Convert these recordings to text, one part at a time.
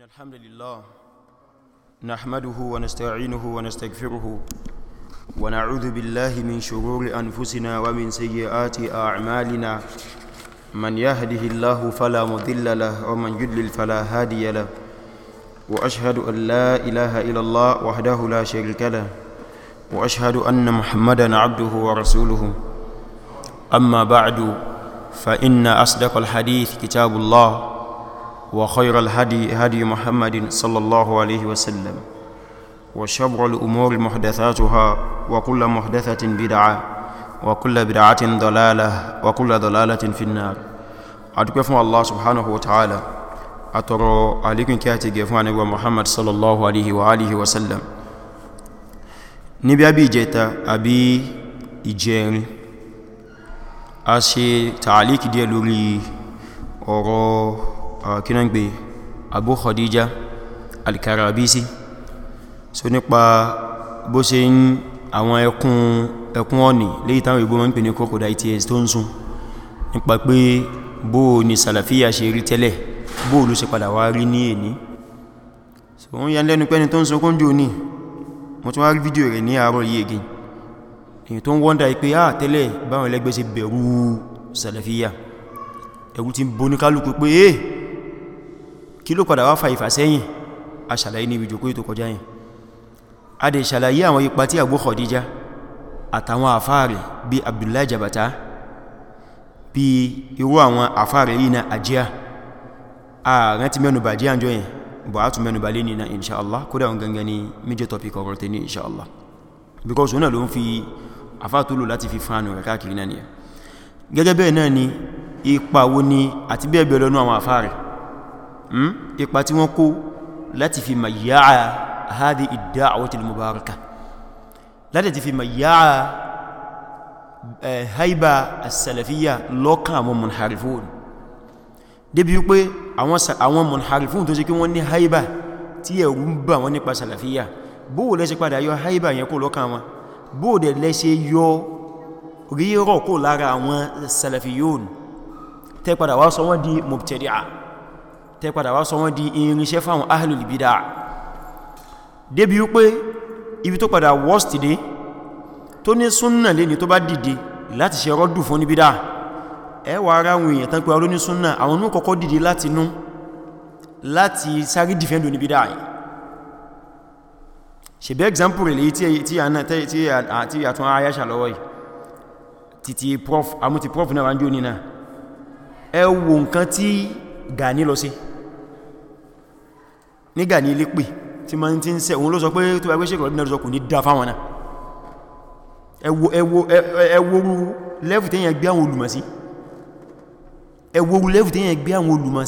إن الحمد لله نحمده ونستعينه ونستغفره ونعوذ بالله من شرور أنفسنا ومن سيئات أعمالنا من يهده الله فلا مضل له ومن يضلل فلا هادي له وأشهد أن لا إله إلا الله وحده لا شريك له وأشهد أن محمدا عبده ورسوله أما بعد فإن أصدق الحديث كتاب الله وخير الهدي هدي محمد صلى الله عليه وسلم وشر الامور محدثاتها وكل محدثه بدعه وكل بدعه ضلاله وكل ضلاله في النار ادعو الله سبحانه وتعالى atọrọ عليكم كاتي a ti gẹ̀ fún àníwà muhammad sallallahu alaihi wa alihi wasallam níbi àbí ìjẹta àbí ìjẹrin a tààlíkì ọ̀rọ̀ kínan gbé Abu Khadija alkarabisi karabisi so nípa bó ṣe ń àwọn ẹkùn ọ̀nì léyìí táwọn ìgbó mọ́n pè ní crocodile tears tó ń sun nípa pé bó ni sàlàfíà ṣe rí tẹ́lẹ̀ bó ló ṣe padà wá rí ní èní so wọ́n yà lẹ́nu pẹ́ni tó ń sunkún jù ní mo tún wá rí fídíò rẹ̀ ní àárọ̀ yìí again èyí tó ń wọ́ndà pé à tẹ́lẹ̀ báwọn ẹlẹ́gbẹ́ ṣe bẹ̀rù sàlàfíà ẹ̀rù ti bóníkálùkù pé eh kí ló padà wá fa ìfàsẹ́yìn a ṣàlàyé níbi jòkó ètò kọjá yìn a dẹ̀ ṣàlàyé àwọn ipa tí àgbó Khadija àtàwọn àfáàrẹ̀ bí Abdullahi Jabata bí irú àwọn àfáàrẹ̀ yìí na àjíyà a rántí mẹ́nubà jíyà jọ yìn bọ̀ á tún mẹ́nubà lé nìna inṣàlá kódà wọn gangan ni major topic ọ̀rọ̀ ní inṣàlá because wọn náà ló ń fi àfáàtúlò láti fi fánù rẹ̀ káàkiri náà ni gẹ́gẹ́ bẹ́ẹ̀ náà ni ipa wo ni àti bẹ́ẹ̀ bẹ́ẹ̀ lọ́nà àwọn àfáàrẹ̀ Hmm? ipa tí wọ́n kó láti fi mayáà hádí ìdáwọ́tìl mubaraka láti ti fi mayáà eh, haiba asalafiya lọ́kàn àwọn munharifun débi wípé àwọn munharifun tó ṣe kí wọ́n ní haiba tí ẹ̀rù ń bà wọ́n nípa salafiya bóò lẹ́ṣe padà yọ haiba yẹn kó lọ́kàn wọn bóò dẹ̀ lẹ́ṣe yọ rírọ̀ kó lára àwọn salafiyun tẹ́ padà wá sọ wọ́n di mubtadi'a tẹ́ padà wá sọ wọ́n di irinṣẹ́ fáwọn ahlul bid'a débi wípé ibi tó padà worst dé tó ní súnnà lè ní tó bá dìde láti ṣe rọ́dù fún ní bídá ẹwà ara àwọn èèyàn tán pé ọlọ́ ní súnnà àwọn ní kọ́kọ́ dìde láti nú láti sáré dìfẹ́ndò ní bídá ṣe bẹ́ example rẹ̀ lè tí àtún ayáṣà lọ́wọ́ yìí títí prof amúti prof náà wájú ní náà ẹ wo nǹkan tí Gani lọ sí nígbà ní ilé pè tí ma ń tí ń sẹ òun ló sọ pé tó ẹgbẹ́ ṣèkọ̀ ọdún ẹ̀rọsọkù ní dá fáwọn náà ẹwọ́rú lẹ́fù tí yẹn gbé àwọn olùmọ̀ sí ẹwọ́rú lẹ́fù tí yẹn gbé àwọn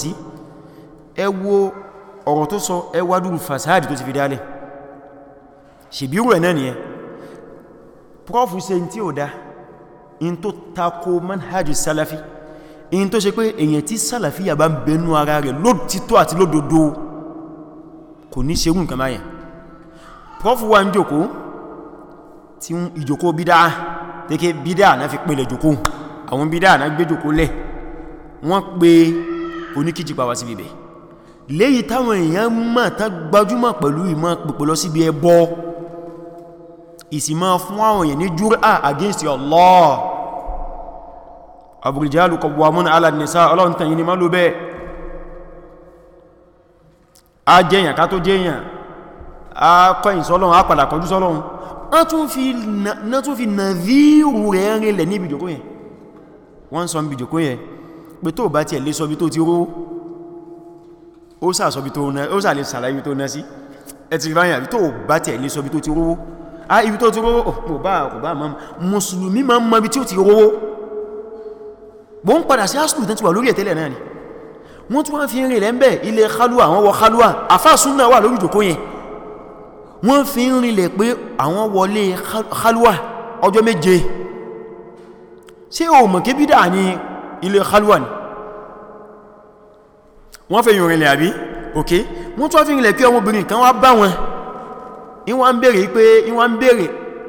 ọ̀rọ̀ tó sọ ẹwádùn fasáàdì tó ti fi dálẹ̀ in tó tako manhajj salafi in tó ṣe salafi yà bá ń bẹnu ara rẹ̀ lótìtọ́ àti lódodo kò ní ṣerún nǹkan báyẹn prọ́fù wa ń jòkó tí ìjòkó bídá pẹ́kẹ́ bídá náà fi pínlẹ̀ jòkó àwọn bídá náà gbé jòkó lẹ̀ wọ́n pe oníkíjì pàwà sí bíbẹ̀ léyìí táwọn èèyàn mọ̀ tán gbajúmọ̀ pẹ̀lú ìmọ̀ pẹ̀pẹ̀ lọ síbi ẹbọ ìsìmọ̀ fún àwọn èèyàn ní júrà against Allah abùrìjálù kọ̀bùwàmúnà alàdìnísà ọlọ́ntàn yìí ni má ló bẹ́ẹ̀ a jẹyàn ká tó jẹyàn a kọ́yìn sọ́lọ́run a padà kọjú sọ́lọ́run wọ́n tún fi nàvíìrù rẹ̀ rẹ̀lẹ̀ ní ibìjòkó yẹn wọ́n sọ ibìjòkó yẹn pé tó bá tiẹ̀ lè sọbi tó ti ró ó sà lè sàlàyé tó ná sí ẹ̀tì ìbáyà tó bá tiẹ̀ lè sọbi tó ti ró a ibi tó ti ró kò bá kò bá mọ́ mùsùlùmí ma ń mọ́ ibi tí ó ti ró bó ń padà sí àsùlù tán ti wà lórí ẹ̀tẹ́lẹ̀ náà ni wọ́n tún wá fi ń rìn lẹ́m̀bẹ̀ ilẹ̀ khalwa àwọn wọ khalwa àfáàsúnà wà lórí ìjòkó yẹn wọ́n fi ń rìnlẹ̀ pé àwọn wọlé khalwa ọjọ́ méje ṣé o mọ̀ kí bídà ní ilẹ̀ khalwa ni wọ́n fẹ́ yìí rìnlẹ̀ àbí òkè wọ́n tún wá fi rìnlẹ̀ pé ọmọbìnrin kan wá bá wọn ìwọ́n ń bèèrè pé ìwọ́n ń bèèrè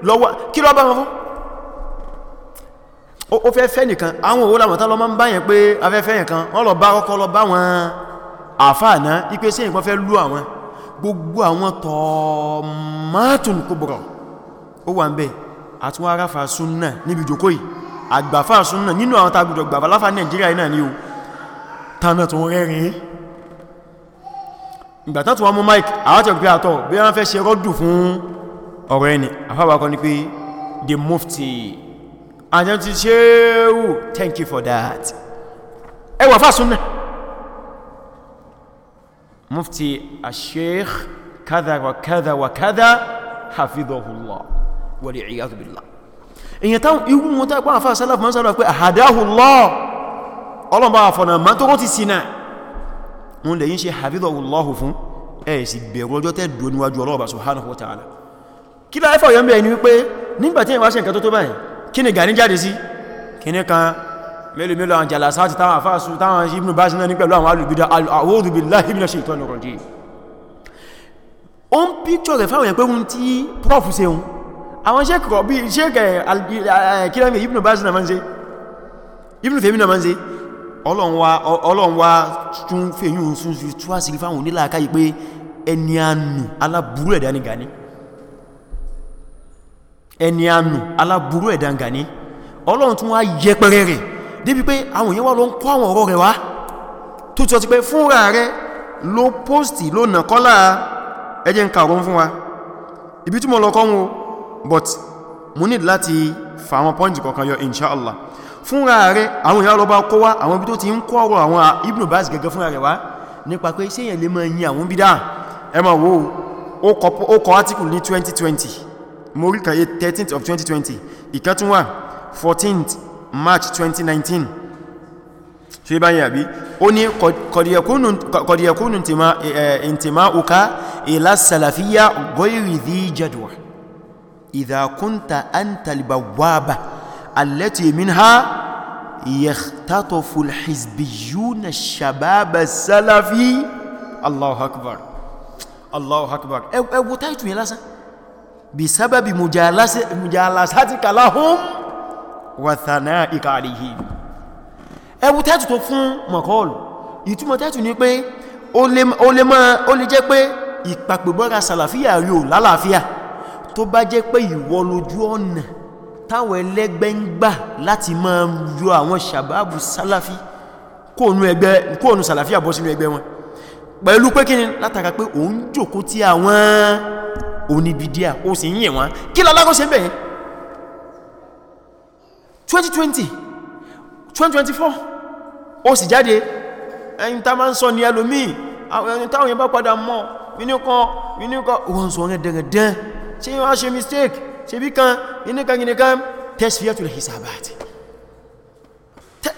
lọ́wọ́ kí ló bá wọn fún ó fẹ́ fẹ́ nìkan àwọn òwò làwọn tánlọ máa ń báyẹn pé afẹ́fẹ́ nìkan wọ́n lọ bá kọ́kọ́ lọ bá wọn àfáàná ipé sí ìpọ́n fẹ́ lú àwọn gbogbo àwọn tọ̀mátùn kúbùrọ̀ ó wà ń bẹ̀ àtún aráfà súnnà níbi jòkó yìí àgbàfà súnnà nínú àwọn tagbùdọ̀ gbàfà láfà Nàìjíríà náà ni the mufti àjọ ti ṣe ẹ̀wù thank you for that ẹwà fásúnnà mufti asheikh kada wa kada wa kada hafidhahullah wal iyadhu billah èyàn táwọn iwu wọn tàbí àwọn afẹ́ sálàfí mọ́sálà pé àhàdáhùllọ́ ọlọ́mbà àfọ̀nà ma tó kó ti sinà wọn lè yí ṣe hafidhahullahu fún ẹ̀ sì ọjọ́ tẹ́ níwájú ọlọ́ọ̀bà ta'ala kí láẹ́fà yẹn bẹ̀ẹ̀ ni wípé nígbàtí ìwáṣẹ́ kí ni Gani jáde sí kí ní kan mélòó mélòó àwọn jàlásá ti táwọn àfáàsù táwọn Ibn Baz náà ní pẹ̀lú àwọn alùbídà a'udhu billahi minash shaitanir rajim ó ń píkṣọ̀ rẹ̀ fáwọn ẹ̀pẹ́ ohun tí prof ṣe hun àwọn sẹ́kọ̀ọ́ bí sẹ́kẹ̀ kílẹ̀mì Ibn Baz náà máa ń ṣe Ibn Taymiyyah náà máa ń ṣe ọlọ́run wá tún fèyún sun sí túwásí fáwọn onílàákàyí pé ẹni ànù aláburú ẹ̀dá ni Gani ẹni ànù aláburú ẹ̀dàngà ní ọlọ́run tún wá yẹpẹrẹ rẹ̀ débi pé àwọn èèyàn wà ló ń kọ́ àwọn ọ̀rọ̀ rẹ̀ wá tó tọ́ ti pé fúnra rẹ̀ ló póstì ló nà kọ́lá ẹjẹ́ ń kàrún fún wa ibi tí mo lọ kọ́ but mo need láti fa àwọn pọ́ǹtì kọ̀ọ̀kan yọ inshallah fúnra rẹ̀ àwọn èèyàn lọ bá kó wá àwọn ibi tó ti ń kọ́ ọ̀rọ̀ àwọn Ibn Baz gẹ́gẹ́ fúnra rẹ̀ wá nípa pé ṣé èèyàn lè máa yin àwọn bídá ẹ máa wo ó kọ átíkù ní 2020 mo rí 13th of 2020 ìkan 14th march 2019 ṣe báyìí àbí ó ní kọ̀díyàkúnnù ìntìmá uka ila salafiya goyri dhi jadwa idha kunta anta al-bawwaba allati minha yakhtatafu al-hizbiyyuna ash-shabab as-salafi allahu akbar allahu akbar ẹgbọ́ táìtù yẹ lásán bisababi mujalasatika lahum wa thana'ika alayhim ẹwù tẹ́tù tó fún mọ̀kọ́ọ̀lù ìtumọ̀ tẹ́tù ní pé ó lè jẹ́ pé ìpàpẹ̀bọ́ra sàlàfíà yóò lálàáfíà tó bá jẹ́ pé ìwọ lójú ọ̀nà táwọn ẹlẹ́gbẹ́ ń gbà láti máa yọ àwọn sàbábù sàlàfí kóònù sàlàfíà bọ́ sínú ẹgbẹ́ wọn pẹ̀lú pé kí ni látara pé òun jòkó tí àwọn oníbídíà ó sì ń yẹ̀ wọ́n kí lọ́lágún ṣe bẹ̀yẹn 2020 2024 ó sì jáde ẹni tá máa ń sọ ní ẹlòmíì ẹni táwọn yẹn bá padà mọ́ mínúkan mínúkan wọ́n sọ rẹ̀ dẹ̀rẹ̀dẹ̀ ṣe yíwá ṣe mistake ṣe bí kan mínúkan gínìkan tasfiyatul hisabat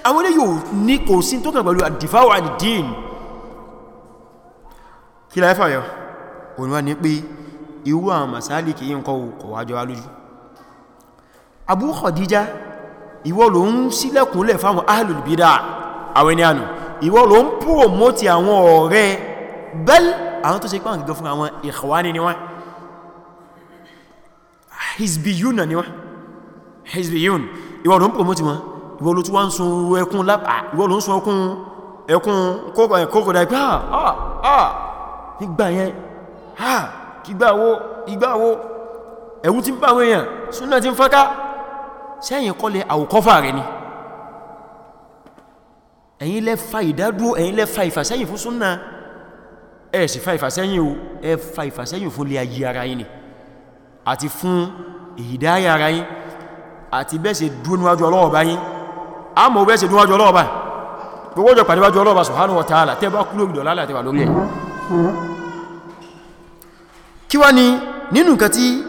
àwọn ilé yóò ní kò sí tó kàn pẹ̀lú ad-difa'u 'an ad-din kí láífà yọ òun wá ní pé irú àwọn masaliki yí ń kọwọ́ kọwàjọ́ alójú Abu Khadija ìwọ ló ń sílẹ̀kúnlẹ̀ fáwọn ahlul bid'ah àwọn ẹni ànù ìwọ ló ń promote àwọn ọ̀rẹ́ bẹ́l àwọn tó ṣe pàwọn gẹ́gẹ́ fún àwọn ikhwani ni wọ́n hizbiyun ni wọ́n hizbiyun ìwọ ló ń promote wọn ìwọ ló ah ah nígbà yẹn ah kígbàwó ìgbàwó ẹ̀wú ti ń bá àwọn èèyàn súnà ti ń fọ́ká sẹ́yìn kọ́lẹ̀ àwòkọ́fà rẹ̀ ni ẹ̀yin lẹ fa ìdádúró ẹ̀yin lẹ fa ìfàsẹ́yìn fún súnà ẹ̀ sì fa ìfàsẹ́yìn o ẹ fa ìfàsẹ́yìn fún lè ayé ara yín ni àti fún ìdáyà ara yín àti bẹ́ẹ̀sẹ̀ dúró níwájú ọlọ́ọ̀bá yín a mọ̀ bẹ́ẹ̀sẹ̀ níwájú ọlọ́ọ̀bá gbogbo kí wá ní nínú nǹkan tí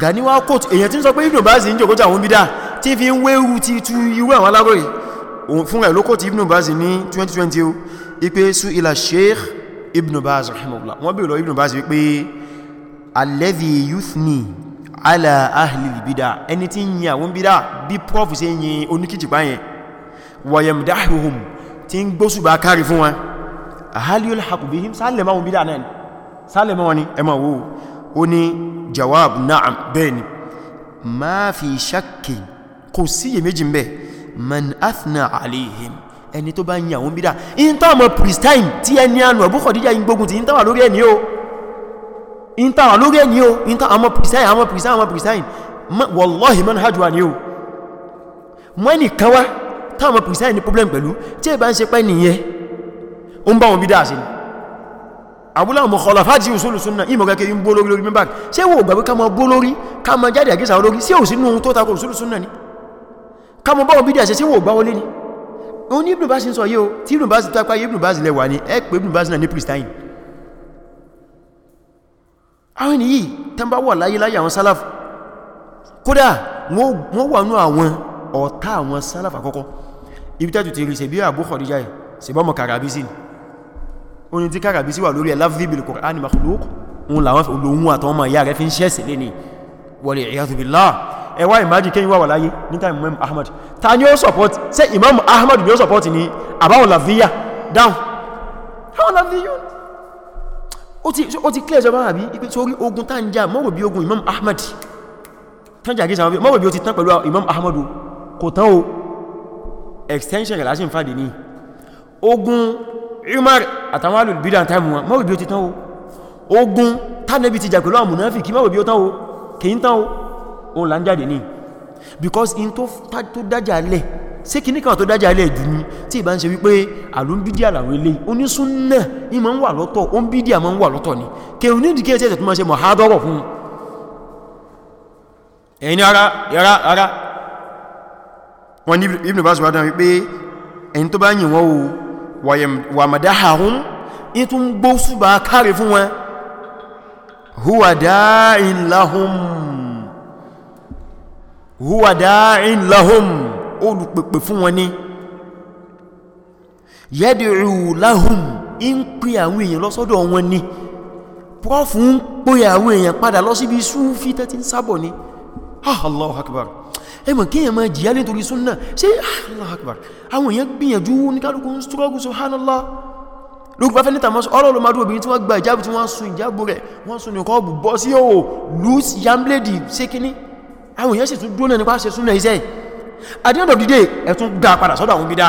ganiwa court èyàn tí ń sọ pé Ibn Baz ń jòkótà àwọn bídá tí fi ń wéru ti tú irú àwọn alágbèrè fún ẹ̀ lókò Ibn Baz ní 2020 o ipé sú ilà Sheikh Ibn Baz rahimahullah wọ́n bí lọ Ibn Baz wípé alladhi yuthni ala ahli bídá ẹni tí ń yin àwọn bídá bí prof sí yin oníkìtìpá yẹn wa yamdahuhum tí ń gbóṣùbà kárí fún wọn ahali yulhaqu sálẹ̀ máwọn bídá náà sálẹ̀ mọ́ ni ẹmọ̀ wo ó ní jawab na'am bẹ́ẹ̀ni ma fi ṣakki kò síyè méjì ń bẹ man athna alihim ẹni tó bá ń yàwó bídá in tó ọmọ pristine tí ẹni ànù Abu Khadija yìí gbógun ti in tàwà lórí ẹni o in tàwà lórí ẹni o in tàwà ọmọ pristine ọmọ pristine ọmọ pristine wallahi man hajjwa ni o mọ́ ẹni kawa táwọn pristine ní problem pẹ̀lú tí ẹ bá ń ṣe pẹ́ nìyẹn ó ń bá wọn bídá sí ni àbúlá ọmọ kọlọ̀fájì òsùlùsùnà ìmọ̀ kẹ́kẹ́ ń bó lórí lórí mẹ́bàá ṣe wò gbàgbé ká mọ bó lórí ká mọ jáde àgẹ́sà olórí sí òsínú ohun tó takò òsùlùsùnà ni ká mọ báwọn bídí àṣẹ sí wò gbá wọlé ni o ní Ibn Baz ń sọ yíò tí Ibn Baz tapá Ibn Baz lẹwà ni ẹ pé Ibn Baz náà ní pristine àwọn ènìyí tán bá wà láyé láyé àwọn sálàf kódà wọ́n wà nú àwọn ọ̀tá àwọn sálàf àkọ́kọ́ ibi tẹ́tù ti rí ṣe bí àbúkọ̀ díjáì ṣe bọ́mọ̀ kàràbí sí ni oní tí kàràbí sí wà lórí ẹ̀láfíbìl kòrán makhluk òun làwọn olóhun àtàwọn ọmọ ìyá rẹ̀ fi ń ṣẹ́sẹ̀ lé ní wọlé ìyàtùbìlá ẹwà ìmájì kí wà wà láyé ní time Imam Ahmad ta support ṣe Imam Ahmad ni ó support ni àbáwọn làfíyà down àwọn làfíyà ó ti clear jọba àbí ipé sórí ogun tá ń jà ogun Imam Ahmad tán jà gíṣà mọ́rò bí ó ti tán pẹ̀lú Imam Ahmad kò o extension rẹ̀ láti ń ogun Umar àtàwọn alùbídà táìmù wọn mọ́rù bí ó ti tán o ogun tánẹ́bí ti jà pẹ̀lú àwọn mùnáfìkí mọ́rù bí ó tán o kìí tán o o là ń jáde ní because in tó dájà lẹ̀ sí kì ní kan tó dájà lẹ̀ jù ní tí ìbá ń ṣe wípé àlùbídíà làwọn ilé onísúnnà ìmọ̀ ń wà lọ́tọ̀ ó ń bídíà mọ́ ń wà lọ́tọ̀ ni kẹun ní ìdíkẹ́ ìṣẹ́sẹ̀ tó máa ṣe mọ̀hádọ́rọ̀ fún ẹni ara yara ara wọn ni Ibn Baz wádán wípé ẹni tó bá yìn wọ́n o wàmàdáhàrún in tún gbó súbà kárí fún wọn huwa dá'in lahum huwa dá'in lahum olùpèpè fún wọn ni yad'u lahum in pè àwọn èèyàn lọ́sọ́dọ̀ wọn ni prof ń pè àwọn èèyàn padà lọ síbi súfí tẹ́tí sábọ̀ ni ah Allahu akbar ẹmọ̀ kíyàn máa jìyà nítorí súnnà ṣe ah, Allah akbar àwọn èèyàn gbìyànjú ní kálùkù ń strọ́gù subhanallah lókù bá fẹ́ níta mọ́sí ọlọ́lọ́ máa dúró tí wọ́n gba ìjábù tí wọ́n sun ìjábù rẹ̀ wọ́n sun ní kọ́ọ̀bù bọ́ sí òwò lùs yambledi ṣe kíní at the end of the day ẹ tún dá padà sọ́dọ̀ àwọn bídá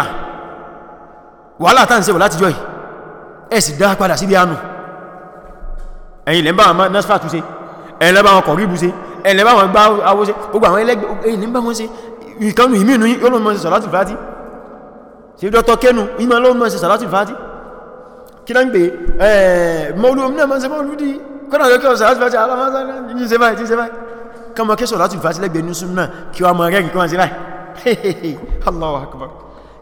wàhálà tá ń ṣe wà láti jọ yìí ẹ sì dá padà síbi àánú ẹ̀yìn lẹ́mbà àwọn nasfa ẹ̀lẹ́ bá wọn gbá awó ṣe gbogbo àwọn ẹlẹ́gbẹ̀ẹ́ ní bá wọn ṣe ìkanu ìmìnú yóò lọ́mọ́ ṣe sàlátì fàátì ṣe dọ́tọ̀ kẹnu ìmọ̀ lọ́mọ́ ṣe sàlátì fàátì kí náà ń pè mọ́lú omi náà mọ́ ṣe mọ́lú dí kọ́nà lọ́kẹ́ sàlátì fàátì alamọ́sára ní ṣe báyìí ṣe báyìí kọmọ kí sàlátì fàátì lẹ́gbẹ̀ẹ́ ní súnmọ́ kí wọ́n mọ̀ rẹ̀ nǹkan sí báyìí Allahu Akbar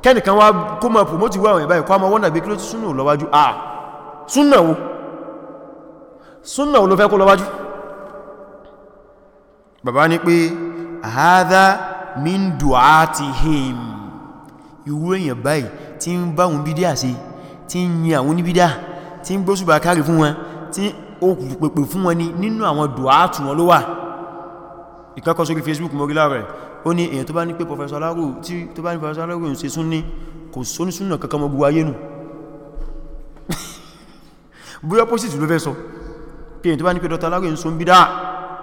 kẹ́nìkan wá kó mọ̀ promote wà wọ̀nyẹ̀ báyìí kọ́ mọ̀ wọ́n dàbí kí ló ti súnà lọ́wájú ah súnà wo súnà wo ló fẹ́ kó lọ́wájú bàbá ní pé àhádá min du'atihim ìwú èyàn báyìí tí ń bá wọn bídíà sí tí ń yin àwọn oníbídá tí ń gbóṣùbà kárì fún wọn tí ó pèpè fún wọn ni nínú àwọn du'atù wọn ló wà ìkọ́kọ́ sórí Facebook mọ́gílá rẹ̀ ó ní èyàn tó bá ní pé Professor Alaro tí tó Professor Alaro ń ṣe súnni kò sóní súnnà kankan mọ́gbù ayé nù bóyá pósìtì ló fẹ́ sọ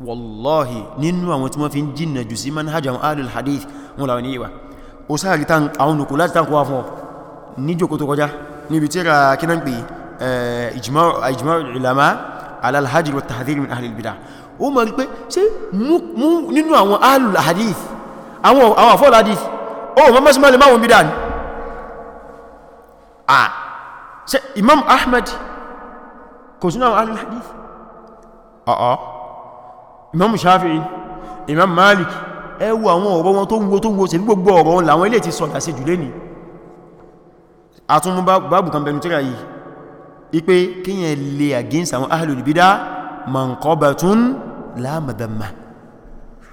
wallahi nínú àwọn tí wọ́n fi ń jìnnà jù sí manhaj àwọn alul hadith wọn làwọn níyíwa ó sáàrí tán àwọn nùkú láti tán kọwàá fún ọ ní jòkó tó kọjá níbi tí ra kí náà pè eh, ijma'ul ulama ala al-hajr wa tahdhir min ahli al-bid'ah ó mọ̀ rí pé ṣe mú nínú àwọn alul hadith àwọn àfọ́lá hadith ó mọ́ mọ́símọ́lẹ̀ máwọn bídá ni ah ṣe imam ahmad kò sínú àwọn hadith ọ̀ọ́ uh imam shafi'i imam malik ẹwọ àwọn ọ̀rọ̀ wọn tó ń wo tó ń wo sí gbogbo ọ̀rọ̀ wọn làwọn ilé ti sọ̀dá sí jùlé ní àtúnmú báàbù kan yìí ipé kíyàn lè against àwọn ahlul bid'a manqabatun la madamma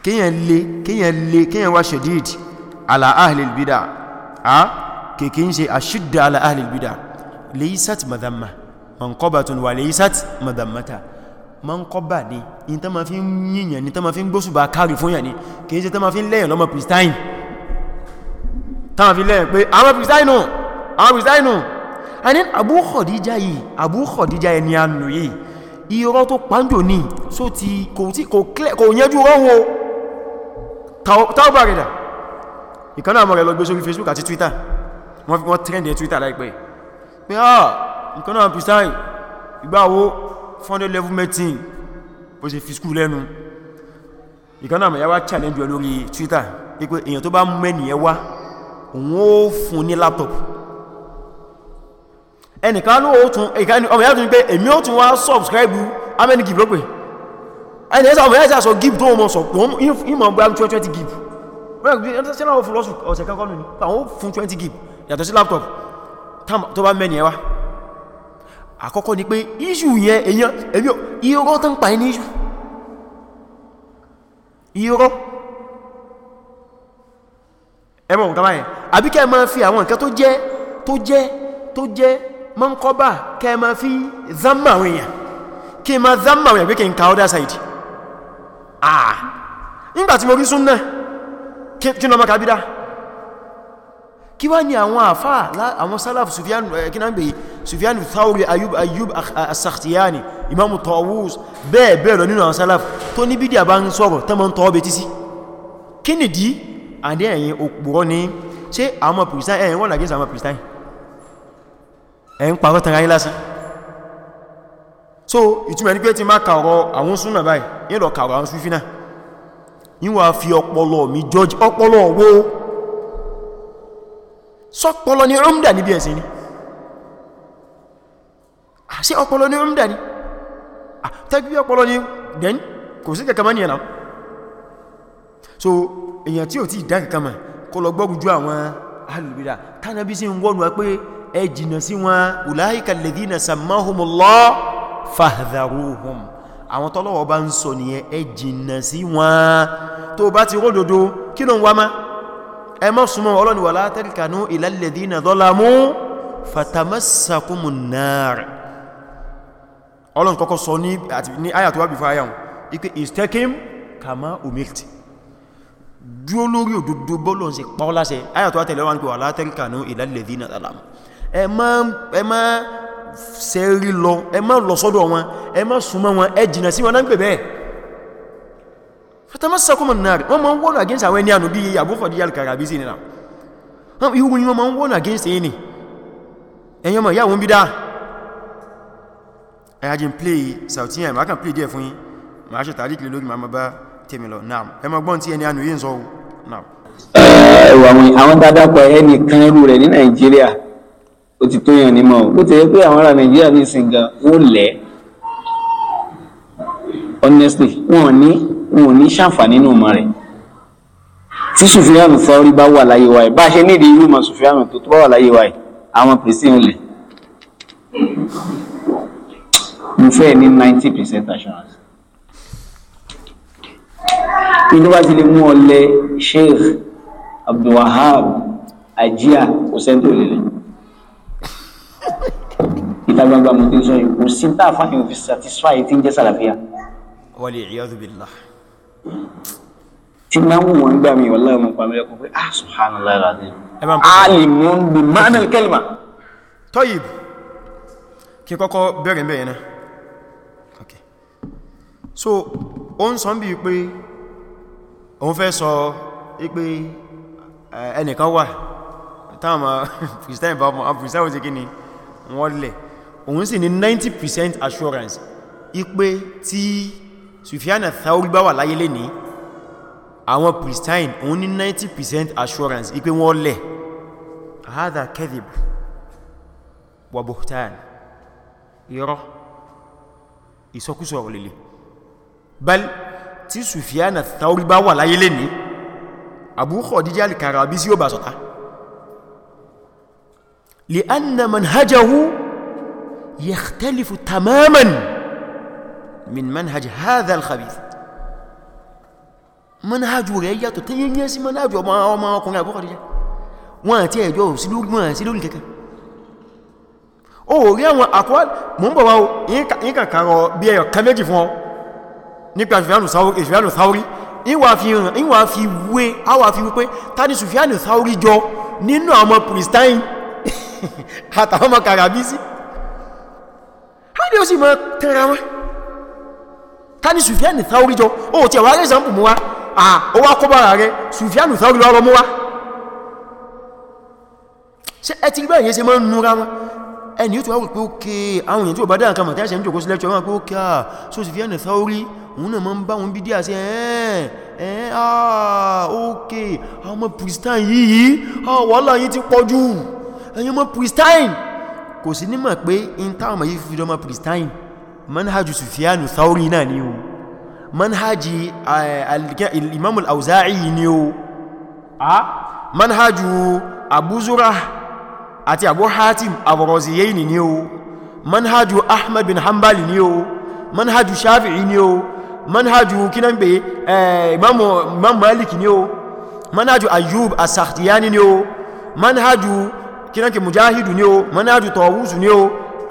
kíyàn lè kíyàn lè kíyàn wá shadid ala ahlul bid'a a kìkí ń ṣe ashidda ala ahlul bid'a laysat madamma manqabatun wa ma ń kọ́ bà ní in tán ma fi ń yìnyàn ní tán ma fi ń gbóṣùbà kárì fún yà ní kìí ṣe tán ma fi ń lẹ́yìn lọ́mọ pristine tán ma fi lẹ́yìn pé àwọn pristine àwọn pristine a ní Abu Khadija yìí Abu Khadija ẹni ànú yìí irọ́ tó pàndò ní so ti kò tí kò yẹjú rọ́wọ́ taubà rẹ̀dà ìkaná àmọ́ Facebook àti Twitter wọ́n fi wọ́n trend ẹ̀ Twitter láìpẹ́ pé ah ìkaná pristine founded level meeting bó ṣe fi skú lẹ́nu ìkaná àmì yàwá challenge lórí Twitter pípé èyàn tó bá mẹ́ni ẹ wá òun ó fún ní laptop ẹnìkan ló ó tún ìkaní ọmọ yàtún pé èmi ó tún wá subscribe amẹ́ni gib lópe ẹni ẹ́sà ọmọ yàtún sọ gib tó mọ́ sọ ìmọ̀ gbá 20 gib wọ́n yàtọ̀ sí laptop tó bá mẹ́ni ẹ wá àkọ́kọ́ ni pé issue yẹn èyàn ẹ̀bí irọ́ tó ń pa ní issue irọ́ ẹmọ nǹkan báyẹn àbí kẹ́ máa fi àwọn nǹkan tó jẹ́ tó jẹ́ tó jẹ́ mọ́nkọ́bà kẹ́ máa fi zamma àwọn èèyàn kí máa zamma àwọn èèyàn pé kí n ka other side ah nígbà tí mo rí súnnà kí n lọ mọ́ka bídá kí wá ní àwọn àfáà àwọn sálàfù Sufyan kí náà gbèyí Sufyan al-Thawri Ayub Ayub as-Sakhtiyani Imam Tawus bẹ́ẹ̀ bẹ́ẹ̀ lọ nínú àwọn salaf tó ní bídíà bá ń sọ̀rọ̀ tán mọ́ ń tọ́ betí sí kí ni dí àdé ẹ̀yin òpùrọ́ ni ṣé àwọn Palestine ẹ̀yin wọ́n làgẹ́sà àwọn Palestine ẹ̀yin pàrọ̀ tàn ráyí lásán so ìtumọ̀ ní pé ti máa kàrọ àwọn súnà báyìí yíò lọ kàrọ àwọn súnfínà yíwà fi ọpọlọ mi George ọpọlọ wo sọpọlọ ni ó ń dà níbi ni sí ah, ọpọlọ ní oúnjẹ ni ah, tẹ́gbí ọpọlọ ní den kò sí kẹkẹmọ́ ní ẹ̀nà so èyàn tí ò tí ìdá kẹkẹmọ́ kó lọ gbọ́gùn jú àwọn alùbídà tánàbí sí ń wọ́nù pé ẹ jìnà sí wọn ulaika alladhina sammahumullah fahdharuhum àwọn tọ́lọ́wọ́ ọlọ́n kọ́kọ́ sọ ní àyà tó wà bí fún àyà ipé istakim kama umirti dúó lórí òdòdó bọ́lọ̀n sí pa ọláṣẹ àyà tó wà tẹ̀lé wọn pé wà látẹ́ríkà ní ìlàlẹ̀dí na tàlà ẹ má sẹ́rí lọ ẹ má lọ sọ́dọ̀ wọn ń pè bẹ́ẹ̀ fatamassakum an-nar wọ́n ma ń wọ́n against àwọn ẹni ànú bí i Abu Khadija al-Karabisi nìna against ẹni ẹ̀yọ́mọ̀ ìyàwó ń ayájín play sautin ma kan play díẹ̀ fún yín ma ṣe tàríkì lórí ma bá tèmi lọ náà ẹmọ gbọ́n tí ẹni ànú yìí ń sọ àwọn dáadápọ̀ ẹni kan irú rẹ̀ ní nàìjíríà ó ti tó yàn nímọ̀ ó ti yẹ pé àwọn ará nàìjíríà ní ìsìn gan wọ́n lẹ̀ honestly wọ́n ní wọ́n ní ṣàǹfà nínú ọmọ rẹ̀ tí sùfìyàmù sọ́ọ́rí bá wà láyé wa ẹ̀ bá ṣe nídìí irú mọ̀ sùfìyàmù tó tó bá wà láyé wa ẹ̀ àwọn pèsè ń lẹ̀ mo fẹ́ ní ninety percent assurance inú bá ti lè mú ọ lẹ Sheikh Abdulwahab Ajia kò sẹ́ni tó lè lẹ ìta gbangba mo ti sọ yìí kò sí tá a fa yóò fi satisfy tí ń jẹ́ sàlàfíà. wàlẹ̀ iyadu billah. tí máa ń wù wọ́n gbà mí wàlá ọmọ pàmì ẹ̀kọ́ pé ah subhanallah alazim alimun bi ma'na al-kalima. tọ́yìb kí kọ́kọ́ bẹ̀rẹ̀ bẹ́ẹ̀ náà so ó ń sọ bí pé òun fẹ́ sọ pé ẹnìkan wà táwọn Christian bá mọ̀ Christian ó ti kí ni wọ́n lẹ̀ òun sì 90% assurance ipé tí Sufyana Thauri bá wà láyé lè ní àwọn Christian òun ní 90% assurance ipé wọ́n lẹ̀ hadha kadhib wa buhtan irọ́ ìsọkúsọ ọ̀rọ̀ بل تي سفيان الثوري با ولا يليني ابو خديجه الكرابي سيو با سوتا لان منهجه يختلف تماما من منهج هذا الخبيث منهج ريات تيني سي منهج ما ما كون ابو خديجه وان تي اجو سلوغ وان سلوغ كك او ري وان اقوال مو بابا او ان كان كان بي ايو كان ميجي فون nípa Sufyanu Thawri ìwà fi hàn ìwà fi wé àwà fi wípé tàbí Sufyanu Thawri jọ nínú àwọn pristine àtàwọn ọmọ karabisi hádé ó sì mọ́ tẹ́ra wọn tàbí Sufyanu Thawri jọ ó ti ẹ̀wà rẹ̀sàmpù mú wa ó wá kọ́bára rẹ̀ Sufyanu Thawri lọ́rọ̀ mú wa ṣe ẹ ti gbẹ́yìn ṣe mọ́ núra wọn ẹni yóò tó wá wípé ókè àwọn èèyàn tí ò bá dáa kan mọ̀ tẹ́ṣẹ̀ ń jòkó sí lẹ́kṣọ́ wọn pé ókè à Sufyanu Thawri òun náà ma ń bá wọn bí díà sí ẹ̀ẹ́n ẹ̀ẹ́n àà ah, ókè àwọn ọmọ pristine yìí ah, wọ́lá yìí ti pọ̀jù ẹ̀yin ọmọ pristine kò sí nímọ̀ pé in táwọn yìí fi ọmọ pristine manhajù Sufyanu Thawri náà ni o manhajì eh, imamul Awza'i ni o manhajù Abu Zur'ah àti Abu Hatim abu raziyayn ni o manhajù Ahmad bin Hanbali ni o manhajù Shafi'i ni o manhaju kí náà ń pè imam malik ni o manhaju ayyub asakhtiyani ni o manhaju kí náà kí mujahidu ni o manhaju tawusu ni o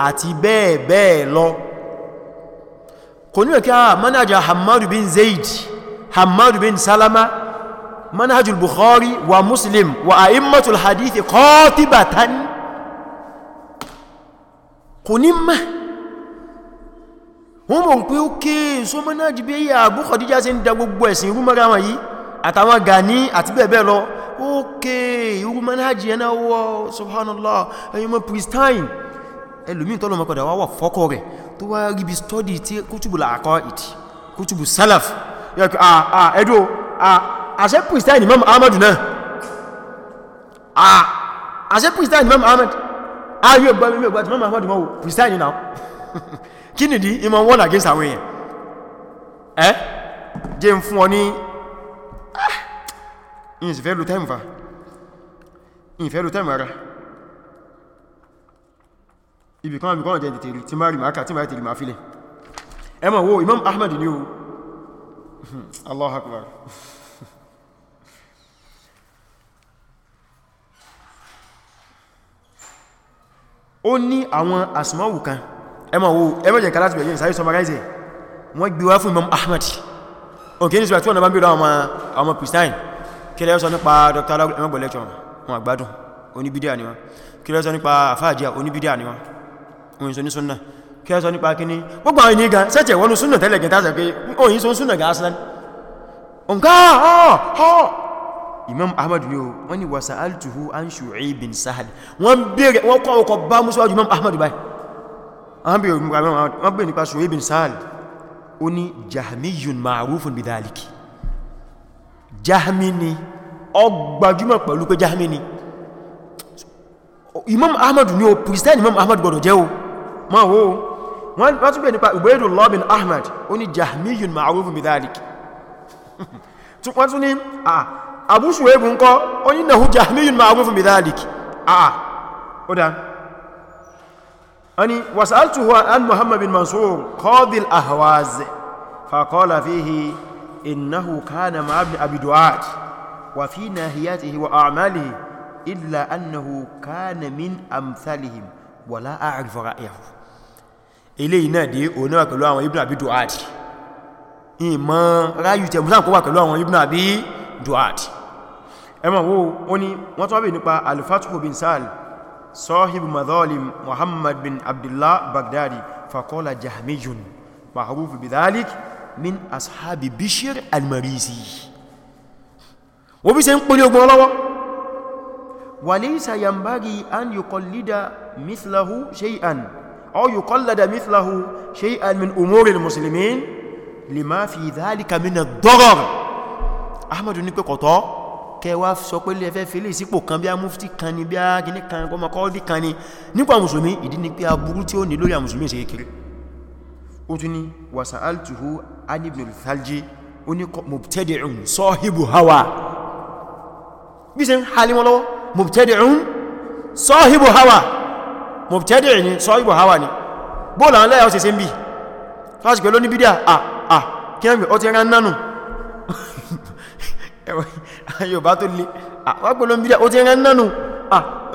àti bẹ́ẹ̀ bẹ́ẹ̀ lọ kò ní ẹ̀kẹ́ ah, manhaju hamadu bin zaid hamadu bin salama manhaju bukhari wa muslim wa a'immatul hadithi qatibatan kò ní máa wọ́n mọ̀ pé ó kéè só mọ́ náà jìbí èyí àbú Khadija sí ń da gbogbo ẹ̀sìn irú mọ́ra wọn yìí àtàwọn Gani àti bẹ́ẹ̀bẹ́ẹ̀ lọ ó kéè irú mọ́ náà jìyàn náà wọ́ subhanallah ẹ̀yin mọ́ pristine ẹlòmín tọ́lọ mọ́kọ̀dà wà wà fọ́kọ̀ rẹ̀ tó wá rí bí stọ́dì tí kútùbù làkọ́ ìtì kútùbù salaf ẹ̀dù àṣẹ pristine Imam Ahmad náà àṣẹ pristine Imam Ahmad ayé gbàmí gbàmí Imam Ahmad mọ́ pristine náà kí nìdí ìmọ̀ wọ́n against àwọn èèyàn ẹ́ jẹ́ ń fún ọ ní ìsìfẹ́ ah! lù tẹ́mù fa ìfẹ́ lù tẹ́mù ara ibìkan àbìkan jẹ́ tètè tí máa rí máa kà tí máa tètè máa filẹ̀ ẹ ma wo Imam Ahmad ni o Allahu Akbar ó ní àwọn asmáwù kan ẹmọ̀ wo ẹmọ̀jẹ̀ kàlá ti bẹ̀yẹ̀ ìsáyé summarize wọ́n gbé wá fún Imam Ahmad ok ní ìsìnkú àwọn bíbí àwọn Christian kí lẹ́yọ́ sọ nípa Dr. alágbó ẹmọ̀gbọ̀ lecture wọn àgbádùn oníbídíà ni wọn kí lẹ́yọ́ sọ nípa àfáàjíà oníbídíà ni wọn òyìn sọ ní súnnà kí lẹ́yọ́ sọ nípa kíní gbogbo àwọn ènìyàn sẹ́tẹ̀ wọnú súnnà tẹ́lẹ̀ gẹ̀ta sẹ́ pé òyìn sọ súnnà Imam Ahmad ni o ni wasa altuhu an Shu'aib bin Sahal wọ́n bèèrè wọ́n kọ́ ọkọ̀ bá mú síwájú Imam Ahmad báyìí wọ́n bèèrè nípa wọ́n bèèrè nípa Suhaib bin Sa'd ó ní jahmiyun ma'rufun bidhaliki jahmi ni ó gbajúmọ̀ pẹ̀lú pé jahmi ni imam ahmad ni o christian imam ahmad gbọdọ̀ jẹ́ o ma wo wọ́n tún bèèrè nípa Ubaydullah bin ahmad ó ní jahmiyun ma'rufun bidhaliki wọ́n tún ní Abu Suhaib ńkọ́ ó ní أني وسألته عن محمد بن منصور قاضي الأهواز فقال فيه إنه كان مع ابن أبي دعاء وفي ناهياته وأعماله إلا أنه كان من أمثالهم ولا أعرف رأيه إلينا دي أنا pẹ̀lú àwọn ibn Abi Duat ìmọ̀ ráyù tẹ̀ mùsàn kó wà pẹ̀lú àwọn ibn Abi Duat ẹmọ̀ wo ó ní wọ́n tọ́bẹ̀ صاحب مظالم محمد بن عبد الله بغدادي فقال جهمي معروف بذلك من أصحاب بشير المريسي وبيسا ينقل يقول الله وليس ينبغي أن يقلد مثله شيئا أو يقلد مثله شيئا من أمور المسلمين لما في ذلك من الضرر أحمد نكو قطار kẹwàá sọ pé lè fẹ́ fílé sípò kan bí a mufti kan ni bí a gini kan kọmọ kọ́ọ̀dí kan ni nípa musulmi ìdí ni pé aburú tí ó ní lórí àmusulmi ṣe kékeré ó tún ní wasa altuhu anibnul falji ó ní mubtadi'un sahibu hawa bí ṣe ń halí wọn lọ́wọ́ mubtadi'un sahibu hawa mubtadi'un ni sahibu hawa ni bóòlù àwọn lẹ́yà ó ṣe ṣe ń bí fásitì pẹ̀lú ní bídíà à à kí Yorùbá tó le wọ́n pẹ̀lú bídá ó ti rán nánú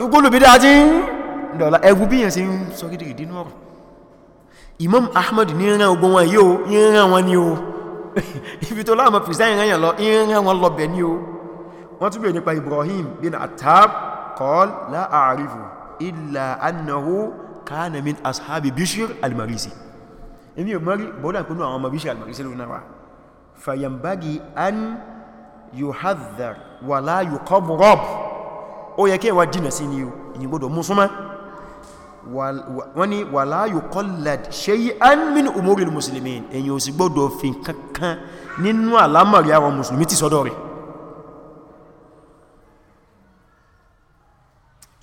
gbólù bídá ti ń dọ̀la ẹgbù bí yẹn sí ń sọ gídìgídì ní ọ̀rọ̀ Imam Ahmad ní ìran ogun wọn yóò ìran wọn ni o ibi tó láàmà pìsá ìran yẹn lọ ìran wọn lọ bẹ̀ ni o wọ́n tún bèèrè nípa Ibrahim bin Atab qal la a'rifu illa annahu kana min ashabi Bishr al-Marisi èmi ò mọ́rí yuhadhar wà láyù kọbùrọ̀b ó yẹ kí ẹwà jìnà sí ni ìyìn gbọdọ̀ musulman wọ́n ni wà láyù kọlad shay'an min umuril muslimin èyàn ò sì gbọdọ̀ fi kankan nínú àlámọ̀rí àwọn musulmi ti sọ́dọ̀ rẹ̀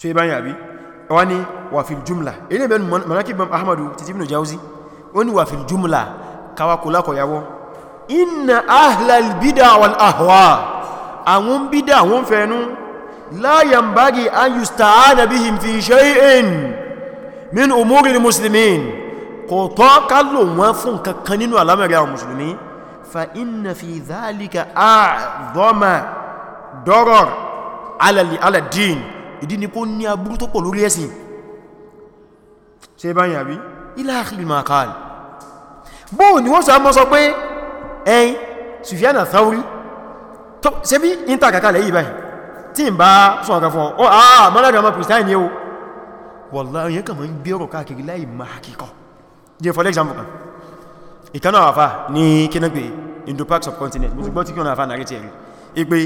so ibá yà bí wọ́n ni wà fil jumla ilé ibẹ̀ mọ̀lákì ibn ahmadu titi ibn jauzi ó ni wà fil jumla kawakula kọ̀yàwó inna ahlal bida wal ahwa àwọn bida wọ́n fẹ́nu la yanbaghi an yusta'ana bihim fi shay'in min umuri muslimin kò tọ́ ká lò wọ́n fún kankan nínú àlámọ̀rí àwọn muslimi fa inna fi dhalika a'dhama darar ala ala din ìdí ni kò ní aburú tó pọ̀ lórí ẹ̀sìn ṣe báyìí àbí ila akhir ma qal bóò ni wọ́n sọ mọ́ sọ pé ẹ̀yìn Sufyana Thawri tó ṣe bí ìntà kàkàlẹ̀ yìí báyìí tí ń bá sọ ọ̀gá fún ọ àà ah, mọ́lága ọmọ Palestine ni ó wọ́lá yẹn kàmọ́ ń gbé ọ̀rọ̀ káàkiri láì máa kíkọ́ jẹ́ for example kan ìkaná àfà ní kínágbé Indo-Pak subcontinent mo ti gbọ́ tí kí wọ́n àfà nàrí ti ẹ̀rí ipé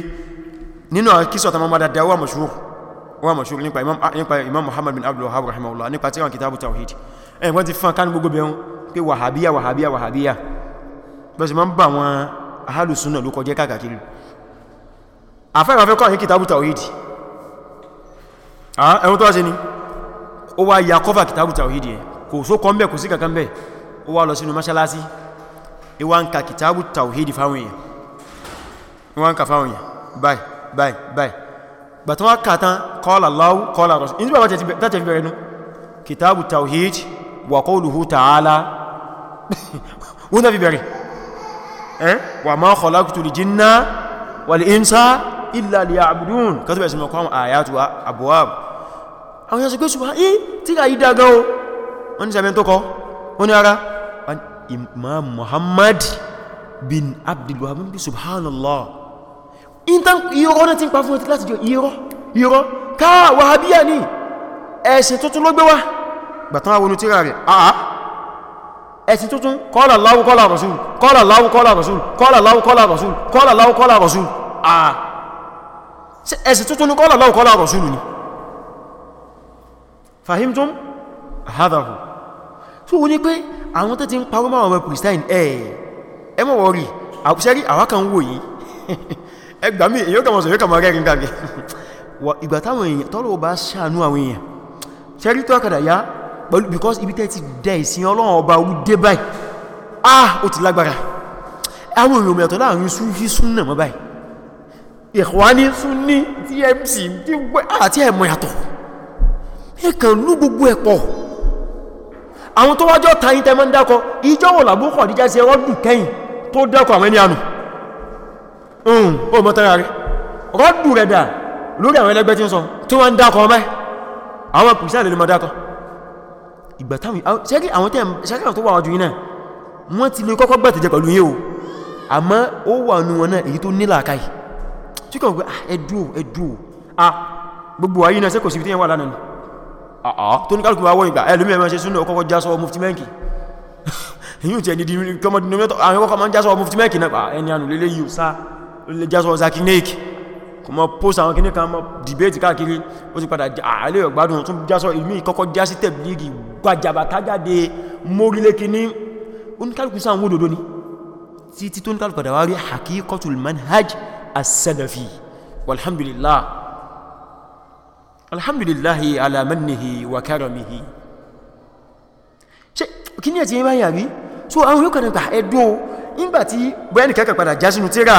nínú àkísọ̀ tamọ́ mọ́dá dá wà mọ̀ṣúrù ah, Imam Muhammad bin Abdul Wahhab rahimahullah nípa tí wọ́n kitabu tawhid ẹ̀yìn wọ́n ti fún akánú gbogbo bẹ̀rún pé bẹ́sẹ̀ máa ń bà wọn ahálùsúnà ló kọjẹ́ káàkiri afẹ́fẹ́ kọ́ ní kìtàbù tàwídì ah, ẹ̀rùn tó wá sí ni ó wá ya kọ́fà kìtàbù tàwídì ẹ̀ kò só kọ́ mẹ́ kò sí kankan bẹ́ ó wá lọ sínú mọ́ṣálásí ìwá ń ka kìtàbù tàwídì fáwọn èèyàn wọ́n ń ka fáwọn èèyàn báyìí báyìí báyìí bàtán wá kàtán kọ́lá Allahu kọ́lá Rasul ní bàbá tàtẹ̀ fi bẹ̀rẹ̀ nú kìtàbù tàwídì wà qawluhu ta'ala wọ́n náà fi bẹ̀rẹ̀ Eh? wa ma khalaqtul jinna wal insa illa liya'budun kàtù bẹ̀rẹ̀ sí mọ̀kọ́ àwọn àyàtù àbúwàb àwọn yẹn sọ pé ṣùgbọ́n ẹ́ tí a yí dágan o wọ́n ni sàbẹ̀ tó kọ́ wọ́n ni ara imam muhammad bin abdul wahab bin subhanallah intan irọ́ náà ti ń ẹ̀sìn tuntun kọ́lá láwú kọ́lá rọ̀súl kọ́lá láwú kọ́lá rọ̀súl kọ́lá láwú kọ́lá rọ̀súl kọ́lá láwú kọ́lá rọ̀súl àà ẹ̀sìn tuntun ní kọ́lá láwú kọ́lá rọ̀súl ni fahimtum hadahu so wọ́n ni pé àwọn tó ti ń parọ́ mọ́ àwọn Christian ẹ̀ ẹ mọ̀ wọ́n rí àpùsẹ́rí àwákan wò yìí ẹgbà mí èyí ó kàmọ̀ sọ pẹ̀lú because ibi tẹ́ ti dẹ ìsìn ọlọ́run ọba orú dé báyìí ah ó ti lágbára àwọn èèyàn mẹ́tọ̀ láàrin súnfí súnnà mọ́ báyìí Ikhwani Sunni tmc àti ah, ẹ̀mọ̀ yàtọ̀ ẹ̀kàn ní gbogbo ẹ̀pọ̀ àwọn tó wájọ́ ta yín tẹ́mọ́ ń dákọ ìjọ́wọ̀ làbó kọ̀ díjá sí ẹwọ́ dùn kẹ́yìn tó dákọ àwọn ẹni ànù ó mọ́ tẹ́ra rẹ̀ rọ́dù rẹ̀ dà lórí àwọn ẹlẹ́gbẹ́ tí ń sọ tí wọ́n ń dákọ ọmọ àwọn pìsẹ́ lè mọ́ dákọ ìgbà táwọn ṣẹ́rí àwọn tẹ́ ṣẹ́rí àwọn tó wà ọdún yìí náà wọ́n ti lè kọ́kọ́ gbẹ̀tẹ̀jẹ pẹ̀lú yíò àmọ́ ó wà nù wọn náà èyí tó nílà àkáì tí kàn gbé ẹ̀dù ẹ̀dù à gbogbo ayé náà sẹ́kọ̀ síbi tí yẹn wà lánàá àà ah, ah. tó ní kálùkù àwọn ìgbà ẹlùmí ẹ̀mọ́ ṣe súnà ọkọ̀kọ́ já sọ mufti mẹ́ǹkì èyí tí ẹni kọmọdínlẹ́tọ̀ àwọn ọkọ̀ máa ń já sọ mufti mẹ́ǹkì náà ah, ẹni ànù lélẹ́yìí sá lè já sọ zakinéèkì kò mọ́ post àwọn kìíní kan mọ́ debate káàkiri ó ti padà àálẹ́ ọ̀gbádùn tún jásọ ìlú ìkọ́kọ́ jásí tẹ̀blígì gbajàbà tájáde mórílẹ̀ kìíní oníkálùkù sáà wó dòdó ni títí tó níkálùkù padà wárí hakikotul manhaj as-salafi walhamdulillah alhamdulillahi ala mannihi wa karamihi ṣe kí ní ẹ̀tí yẹn báyìí àrí so àwọn yóò kàn nípa ah, ẹ̀dọ́ nígbàtí bẹ́ẹ̀nì kẹ́kẹ̀ padà jásínú tíra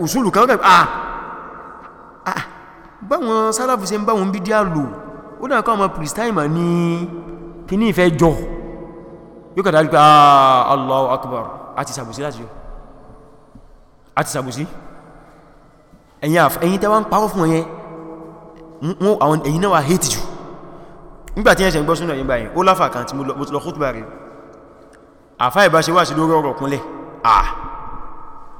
usulu kan rẹ̀ ah ah báwọn sálàfù ṣe ń báwọn bídíà lò ó náà káwọn pristaima ní kí ní ìfẹ́ jọ yóò kàtàrí pé ah, Allahu Akbar àti sàbùsí láti yọ àti sàbùsí ẹ̀yin tẹ́wà ń pàwọ́ fún ẹyẹn àwọn ẹ̀yin náà wà hate jù nígbàtí ẹ̀ṣẹ̀ ń gbọ́ súnà ìbáyìn ó láfà kan tí mo lọ khutbah rẹ̀ àfá ìbáṣe wà sí lórí ọ̀rọ̀ kúnlẹ̀ ah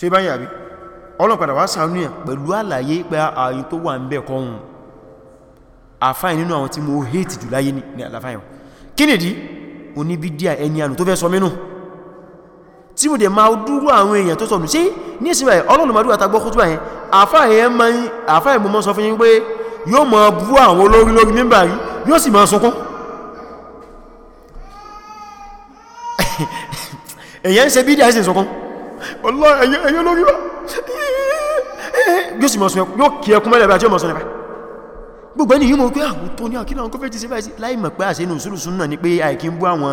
ṣe bá yàbí ọlọ́pàdà wá sàánúyà pẹ̀lú àlàyé pé ààyè tó wà ń bẹ̀ kọrùn àfáì nínú àwọn tí mo hate jù láyé ní àlàfáìwọ̀n kí nìdí oníbídíà ẹni ànù tó fẹ́ sọ mínú tí mo dẹ̀ ma dúró àwọn èèyàn tó sọ̀nù sí ní ìsinmi ọlọ́lùmọ́dú àtagbọ́ kútùbà yẹn àfáì mo mọ́ sọ fún yín pé yóò mọ̀ bú àwọn olórin lórí mímbà rí yóò sì mọ̀ sọkún èèyàn ń ṣe bídíà sí sọkún Allah ẹ̀yọ́ lórí wá yóò sì mọ̀ sọ yóò kí ẹkún mẹ́lẹ̀ àti ọmọ sọ nípa gbogbo ẹni yíò mọ̀ pé àwọn tó ní àkílà àwọn kọfẹ́tì sí báyìí sí láì mọ̀ pé àṣẹ inú òṣùlù súnnà ni pé àìkí ń bú àwọn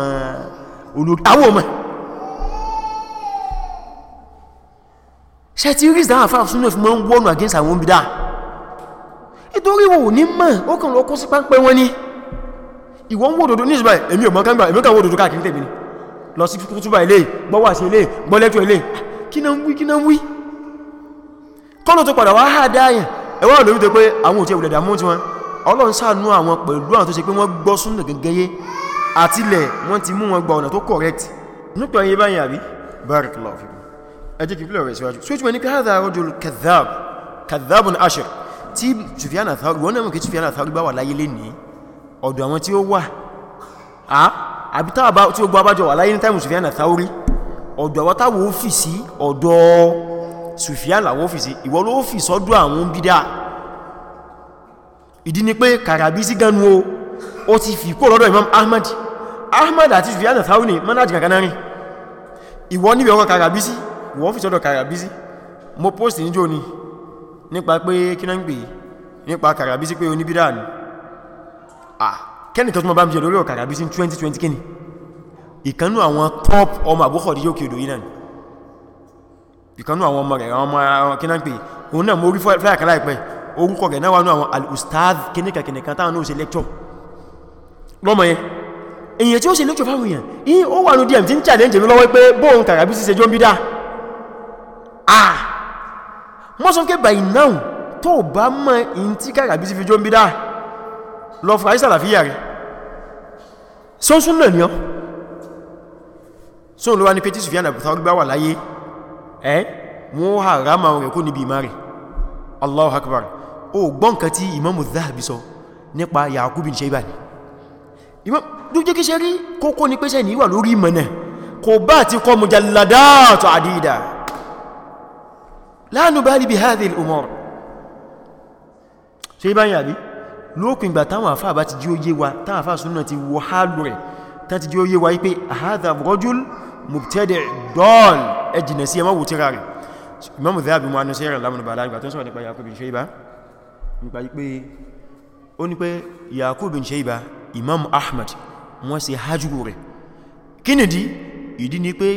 olórí àwọn ọmọ ṣe ti rí ìdáhà fáà súnnà fún mọ́ ń wọ́nù against àwọn òbí dáa ni ìwọ́n wòdòdó ní ìsìbáyìí èmi ò mọ̀ kángbà èmi kàn wòdòdó káàkiri tèmi ni lọ sí kútúbà ilé gbọ́wà sí ilé gbọ́lẹ́tọ̀ ilé ah, kí náà ń wí kí náà ń wí kọ́nà tó padà wá hà dáyàn ẹwà olórí tó pé àwọn òtí ẹ̀wùdẹ̀dà mú ti wọn ọlọ́run ṣàánú àwọn pẹ̀lú àwọn tó ṣe pé wọ́n gbọ́ súnà gẹ́gẹ́yé àwọn tí ó wà àbí tàbá tí ó gbọ́ abájọ wà láyé ní táìmù Sufyan Thauri ọ̀dọ̀ àwọn táwọ̀ ọ́fíìsì ọ̀dọ̀ Sufyan làwọ̀ ọ́fíìsì ìwọ ló ọ́fíìsì ọdún àwọn bídá ìdí ni pé Karabisi ganu o fi kó lọ́dọ̀ Imam Ahmad Ahmad àti Sufyan Thauri manaj kankanárin ìwọ níbi ọkọ̀ Karabisi ìwọ ọ́fíìsì ọdọ̀ Karabisi mo post ni nípa pé kí náà ń gbé nípa Karabisi pé oníbídá ni ah kẹ́nìkan tó mọ́ bá ń jẹ lórí ọ̀kadà bí sí 2020 kíni ìkanú àwọn top ọmọ àbúkọ̀ díjọ́ kí odò yìí náà ìkanú àwọn ọmọ rẹ̀ ọmọ kíná pé òun náà mórí fláàkà láìpẹ́ orúkọ rẹ̀ náà wà ní àwọn al-ustaz kíníkà kíníkà táwọn náà ṣe lẹ́kṣọ́ lọ́mọ yẹn èyàn tí ó ṣe lẹ́kṣọ́ fáwọn èèyàn yìí ó wà ní dm tí ń challenge mi lọ́wọ́ pé bóun kàràbí sí ṣejọ́ ń bí dá ah mọ́ sọ pé by now tó bá mọ́ ìyìn tí kàràbí sí fi jọ́ ń bí dá lọ fún àìsà àlàfíyà rẹ̀ sọ́sún náà ni ọ́ sóhun ló wá ní pé tí Sufyan Abu Thawr gbá wà láyé ẹ́ wọ́n ha ráma rẹ̀ kó níbi ìmá rẹ̀ Allahu Akbar o gbọ́n kan tí Imamu Dhahabi sọ nípa Ya'qub bin Shayban ló jẹ́ kí ṣe báyìí àbí lópin ìgbà táwọn àfáà bá ti jí ó yé wa táwọn àfáà súnà ti wọ hálù rẹ̀ tán ti jí ó yé wa wípé hadha rajul mubtadi' dọ́ọ̀l ẹjìnà sí ẹmọ́ wòtíra rẹ̀ Imam Dhahabi mọ́ anúṣẹ́ rẹ̀ lámùnú bàlá ìgbà tó sọ̀rọ̀ nípa Yaqub bin Shayba nípa pé ó ní pé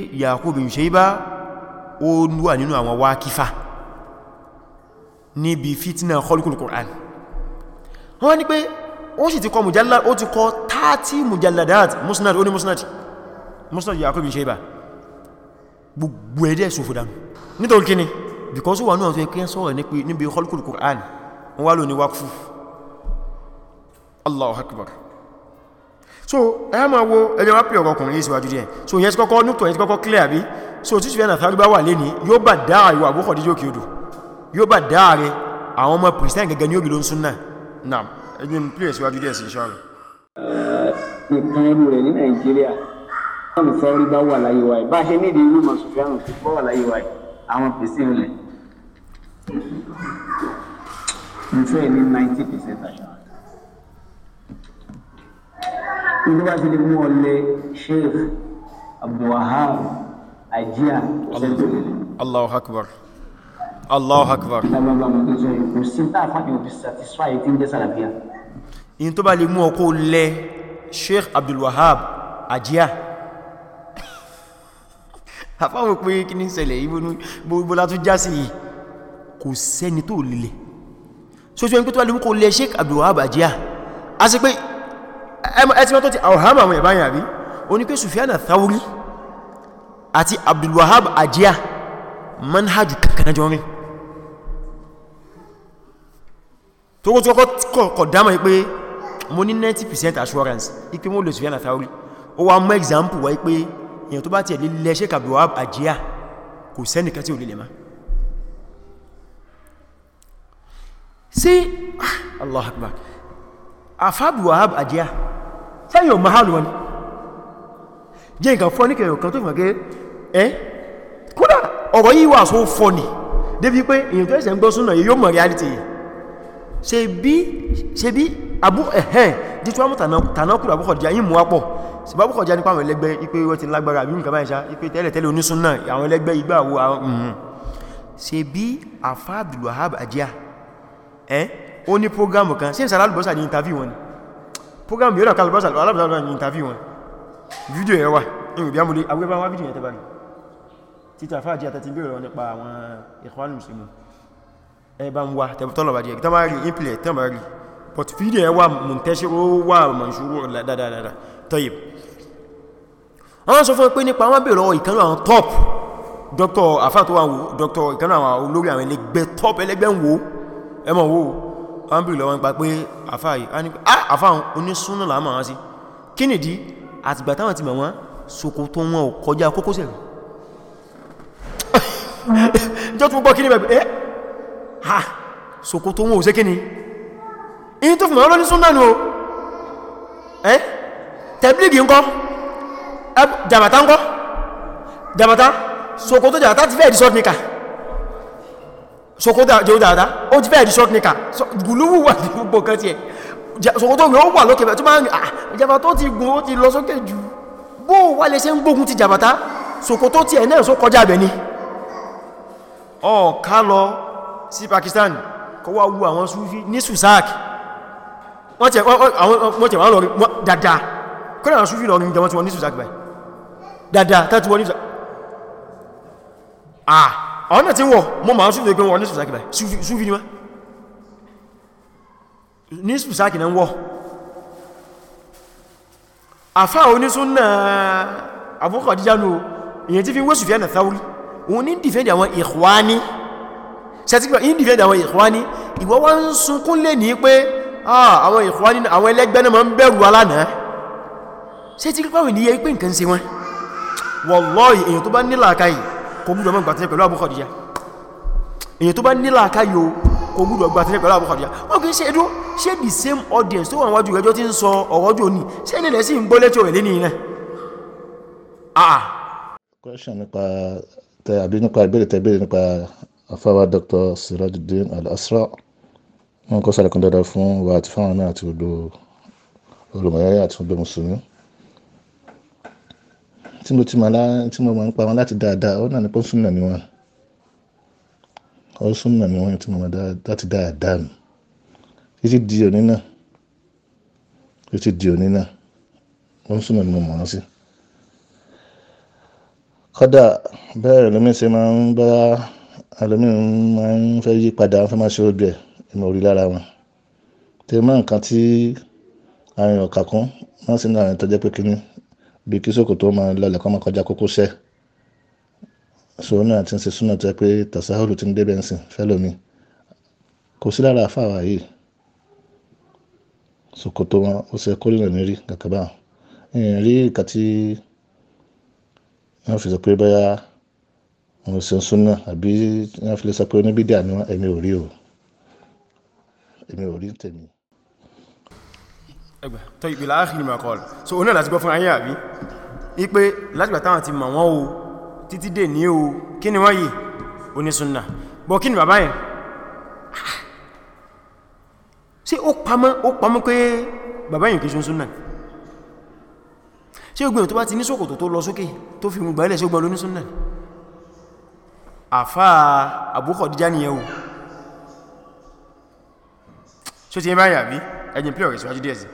níbi fitna khalqul Qur'an wọ́n ní pé ó sì ti kọ mùjálá ó ti kọ 30 mùjáládáàtì musnad ó ní musnad musnad Ya'qub bin Shaybah gbogbo ẹ̀dẹ́ ṣòfò dánù nítorí kíni because wà náà tó ẹkẹ́ sọ́rọ̀ níbi khalqul Qur'an wọ́n wá lò ní wákfù Allahu Akbar so ẹ ma wo ẹjọ́ wá pè ọ̀rọ̀ ọkùnrin yìí síwájú díẹ̀ so yẹn ti kọ́kọ́ nútọ̀ yẹn ti kọ́kọ́ clear bí so tí ṣùgbọ́n àtàrí bá wà lé ní yóò bà dáa ìwà àbúkọ̀ díjọ́ kí odò yóò bà dáa rẹ àwọn ọmọ pìrìsìtàn gẹ́gẹ́ ní ògìlò ń súnnà náà ẹgbẹ́ pílẹ̀ síwájú díẹ̀ sí ṣọ́rọ̀ nǹkan ẹrù rẹ̀ ní nàìjíríà sọ́ọ̀nù sọ́ọ́rí bá wà láyé wáyé bá ṣe nídìí irú mọ̀sùfíàmù tó bá wà láyé wáyé àwọn pèsè ńlẹ̀ nfẹ́ ní ninety percent àṣà ìlú bá ti lè mú ọlẹ sheikh abdulwahab ajia ọsẹ tó lè. Allahu Akbar. Allahu Akbar in tó bá lè mú ọkọ̀ lẹ Sheikh Abdul Wahab Ajia àfáwọn pé kí ní ṣẹlẹ̀ gbogbo látún já sí yìí kò sẹ́ni tó lè sójú ẹni pé tó bá lè mú kó lẹ Sheikh Abdul Wahab Ajia a sì pé ẹtí wọ́n tó ti àwòhám àwọn ẹ̀báyàn àbí o ní pé tó kó kọ̀ dámà pé mo ní 90% assurance ipé mo lè Sufyan Thauri ó wá mọ́ example wá pé èyàn tó bá ti ẹ̀lẹ́ lẹ́ṣẹ́ kàbíwá àjíyà kò sẹ́nìkan tí ò lè má sí ah, Allah akbar afábíwá àjíyà sẹ́yìn ọmọ hálù wọn jẹ́ nǹkan fọ́ ní kẹrọ kan tó fún àgẹ́ ẹ́ kódà ọ̀rọ̀ yìí wà so fọ́ ni débi pé èyàn tó ẹ̀sẹ̀ ń gbọ́ súnà yóò mọ̀ reality yìí ṣe bí ṣe bí abú ẹ̀hẹ́n di tíwámù tànákùrù àbúkọ̀dìyà yìí mú wápọ̀ sí bá búkọ̀dìyà nípa àwọn ẹlẹ́gbẹ́ ipé wọ́n ti lágbára àbí nǹkan báyìí ṣá ipé tẹ́lẹ̀tẹ́lẹ̀ onísúnnà àwọn ẹlẹ́gbẹ́ igbá àwọ àwọn ohun mm-hmm. ṣe bí àfá Abdul Wahab Ajiya ẹ́ ó ní prógámù kan sí ìsàrà alùbọ́sà ní ìntàfí wọn prógámù yóò dàkà alùbọ́sà alùbọ́sà ní ìntàfí wọn fídíò ẹ̀ wà ní ìbí amúlé agbébá wá fídíò yẹn tẹ́bàrí títà fáàjí àtàtí bí ọ̀rọ̀ nípa àwọn Ikhwanul Muslimin ẹba ń wá tẹ̀bọ̀tọ́lọ̀bà jẹ́ tán bá rí ìpìlẹ̀ tán bá rí but fídíò ẹwà mọ̀ntẹ́ṣẹ́ ó wà mọ̀ṣúrò dáadáa tọ́yìb wọ́n sọ fún pé nípa wọ́n bèèrè lọ́wọ́ ìkanú àwọn top dr afáàtò wà dr ìkanú àwọn olórí àwọn ẹlẹgbẹ́ top ẹlẹgbẹ́ ń wo ẹmọ wo wọ́n bèèrè lọ́wọ́ nípa pé afáàwọn ah, onísúnà làmà wọn sí kí nìdí àtìgbà táwọn ti mọ̀ wọ́n ṣòkòtò wọn ò kọjá kókósẹ̀ jọ́ tún gbọ́ kí ní bẹ̀rẹ̀ ha ṣòkòtò wọn ò ṣe kíni in tó fìmọ̀ ọlọ́ní súnnà ní o ẹ́ tẹ̀blìgì ń kọ́ jàbàtà ń kọ́ jàbàtà ṣòkòtò jàbàtà ti fẹ́ẹ̀ di short nika ṣòkòtò jàbàtà ó ti fẹ́ẹ̀ di short nika gùlúwù wà ní gbogbo kan tiẹ̀ ṣòkòtò rẹ̀ ó wà lókè bẹ̀ tó máa ń ah, jàbàtà ó ti gùn ó ti lọ sókè jù bó wà lè ṣe ń gbógun ti jàbàtà ṣòkòtò tiẹ̀ náà só bẹ̀ ni ọ̀ká lọ sí Pakistan kọ wá wú àwọn Sufi ní Susak wọ́n tẹ̀ wọ́n lọ́rin dada kọ́nà àwọn Sufi lọ́rin jẹun tí wọ́n ní Susak báyìí dada tàbí wọ́n ní Susak ah àwọn náà ti wọ̀ mọ́ ma Sufi lọ́rin ní Susak báyìí Sufi ni wọ́n ní Susak náà wọ́ àfá onísúnnà Abu Khadija nù ìyẹn tí fi wọ́sùfẹ́ nà Thawri òun ní dìfẹ́ndì àwọn Ikhwani sẹ́tíkpà indifẹ́ndì àwọn ìkwáni ìwọ wá ń sunkún lè ní pé ah, àwọn ìkwáni àwọn ẹlẹ́gbẹ́ náà ma ń bẹ̀rù alánàá sẹ́tíkpà wì ní yẹ pé nǹkan ṣe wọn wallahi èyàn tó bá ní làákàyè kò gbúdọ̀ máa gbàtẹ́lẹ̀ pẹ̀lú Abu Khadija èyàn tó bá ní làákàyè kò gbúdọ̀ gbàtẹ́lẹ̀ pẹ̀lú Abu Khadija wọ́n kì í ṣe ẹdún ṣe the same audience tó wà wájú rẹjọ́ tí ń sọ ọ̀rọ̀ jò ní ṣe ní lẹ́sí ń gbọ́lẹ́tì rẹ̀ lẹ́ni ilẹ̀ ah, ah question nípa tẹ àbí nípa ìbéèrè tẹ nípa afáwa dr sirajudeen al-asra wọn kọ́ sálẹ̀ kan dáadáa fún wa àti fáwọn náà àti odò olùmọ̀yáyá àti odò mùsùlùmí tí mo ti mọ̀ tí mo mọ̀ ń pa wọn láti dáadáa ó náà ní pọ́n súnmọ̀ ni wọn ó súnmọ̀ ni wọn tí mo mọ̀ láti dáadáa mi títí di òní náà títí di òní náà wọ́n súnmọ̀ ni mo mọ̀ wọn sí kódà bẹ́ẹ̀ lómi ṣe máa ń bá ẹlòmíín máa ń fẹ́ yí padà wọ́n fẹ́ máa ṣe ojú ẹ̀ ìmọ̀ orí lára wọn tẹ̀lé mọ́ nǹkan tí àrùn ọ̀kà kún wọ́n sì ní àrùn tó jẹ́ pé kínní bí kí sòkòtò máa lọlẹ̀ kọ́ máa kọjá kókósẹ̀ sòwònà àti ṣe súnà tó jẹ́ pé tàṣáhùrù ti ń débẹ̀ ń sìn fẹ́lòmí kò sí lára àfàwà yìí sòkòtò wọn ó ṣe kórìnà ní rí kàkàbà ìrìn rí ìkà tí wọ́n fi sọ pé bóyá mo ṣe ń súnà àbí wọ́n fi lè sọ pé oníbídà ni wọ́n èmi ò rí o èmi ò rí tèmi. ẹgbẹ́ tó ìpìlẹ̀ ààrùn ìmọ̀ kọ́ so oní láti gbọ́ fún ayé àbí ní pé látìgbà táwọn ti mọ̀ wọ́n o títí dè ní o kí ni wọ́n yìí onísúnà bọ́ kí ni bàbá yẹn ṣé ó pamọ́ ó pamọ́ pé bàbá yẹn kìí súnà ṣé ó gbìyànjú tó bá ti ní ṣòkòtò tó lọ sókè tó fi gbà ilẹ̀ ṣé ó gbà lóní súnà ni àfá Abu Khadija nìyẹn o ṣe ti bá yàbí ẹjìn pí ọ̀rẹ̀ síwájú díẹ̀ sí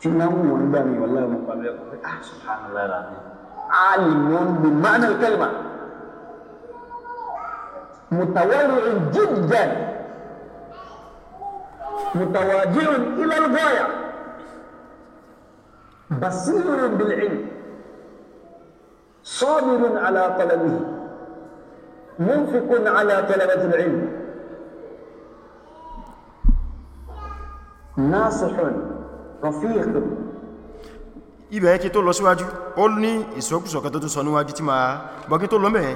tí máa mú wọn gbà mí wọlé ọmọ pàmí ẹkùn pé ah subhanallah rami alimun bi ma'na al-kalima mutawalli'un basirun bil sabirun ala talabihi منفق على طلبة العلم ناصح رفيق ibẹ̀ kí tó lọ síwájú ó ní ìsọ́kùsọ̀kẹ́ tó tún sọ níwájú tí máa bọ́gí tó lọ́mẹ̀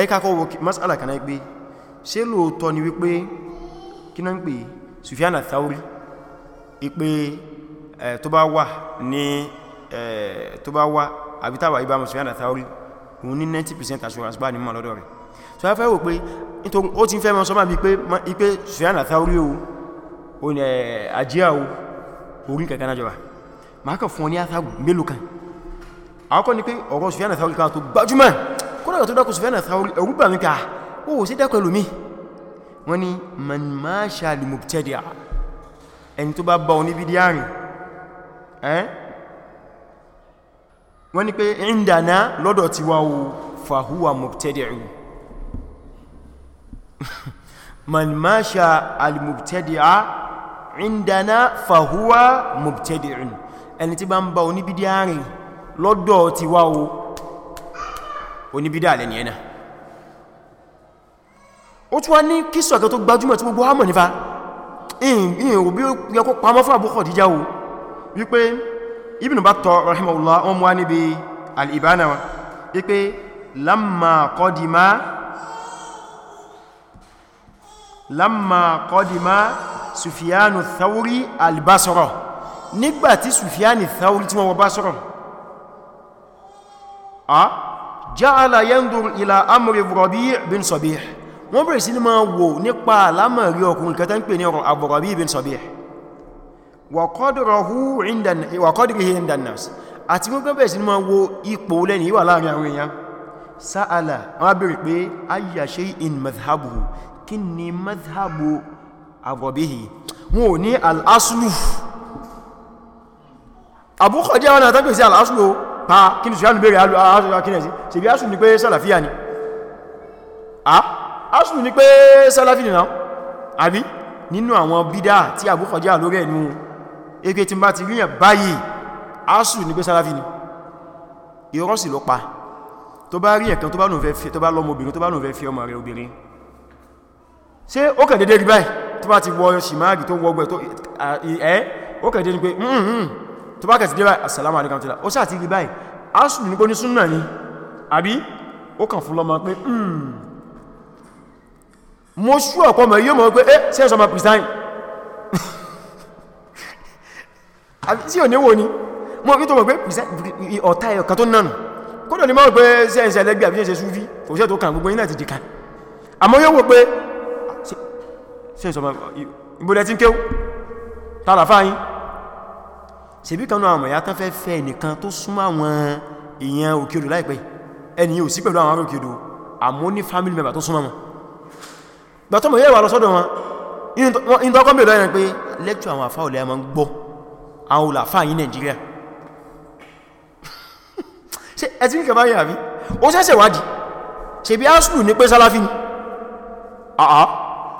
ẹ́kàkọ́ wo masala kanáà pé ṣe lóòtọ́ ni wípé kí náà ń pè Sufyan Thauri ipé tó bá wà ní tó bá wà àbítàwà ibámu Sufyan Thauri 90% assurance bá ní mọ́ lọ́dọ̀ rẹ̀ so afẹ́ wò pé nítorí ó ti fẹ́ mọ́ sọ́mà bí pé Sufyan al-Thawri o ní àjíyà eh, o orí kankan náà jọba ma kàn fún ọ ní àtàgù mélòó kan àkọ́kọ́ ni pé ọ̀rọ̀ Sufyan al-Thawri kan tó gbajúmọ̀ kódàgbà tó dákù Sufyan al-Thawri ẹ̀rù bà mí ká ó dákù ẹlòmí wọ́n ni man masha li mubtadi'a ẹni tó bá bá wọ́n ni pé indana lọ́dọ̀ tiwa o fahuwa mubtadi'u man masha al-mubtadi'a indana fahuwa mubtadi'un ẹni tí bá ń bá oníbídíà rìn lọ́dọ̀ ti wá o oníbídíà lẹ́ni ẹ̀nà ó tún wá ní kíso ọ̀kẹ́ tó gbajúmọ̀ tí gbogbo wa mọ̀ nífà ìhìn òbí yẹ kó pamọ́ fún Abu Khadija o wípé Ibn Battah rahimahullah wọn mú wá níbi al-Ibana wípé lamma qadima lamma qadima sufiyanu thawri albasoro nígbàtí sufiyani thawri tí wọ́n wọ basoro a ja'ala yanzur ila amri rabi' bin sabih wọ́n bẹ̀rẹ̀ sí ní máa wò nípa alámọ̀rí ọkùnrin kẹta ń pè ní abu rabi' bin sabih wa qadruhu indan wa qadrihi indan nas àti wọ́n bẹ̀rẹ̀ sí ní máa wo ipò lẹ́ni ìwà láàrin àwọn èèyàn sa'ala wọ́n bẹ̀rẹ̀ pé ayya shay'in madhhabuhu kí ni mazhabu àbọ̀bíhì wọn ò ní al'aslu Abu Khadija wọn àtàgbèsí al'aslu pa kí ni sùyánù bèèrè al'aslu ṣe bí aslu ni pé sálàfíà ni a aslu ni pé sálàfí nìna àbí nínú àwọn bídá tí Abu Khadija lórí ẹnu ege tí bá ti ríyàn báyìí aslu ni pé sálàfí ni ìrọ́sì ló pa tó ṣe ó kàn dédé rí báyìí tó bá ti wọ ṣìmáàgì tó wọgbẹ̀ tó ẹ́ ó kàn dédé pé mmm tó bá kẹ̀sì dé báyìí assalamu alaikum tila ó sáà ti rí báyìí asùn ní kó ní súnnà ni àbí ó kàn fún lọ́mọ pé mmm mo ṣú ọ̀pọ̀ mọ̀ yíò mọ̀ pé eh, ẹ́ sí ẹ̀sọ́ ma pristine tí ò níwò ni mo rí tó mọ̀ pé ọ̀tá ẹ̀ọ̀kan tó nánu kódò ní mọ́ pé sí ẹ̀sẹ̀ lẹ́gbẹ̀ àbí ẹ̀sẹ̀ súfí kò sí ẹ̀ tó kàn gbogbo yínà ti dìkan àmọ́ yóò wò pé ṣe ìsọmọ ìbúlẹ̀ tí ń kéw tààlà fáyín ṣebí kanú àwọn ìyá tán fẹ́ fẹ́ nìkan tó súnmọ́ àwọn èèyàn òkèdò láìpẹ́ ẹni yóò sí pẹ̀lú àwọn ará òkèdò àmọ́ ní family member tó súnmọ́ wọn gbàtọ́mọ̀ yẹ́ wà lọ sọ́dọ̀ wọn in tó kọ́m̀bẹ̀ lọ́yẹn pé lecture àwọn àfá olè ẹmọ ń gbọ́ àwọn olàfá yìí Nàìjíríà ṣe ẹ̀tí ní kẹfà yìí àbí ó ṣẹ̀ṣẹ̀ wádìí ṣe bí áṣùlù ní pé sálàfí ni ah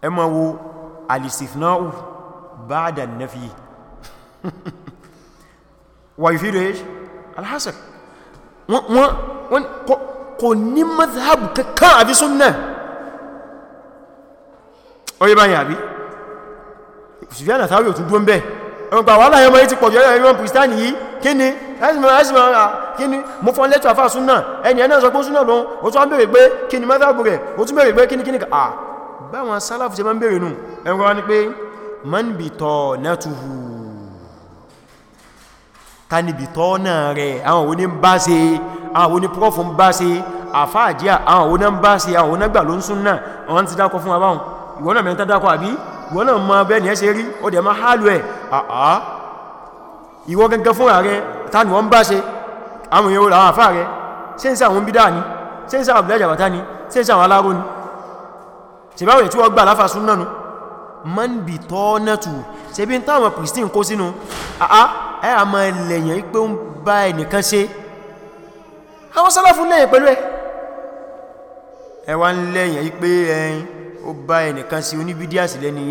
ẹ máa wo alìsìfnáù báadà náfi wà ìfìdó ẹ̀ṣì alhassan wọ́n kò ní mazhabu kankan àbí súnnà oye báyìí àbí sùfíànà tàbí òtún dúó ń bẹ́ ẹ̀wọ̀n pa wàhálà ẹmọ ètí pọ̀jọ́ ẹ̀wọ̀n kìrìsìtánì yìí kí ni kí ni mo fọ́n lẹ́tọ̀ àfáà súnnà ẹni ẹ̀nà sọ pé súnnà lóun ó tún bèèrè pé kí ni mazhabu rẹ̀ ó tún bèèrè pé kí ni kí ni kà báwọn sálàfù ṣe máa ń bèèrè nù ẹ̀rọ wá ní pé man bi tọ́ náà tuhu ta ni bí tọ́ náà rẹ̀ àwọn òní ń bá ṣe àwọn òní prọ́fù ń bá ṣe àfáàjíà àwọn òní ń bá ṣe àwọn onígbà ló ń sún náà wọ́n ti dákọ fún abáhùn ìwọ́n náà mẹ́ta dákọ àbí ìwọ́n náà mọ bẹ́ẹ̀ ni ẹ́ ṣe rí ó dẹ̀ máa hálù ẹ̀ àá ìwọ́ gẹ́gẹ́ fún ààrẹ ta ni wọ́n ṣe báwọn tí wọ́n gbà láfà súnnà nù man bí tọ́nàtù ṣe bí n táwọn Christian kó sínú àá ẹ a máa lẹ̀yàn pé ń bá ẹnìkan ṣe àwọn sálàfún lẹ́yìn pẹ̀lú ẹ ẹ ń lẹ́yìn pé ẹyin ó bá ẹnìkan ṣe oníbídíàsì lẹ́ni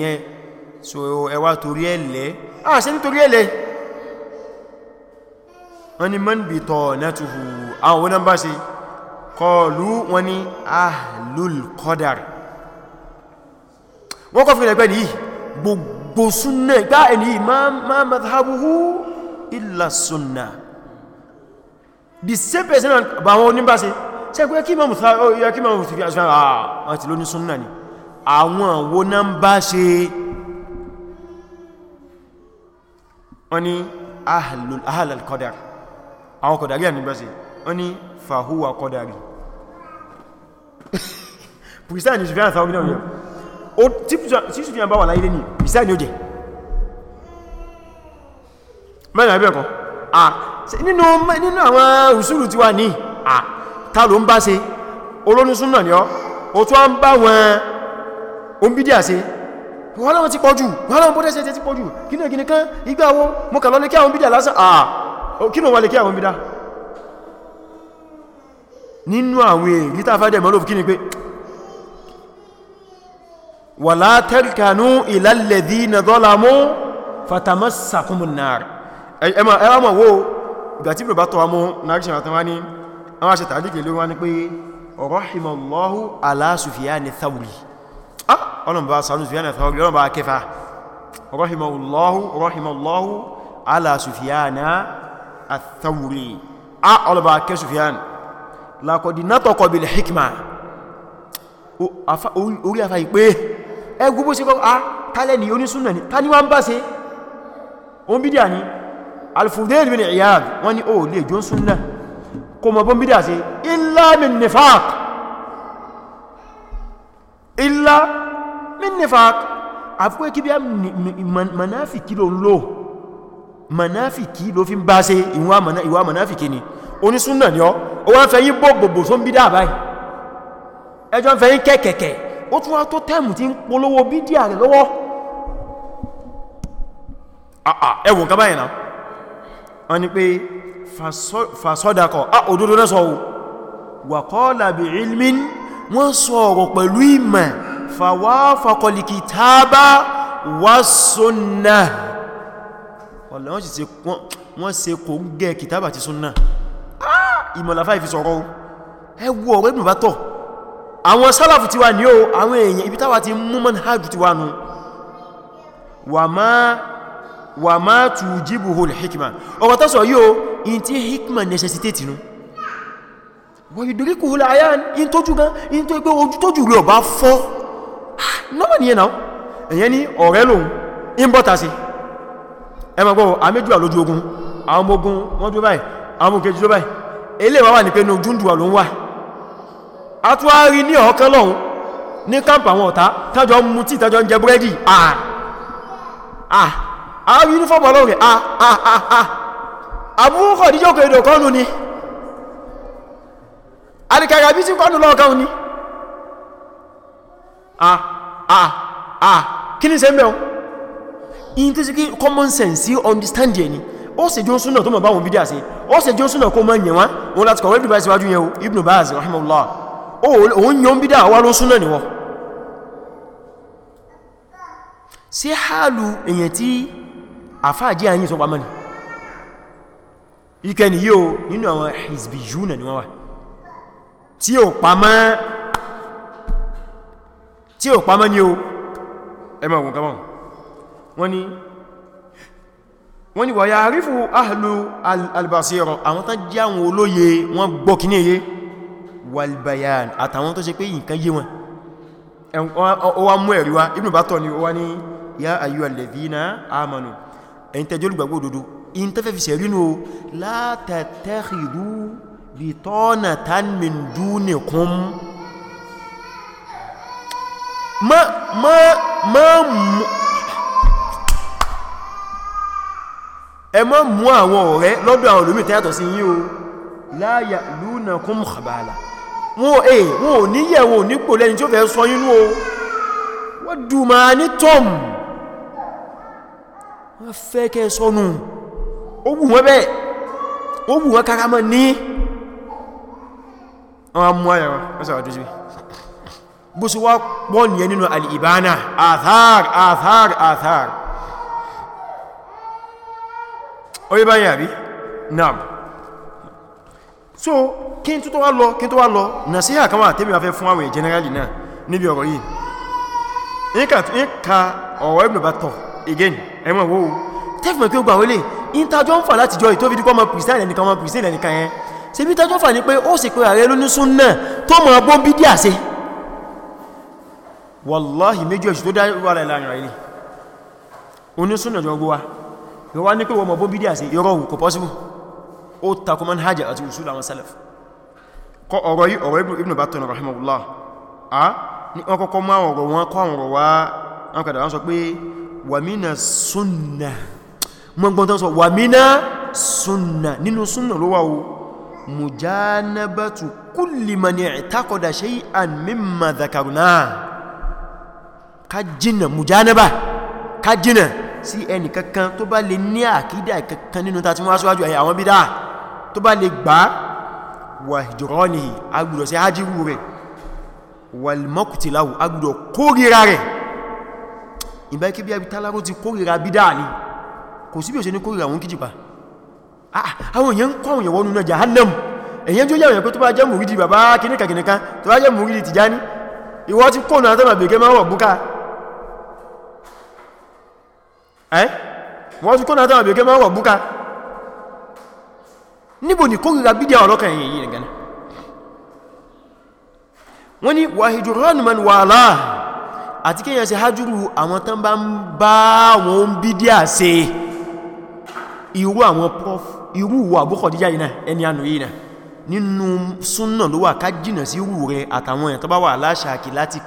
so ẹ wá torí ẹ lẹ́ àà ṣe nítorí ẹ lẹ́ wọ́n ni man bí tọ́nàtù àwọn onámbá ṣe qadar wọ́n kọ́ fìrẹ̀ pẹ́ ní gbogbo súnnà gbá ẹni ma mazhabuhu illa súnnà the same person bá wọn ní bá se ṣe pé kí mọ̀mù fi àṣíwá àwọn ti ló ní súnnà ni àwọn wo náà ń bá ṣe wọ́n ni ahlul qadar àwọn kọ̀dàrí à ní bá se wọ́n ni fahuwa qadari pùsàn ìṣẹ́fẹ́ àtàwọn ìdánwò tí Sufyan bá wà láyé ní ìsá ni ó jẹ mẹ́rin àbí ẹ̀kọ́ nínú àwọn usulu tí wà ní à ta ló ń bá ṣe olónúsún náà ni ọ́ o tó ń bá wọn ombídíà ṣe wọ́n lọ́wọ́ ti pọ̀jù wọ́n lọ́wọ́ bọ́dẹ́sẹ̀ ti pọ̀jù kínú ìgínì kan ìgbàwó mọ́ kà lọ lè kí àwọn bídíà lásán àà kínú wà lè kí àwọn bídíà nínú àwọn èyí tàfádẹ̀ mọ́lòfù kí ni pé wàlá tẹ́rìkànú ìlàlẹ̀dí na zọ́lámú fatamassakumun náà ẹwà ma wo gàtí bẹ̀bá tọ́wà mú náàrísìn àtàwà ní àwọn aṣe tàbíkì ló wá ní pé rahimallahu ala Sufyani Thawri ọlọ́mbà sanu Sufyani Thawri ọlọ́mbà kẹfà rahimallahu rahimallahu ala Sufyani Thawri ọlọ́mbà kẹ Sufyan laqad natqa bil hikma orí afá ìpé ẹgbù bó ṣe kọ́ ah tálẹ̀ ní onísúnà ní tání wọ́n bá ṣe oun bídíà ní al-Fudayl bin Iyad wọ́n ni ó lè jọ súnà kò mọ̀ bọ́n bídíà ṣe illa min nifaq illa min nifaq àfikún kí bí manáfikí ló ń lò manáfikí ló fi ń bá ṣe ìwà manáfikí ni onísúnà ni ọ wọ́n fẹ́ yí bọ́ gbogbo tó ń bídíà báyìí ẹjọ́ fẹ́ yí kẹ́kẹ̀kẹ́ ó tún wá tó tẹ́mù tí ń polówó bídíà rẹ̀ lọ́wọ́ ah, ah, ẹwùn kaba yìí náà wọ́n ni pé fasọ́dakọ̀ a ah, òdodo náà sọ wà qala bi ilmin wọ́n sọ̀rọ̀ pẹ̀lú ìmọ̀ fàwáfàkọlì kìtàbà wà súnnà ọ̀lẹ́ wọ́n ṣe kò ń gẹ kìtàbà ti súnnà ìmọ̀láfà ìfisọ̀rọ̀ ẹwù ọ̀rẹ́ ìbùnbátọ̀ àwọn sálàfù ti wà ní o àwọn èèyàn ibi táwà ti mú mọ́n hajjú ti wà nù wà máa tù jíbù hul hikima ọwọ́ tó sọ yíò in tí hikima necessitate nù wọ́n yìí dorí kúhùlà ayá in tó jù gan in tó gbé ojú tó jù rí ọba fọ́ ah, náà ni ẹ̀nà ẹ̀yẹn ni ọ̀rẹ́ lòun in bọ́ta sí ẹmọ gbọ́ àmẹ́jùwà lójú ogun àwọn ọmọ ogun wọ́n dúró báyìí a tún wá rí ní ọ̀kan lọ́hun ní kámpà àwọn ọ̀tá tájọ ń mutí tájọ ń jẹ búrẹ́dì àà àà àà rí uniform àà àà àà àbúrúkọ̀ díjọ́kọ̀ èdò kọ́nù ni alìkàrà bí sí kọ́nù lọ́ọ̀kan ni àà àà àà kí ni ṣe mẹ́un in tí sí kí common sense sí understand yẹ ni ó sì jọ súnà tó mọ̀ báwọn bídí àṣẹ ó sì jọ súnà kó mọ̀ yẹ̀wọ́n òun láti kọ̀wé ìdìbà Oh, òun yóò ń bídá àwá ló súnà níwọ́ sí hálù èyàn tí àfáàjí àyín sọ pàmọ́ ni ikẹ́ ni yíò nínú àwọn hizbiyuna ni wọ́n wà tí ò pàmọ́ tí ò pàmọ́ ni o ẹmọ ogun kamọ́ wọ́n ni wọ́n ni wà yà rífù ahlù albasira àwọn tán jẹ́ àwọn olóye wọ́n gbọ́kíníye al walbayan àtàwọn tó ṣe pé nǹkan yé wọn ó wá mú ẹ̀rí wá Ibn Battah ni ó wá ní ya ayyuhal ladhina amanu ẹ̀yin tẹ́jọ́ olùgbàgbọ́ òdodo in tẹ́fẹ́ fi ṣẹ̀rí nù la tatakhidhu bitanatan min dunikum ẹ má mú àwọn ọ̀rẹ́ lọ́dọ̀ àwọn olómi tẹ́yàtọ̀ sí yín o la ya'lunakum khabala wọn eh, ò wọn ò níyẹ̀ wọn ò nípò lẹ́yìn tí ó fẹ́ sọ inú o wọ́n dùmà ní tom wọ́n fẹ́ kẹ́ sọnù ó wù wọ́n bẹ́ẹ̀ ó wù wọ́n karamọ́ ní àwọn mú ayẹ̀wà mẹ́sàwà tó sí bó sí wá pọ́ nìyẹn nínú alìbánà àthár àthár àthár ó yí báyìí àbí náà so kí n tó wá lọ kí n tó wá lọ nàṣíhà kan wà tẹ́bí wá fẹ́ fún àwẹ̀ generally náà níbi ọ̀rọ̀ yìí ní ka ọ̀rọ̀ Ibn Battah again ẹmọ̀ wo tẹ́fìmọ̀ kí ó gbà wọlé intajọ́ ń fà láti jọ ìtóbi dípọ́ ọmọ pìrìsìtàn ẹnìkan ọmọ pìrìsìtàn ẹnìkan yẹn ṣe bí tajọ́ fà ní pé ó sì pé ààrẹ ló ní súnnà tó mọ̀ ọgbọ́ bídí àṣẹ wallahi méjì ọ̀ṣù tó dáwà láàrin àìlè onísúnnà jọ gbówá yọ wá ní pé wọ́n mọ̀ ọgbọ́ bídí àṣẹ yọrọ̀ kò possible ó takọmọ́ hajj àti usul àwọn salaf ọ̀rọ̀ yìí ọ̀rọ̀ Ibn Battan rahimahullah a ní wọ́n kọ́kọ́ máa ọ̀rọ̀ wọn kọ́ àwọn ọ̀rọ̀ wá wọn kàdà wọ́n sọ pé wàmínà súnnà mọ́gbọ́n tó sọ wàmínà súnnà nínú súnnà ló wà o mujanabatu kulli man i'taqada ní àkídà tó bá lè gbàá wà hijranihi agbùdọ̀ sí hajjiru rẹ̀ wal maqti lahu agbùdọ̀ kórìíra rẹ̀ ìbá kí bí i tálárò ti kórìíra bídá ní kò sí bí o ṣe ní kórìíra wọn kíjìpá ah, ah, àwọn èèyàn kọ́ àwọn èèyàn náà jahannam èèyàn jó yàwọn èèyàn tó bá jẹ́ mùrídì bàbá kìníkà kìníkà tó bá jẹ́ mùrídì Tìjání ìwọ́ ti kọ́ náà tọ́nà bèké máa wọ̀ búká ẹ́ wọ́n ti kọ́ náà tọ́nà bèké máa wọ̀ búká níbo ni kórìíra bídí ọlọ́kàn yìí yìí gani wọ́n ni wàhìjù ránùmọ̀n wà láà àti kíyàn irú àwọn prof irú wà bókọ̀díyà iná ẹni ànú yìí náà nínú súnnà ló wà ká jìnà sí irú rẹ àtàwọn ẹ̀ tó bá wà láṣàkì láti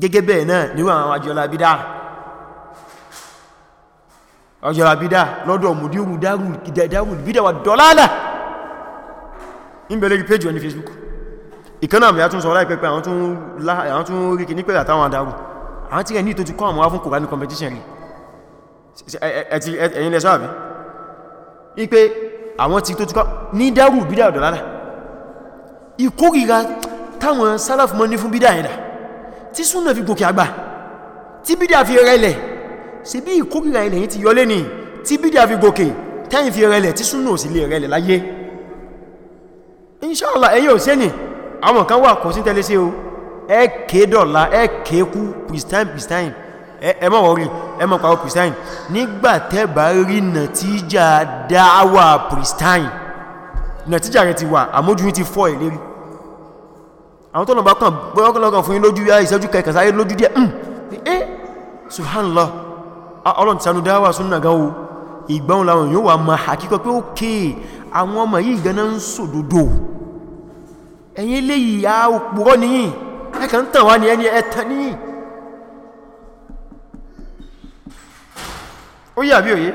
gẹ́gẹ́ bẹ́ẹ̀ náà nírú àwọn àjọlá ọjọ́ àbídá lọ́dọ̀ mùdírù dárùn bídá wà dọ́lálà in bẹ̀lẹ̀ rí page on Facebook ìkaná àmì àtúnsọ láìpẹ́pẹ́ àwọn tún rí kì ní pẹ̀lẹ̀ àtàwọn àdárù àwọn tí rẹ̀ ní tó ti kọ́ àwọn afún kòrání competition rí ẹ̀yìn lẹ́sọ́ àbí in pé àwọn tí tó ti kọ́ ní dárù bídá dọ́lálà ìkórìíra táwọn sálàfù mọ́ ní fún bídá ẹ̀dà tí súnà fi gòkè àgbà tí bídá fi rẹ̀lẹ̀ ṣe bí ìkórìíra ilẹ̀ ti yọlé ní tí bídíà fi gòkè tẹ́yìn fi rẹlẹ̀ tí súnà ò sí lè rẹlẹ̀ láyé inṣọ́ọ̀lá ẹ̀yẹ ò sẹ́ni àwọn kan wà kò sí tẹ́lé sí o ẹ́kẹ́ dọ̀la ẹ́kẹ́ kú pristine pristine ẹmọ́ wọ́rí ẹmọ́ pàwọ́ pristine nígbàtẹ́bà rí nàtíjà dáwà pristine nàtíjà rẹ̀ ti wà àmójú ti fọ́ ìlérí àwọn tọ́nà bá kàn gbọ́ọ̀kọ́lọ́kàn fún yín lójú ìṣẹ́jú kẹkàn sáré lójú díẹ̀ hmm, eh, subhanallah ọlọ́n ti sanudáwà súnnà gáwó ìgbọ́n láwọn yóò wà máa àkíkọ́ pé ókè àwọn ọmọ yìí gẹ́nà ń sòdòdó ẹ̀yin eléyìí ya òpùrọ́ níyìn ẹkà ń tàn wá ní ẹni ẹ̀tàn níyìn ó yà bí òye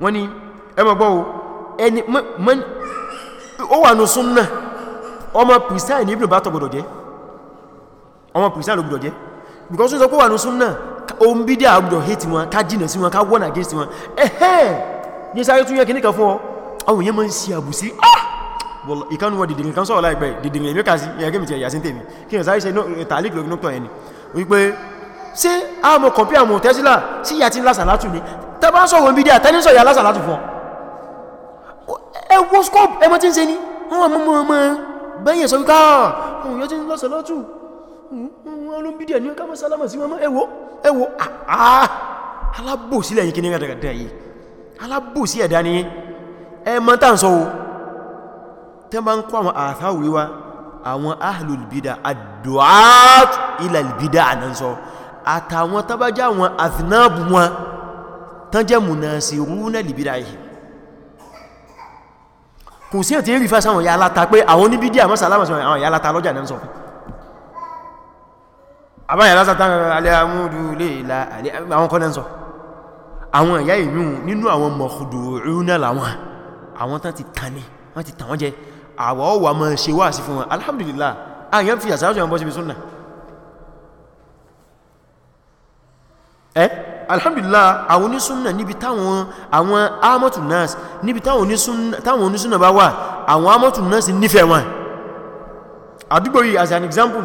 wọ́n ni ẹmọ̀gbọ́ ẹni ó wà ní súnnà ọmọ pìrìsìtà ní ibùdó bá tọ́gbọ̀dọ̀ jẹ́ ọmọ pìrìsìtà ló gbọdọ̀ jẹ́ because ó sọ pé wà ní súnnà ohun bí dí àgbọ̀ hate wọn ká jìnà sí wọn ká wọ́n against wọn ẹ̀hẹ́ ní sáré tún yẹ kì níkan fún ọ àwọn èèyàn máa ń sí àbù sí ah! ìkánu dìdìrìn kan sọ̀rọ̀ láìpẹ́ dìdìrìn èmì kàsí ìyàgé mi ti ẹ̀yà sí tèmi kí n sáré ṣe eh, tààlì lórí nọ́tọ̀ ẹni wípé ṣé tí ń ṣe ni wọ́n ló ń bídíà ní ọkàmọ́ sálámà sí mọ́mọ́ ẹwọ́ ẹwọ́ ah, ah, alábòsílẹ̀ yìí kí ní rẹ̀dẹ̀rẹ̀dẹ̀ yìí alábòsí ẹ̀dá ni ẹmọ́ tàǹsọ́ o tẹ́ bá ń kọ́ àwọn àtàwíwá àwọn ahlùlbídà àdùát ilàlbídà ànánsọ́ àtàwọn tàbájá àwọn àfinábù wọn tán jẹ́ mùnàsírúnà lìbídà yìí kò sí ẹ̀ tí ń rí fásán àwọn yálátà pé àwọn oníbídíà mọ́sàlámà sí àbáyà lásàtà alẹ́ amúdú lè la àwọn kọ́nà sọ àwọn ẹ̀yà ìlú nínú àwọn mọ̀kùdùrúnà làwọn àwọn tán ti tani wọ́n ti tàn wọ́n jẹ àwọ̀ ọwà mọ́ ṣe wá sí fún wọn alhamdulillah àyàn fi àsáwọ́sọ̀ wọn bọ́ síbi súnnà ẹ́ alhamdulillah àwọn onísúnnà níbi táwọn àwọn amọ́tù nas níbi táwọn onísúnnà bá as an example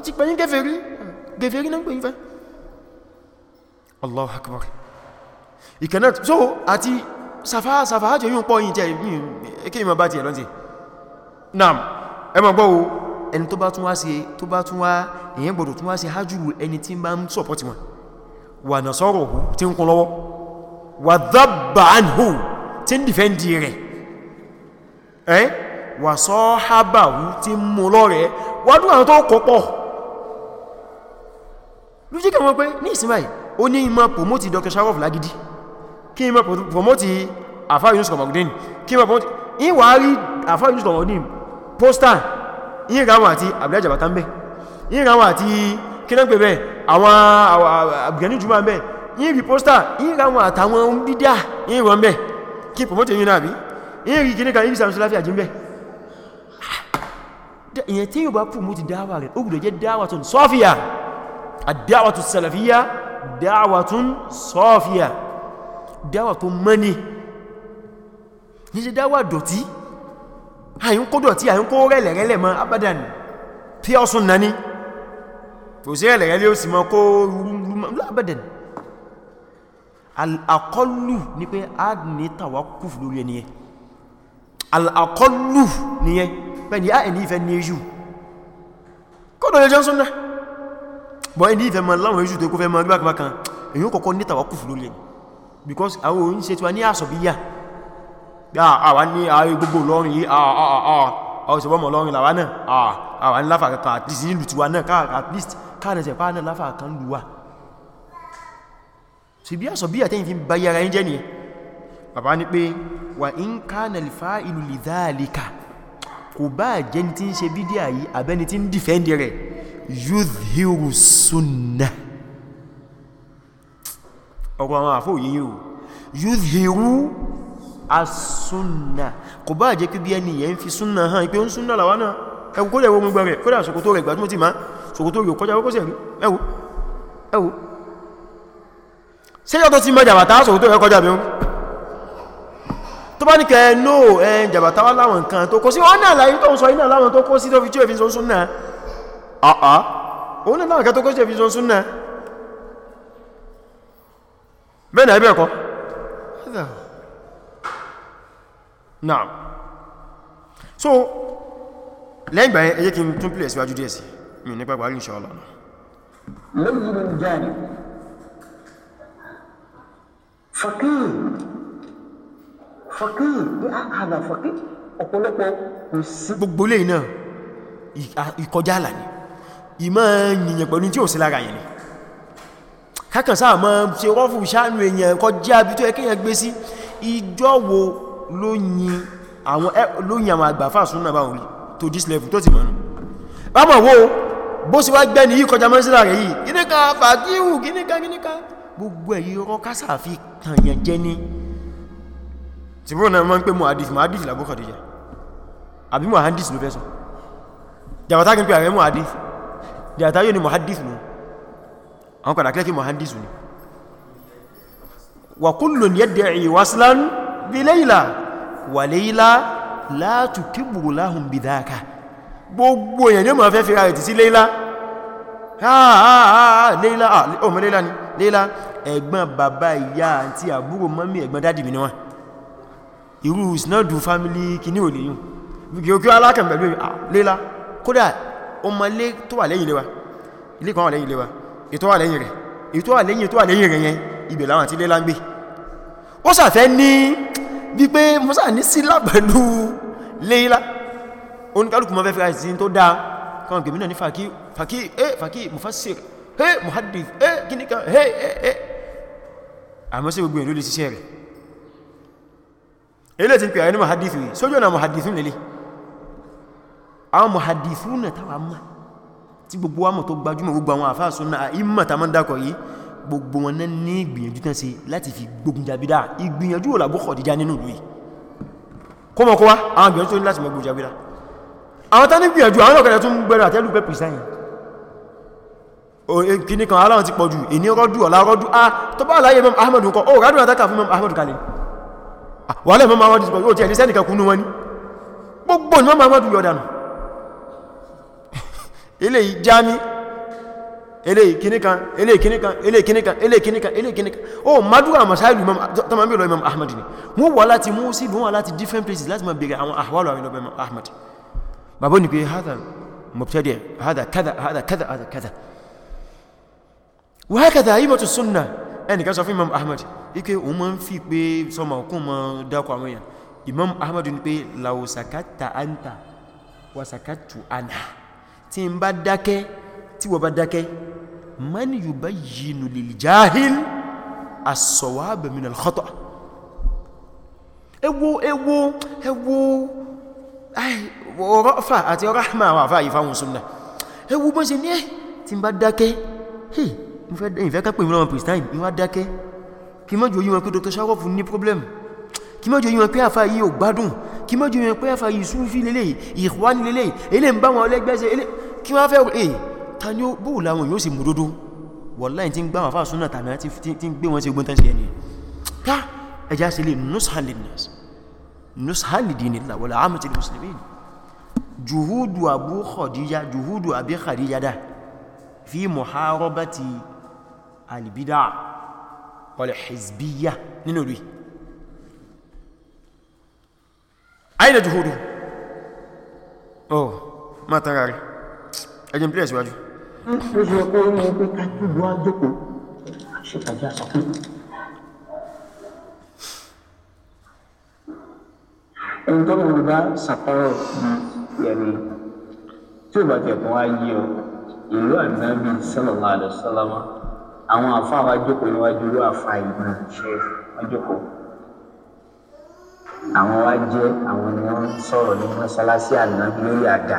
ó ti pẹ̀yìn gẹ̀fẹ̀rí gẹ̀fẹ̀rí náà pẹ̀yìn fẹ́ Allahu Akbar ìkẹ̀nà so àti sàfáà jẹ́ yíò pọ̀ yìí jẹ́ ẹkẹ́ ìmọ̀ bá ti ẹ̀ lọ́nà naam ẹmọ̀ gbọ́ ẹni tó bá tún wá ṣe tó bá tún wá èyàn gbọ́dọ̀ tún wá ṣe hajjúrù ẹni tí bá ń sọ̀pọ̀tì wọn wà nà sọ́rọ̀ òhun tí ń kún lọ́wọ́ wà dábà ánhù tí ń dìfẹ́ndì rẹ̀ ẹ́ wà sọ́hábà òhun tí ń mú lọ́rẹ̀ẹ́ wádùn àwọn tó kọ́pọ̀ ló jẹ́ kẹwọn pé ní ìsinmi àì ó ní ìmọ̀ promote Dr. Sharof lágidi kí ìmọ̀ promote àfá Yunus Kamaldeen kí ìmọ̀ promote ìwà rí àfá Yunus Kamaldeen poster ìrànwọ̀ àti Abdullahi Jabata ń bẹ ìrànwọ̀ àti kínápẹ̀ bẹ àwọn Abdulgani Juma ń bẹ ìrì poster ìrànwọ̀ àtàwọn dídá ìrọ̀ ń bẹ kí promote yìí náà bí ìrì kíníkà ìrì Samson Lafiya jí ń bẹ ah, ìyẹn tí yóò bá promote dáwà rẹ̀ ó gbọ́dọ̀ jẹ́ dáwà tó sọ́fíà الدعوة السلفية دعوة صافية دعوة mani ní ṣe dáwà dọ̀tí àyín kó dọ̀tí àyín kó rẹ̀lẹ̀rẹ̀lẹ̀ mọ́ abadan pí ọsùn náà ní kò sí rẹ̀lẹ̀rẹ̀lẹ̀ ó sì mọ́ kó rúrú abadan al-aqallu ní pé a ní tawakkuf lórí bọ́ ẹni ìfẹ́ ma láwọn èṣù tó kó fẹ́ ma rí bákan kan èyí ó kọ́kọ́ ní tàwákùfù lórí ẹ̀ because àwọn òun ṣe tí wá ní àsọ̀bíyà àwa ní ààrẹ gbogbo lọ́rin yìí ọ̀sẹ̀bọ́mọ̀ lọ́rin làwa náà àwa ní láfà kankan at least nílùú tiwa náà at least káàdẹ̀ tẹ̀pá náà láfà kan lù wà sí bí àsọ̀bíyà tẹ́yìn fi bá yára yín jẹ́ ni bàbá ní pé wà ń ká nà lè fa ìlú lè dáàlìkà kò bá jẹ́ni tí ń ṣe bídíà yìí àbẹ́ni tí ń dìfẹ́ndì rẹ̀ yudhiru sunna ọ̀rọ̀ àwọn àfò yìí o yudhiru as-sunna kò bá jẹ́ kí bí ẹni yẹn fi sunna hàn ipé ń sunna làwá náà ẹwù kó lẹ̀wọ́ gbogbo rẹ̀ kódà ṣòkòtò rẹ̀ gbàdúmọ̀ tí ma ṣòkòtò yóò kọjá wọ́kọ́ sẹ̀rí ẹwù ẹwù ṣe yọ́ tó ti mọ́ jàbàtà ṣòkòtò rẹ̀ kọjá mẹ́rún tó bá ní kẹ́ no ẹ jàbàtà láwọn nǹkan tó kó sí wọ́n náà láyé tó ń sọ iná láwọn tó kó sí tó fi tí ó fi sọ àà ah, ah. òun lè náà kẹtọ́kọ́ ṣe fi sọ súnnà bẹ́ẹ̀nà ẹgbẹ́ ẹ̀kọ́ náà so lẹ́yìn gbà ẹjẹ́ kí n tún pílẹ̀ síwájú díẹ̀ sí mi nípa pàrí inshallah faqih faqih ọ̀pọ̀lọpọ̀ kò sí gbogbo lè náà ìkọjá àlà ni ìmọ̀ yìnyìn pẹ̀lú tí ò sí lára yìnyìn kákan sáà mọ́ ṣe rọ́fù sáànù èèyàn kọ jẹ́ àbí tó ẹkẹ́yàn gbé sí ìjọ́ wo ló yin àwọn àgbàfà súnà bá orí to dis level tó ti mọ̀nà bámọ̀ wo bó sì wá gbẹ́ni yí kọjá mọ́sílá rẹ̀ yìí gíníkà fàkíhù gíníkà gíníkà gbogbo èyí ọkọ̀ kásà fi tàyàn jẹ́ ní tí bó náà mọ́ ń pé mọ́ àdìf mọ́ àdìf làbókọ̀dìyà àbí mọ́ jàtàyò ni muhaddith ni àwọn kọ̀dà kílẹ̀kí muhaddith ni wa kullun yadda'i waslan bi Layla wa Layla la tukibu lahum bidhaka gbogbo èyàn ni ma fẹ́ fi ráyẹ̀ sí Layla Layla ah, ọmọ Layla ni Layla ẹ̀gbọ́n bàbá ìyá àti àbúrò mọ́mí ẹ̀gbọ́n dádì mi ni wọ́n irú ìsinádù family kìíní ò lè yùn kí o kí alákàn pẹ̀lú ah, Layla kódà ọmọ ilé tó wà lẹ́yìn lewa ilé kan wà lẹ́yìn lewa ètò wà lẹ́yìn rẹ̀ ètò wà lẹ́yìn ètò wà lẹ́yìn rẹ̀ yẹn ibẹ̀ láwọn àti ilé láńgbé ó sàfẹ́ ní bí pé mọ́sà ní sílá pẹ̀lú léílá oníkálùkù mọ́ fẹ́fẹ́ àìsí tó dáa kan gbèmínà ní fàkí fàkí eh fàkí mufassir eh muhaddith eh eh eh eh àmọ́ sí gbogbo ìlú lè ṣiṣẹ́ rẹ̀ ilé ti ń pè àyẹ́ àwọn muhadithuna tàwà mọ́ tí gbogbo wa mọ̀ tó gbajúmọ̀ gbogbo àwọn àfáà súnà àìmọ̀ tàmọ́ dákọ̀ yìí gbogbo wọn náà ní ìgbìyànjú tán sí láti fi gbógun jàbídá ìgbìyànjú ò làbú Khadija nínú ìlú yìí kọmọkọwá àwọn gbìyànjú tó ní láti mọ̀ gbógun jàbídá àwọn tán ní gbìyànjú àwọn ọ̀kẹ́rẹ́ tún gbẹ̀rẹ̀ àtẹ́lù pẹ́ pìsáyìn e, kìní kan aláwọn ti pọ̀jù ìní rọ́dù ọ̀lá rọ́dù a tó bá láyé mọ́m Ahmad nǹkan ó rádùn àtàkà fún mọ́m Ahmad kalẹ̀ wà lẹ́ mọ́m Ahmad ti pọ̀jù ó ti ẹ̀lẹ́sẹ́ nìkan kúnnú wọn ni gbogbo ni mọ́m Ahmad yọ̀dànù eléyìí jami eléyìí kìníkan eléyìí kìníkan eléyìí kìníkan eléyìí kìníkan eléyìí kìníkan Oh, madu a masáìlú tọ́mà bí lọ imam ahmad ni wọ́n wà láti mú sí wọ́n láti different places láti ma bèèrè àwọn ahwalu àwọn ilọ̀ imam ahmad bàbá ní pé hada mubtadi hada kada hada kada hada kada wà haka da imatu sunna ẹni kan sọ imam ahmad ike o fi pé sọmọ ma dákọ àwọn èèyàn imam ahmad ni pé lausakata anta wasakatu ana tí n bá dákẹ́ tí wọ́n bá dákẹ́ man yubayyinu lil jahil as-sawab min al-khata ewo ewo ewo ọ̀rọ̀ fà àti rahma wà fà yìí fáwọn súnnà ewo bọ́n se ní ẹ́ eh, tí n bá dákẹ́ hey ìfẹ́ kápẹ̀ ìmìnà pristine ìwá dákẹ́ kí kí mọ́jú yẹn pé ẹfà yìí súnfí lélẹ̀ ìhwání lélẹ̀ ilé ń bá wọn lẹ́gbẹ́sẹ̀ ilé kí wọ́n fẹ́ ẹ̀ ta ni ó bóò láwọn yóò sì múdódó wọ́láì tí ń gbá wọn fà súnà tàbí tí ń gbé wọn sí ogun tẹ́sí ẹni ká ẹjá sí lè nùsànlìdínlá wọ́lá àmìtì muslimin juhudu abu khadija juhudu abi khadija da fi muharabati albida aina juhudu oh ma tarari ẹjìn pílẹ̀ síwájú ẹni tó mọ̀ bá sàkọ́rọ̀ bí yẹni tí ó bá jẹ́ kó wá yí ọ ìlú ànábì sallallahu alaihi wasallam àwọn àfáà wá jókòó níwájú ló àfáà ìgbà ṣe wá àwọn wá jẹ́ àwọn ni wọ́n sọ̀rọ̀ ní mọ́ṣáláṣí àná lórí àdá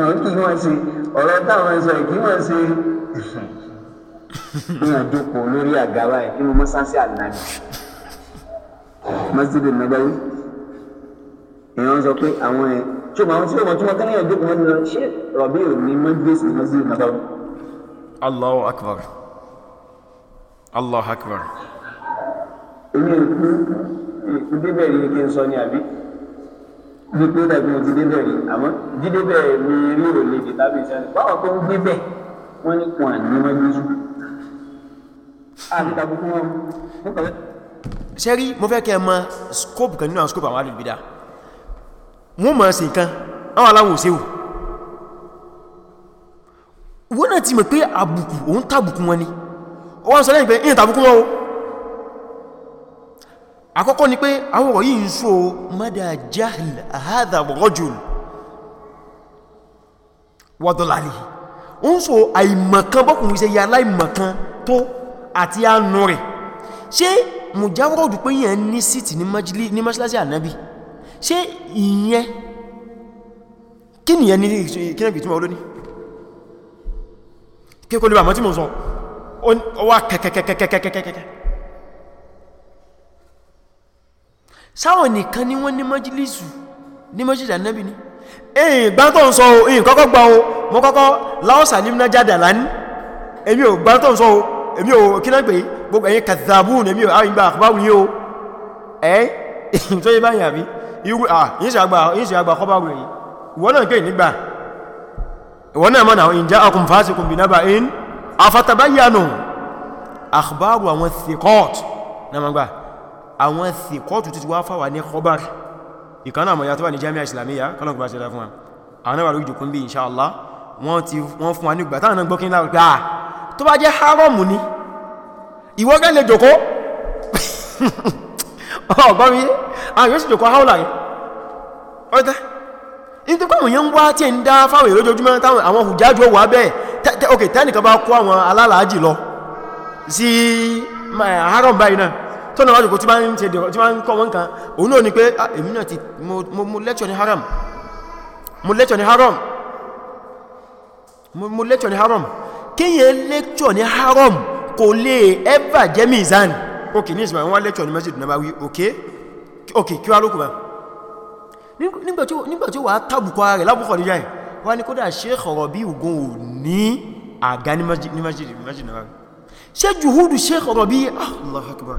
wọn kì í wọ́n ṣe ọ̀rọ̀ táwọn sọ kì í wọ́n ṣe bí wọ́n jókòó lórí àga báyìí nínú mọ́ṣáláṣí àná ni mọ́ṣídìí nàbẹ́wí èèyàn sọ pé àwọn ẹ̀ tí o máa tí o máa tí wọ́n kẹ́lẹ́ yẹn wọn lọ ṣé rọ̀bì ò ní mọ́júwèsì ní mọ́ṣídìí nàbẹ́wí. Allahu akbar Allahu akbar débẹ̀ yìí ni kí n sọ ní àbí gbogbo dàbí mo ti débẹ̀ rí àmọ́ dídébẹ̀ mi rí ìròlé dè tábìlì sẹ́yìn báwọn tó ń gbé bẹ̀ wọ́n ní kùn àní wọ́n gbé zú. àbíkà gbogbo wọn mú kàwé. sẹ́rí mo fẹ́ kẹ́ ẹ mọ scope kan nínú àwọn scope àwọn àlùbídà wọ́n mọ̀ sí nǹkan àwọn aláwọ̀ òṣèwò wọ́n náà ti mọ̀ pé àbùkù òun tàbùkù wọn ni ó sọ lẹ́yìn pé ìyẹn tàbùkù wọn o àkọ́kọ́ ni pé àwọn ọ̀rọ̀ yìí ń sọ mada jahl hadha rajul wọ́dọ̀láàrí ó ń sọ àìmọ̀kan bọ́kùnrin ṣe ya aláìmọ̀kan tó àti àánú rẹ̀ ṣé mùjáwọ́rọ̀dù pé yẹn ní síìtì ní mọ́ṣíláṣí ànábì ṣé ìyẹn kí nìyẹn ní kílẹ̀bì tí wọ́n lóní kíkọ́ lè bà mọ́ tí sáwọn nìkan ni wọ́n ní májílísù ní májílì ànábì ní èyìn gbá tó ń sọ o èyìn kọ́kọ́ gbá o mọ́ kọ́kọ́ láọ́sà ní nájádà láni èmi ò gbá tó ń sọ o èmi ò kí náà pé gbogbo ẹ̀yin kàzàbùn èmi ò àwọn ìgbà àkọ́báwù yí o ẹ́ tó yẹ báyìí àbí irú à yín àgbà yín sì àwọn kọ́ọ̀tù títí wá fàwà ní kọbar ìkaná àmọ̀ yàtọ́wà ní jami'a islamiyya kọlọ̀kọ̀ bá ṣe dá fún wa àwọn àwọn ìjòkó ń bí inṣáàlá wọ́n ti wọ́n fún wa ní ìgbà táwọn gbọ́kín láwọn pé àà ah, tó bá jẹ́ haramu ni ìwọ́gán lè jòkó ọgbọ́mí àwọn yóò sì jòkó haúlà rẹ̀ ọ́dá in tó kọ́mù yẹn wá tí ń dá fáwọn èrò ojoojúmọ́ táwọn àwọn hùjájú wà bẹ́ẹ̀ ok tẹ́nìkan bá kó àwọn alálàájì lọ sí eh, haram báyìí náà tọ́nà wájú kò tí máa ń ṣe dẹ̀rọ tí máa ń kọ́ wọn kan òun náà ni pé ah, èmi náà ti mo lẹ́tọ̀ ní haram mo lẹ́tọ̀ ní haram mo lẹ́tọ̀ ní haram kíyàn lẹ́tọ̀ ní haram kò lè ẹ́bà jẹ́ mizan ok ní ìsìnkú wọ́n lẹ́tọ̀ ní masjid nabawi ok ok kí wá lókùnbà nígbàtí wà tábùkọ rẹ̀ lábùkọ̀ níjà ẹ̀ wá ní kódà Sheikh Rabi ògùn ò ní àgá ní masjid nabawi ṣe jùhúdù Sheikh Rabi ah, Allah akbar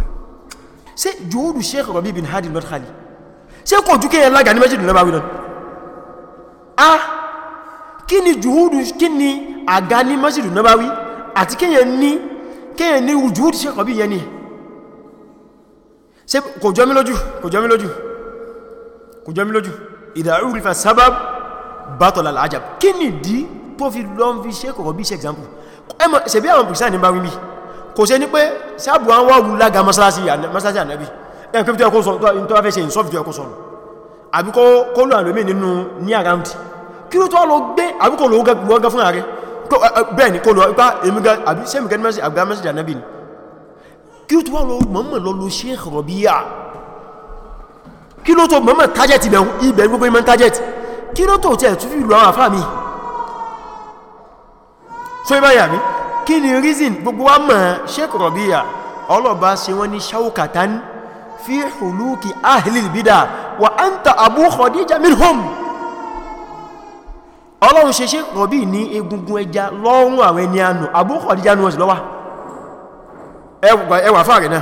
ṣé jùúdù sheikh rabi bin hadi al-madkhali ṣé kò jù kéèyàn lága ní méjìdínlẹ́ bá wílọ́n a kí ni jùúdù kí ni àga ní méjìdínlẹ́ bá wí àti kéèyàn ní kéèyàn ní jùúdù sheikh rabi yẹn ni ṣé kò jọ mí lójú kò jọ mí lójú kò jọ mí lójú idha urifa sábàb batala al-ajab kí ni kò se ní pé sáàbù wọn wọ́n lága masalasi ànábì ẹn pé tó fẹ́ ṣe ìsọ́fì tó ẹkùn sọ̀rọ̀ àbí kó lò àlòmí nínú ní àrántí kí ló tó lọ gbé àbí kò lò wọ́n gá fún ààrẹ bẹ́ẹ̀ ni kó lọ ipá emigá àbí sẹ́mìkẹ́ni àgbàmẹ́sì ànábì ni kí ló tó wọ́n lọ mọ́mọ̀ lọ lo Sheikh Rabia kí ló tó mọ́mọ̀ target ibẹ̀ gbogbo ìmọ̀ target kí ló tó tẹ̀ tún fi lọ àwọn àfáà mi so ibáyà mi kí ni reason gbogbo wa mọ̀ Sheikh Rabia ọlọ́ba ṣe wọ́n ní ṣaukatan fi huluki ahlil bida wa anta abu khadija minhum ọlọ́run ṣe Sheikh Rabia ní egungun ẹja lọ́rùn àwọn ẹni ànù abu khadija ní wọ́n lọ́wà ẹwà fáàrẹ̀ náà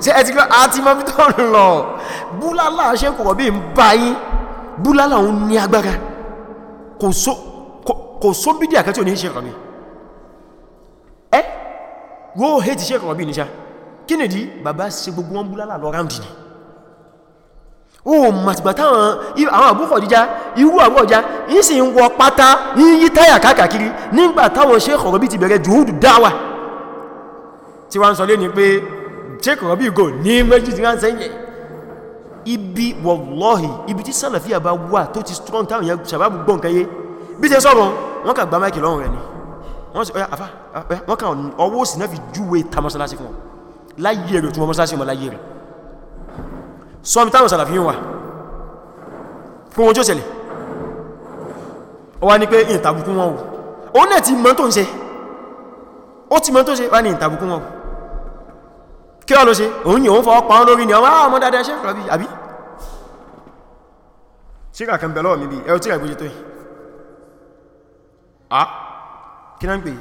ṣe a ti kọ́ àti mọ́bí tó ń lọ búlálà ṣe kọ̀kọ̀ bí n bá yí búlálà òun ní agbára kò só bídí àkẹ́ tí ò ní ṣe kọ̀bí ẹ́ wó hé ti ṣe kọ̀bí níṣà kí ni dí bàbá ṣe gbogbo wọn búlálà lọ ráǹdì ni ó màtìgbà táwọn àwọn àbúkọ̀ díjá irú àbúkọ̀ díjá yí sì ń wọ pátá yí táyà káàkiri nígbà táwọn ṣe kọ̀rọ̀bí ti bẹ̀rẹ̀ jùúdù dáwà tí wọ́n sọ lé ní pé check rabi go ní méjì tí rán sẹ́yìn ibi wallahi ibi tí sálàfíà bá wà tó ti strong town yẹn sàbábù gbọ́n kẹyẹ bí ṣe sọ́rọ̀ wọ́n kà gbá máìkì lọ́rùn rẹ̀ ni wọ́n kà ọwọ́ sí náà fi júwe ta mọ́sálásí fún wọn láyé rẹ̀ tún mọ́sálásí wọn láyé rẹ̀ sọmi táwọn sàlàfíà wà fún wọn tí ó ṣẹlẹ̀ ọwá ní pé ìtàbùkún wọn ò ó náà ti mọ́ tó ń ṣe ó ti mọ́ tó ń ṣe wá ní ìtàbùkún wọn ò kí wọ́n ló ṣe òun yìí òun fọ́ pàán lórí ni àwọn ọmọ dáadáa ṣe rọ̀bí àbí ṣíkà kan bẹ̀lọ́ mi bí ẹ̀rọ tíra ìgbójútó yìí a kí náà ń pè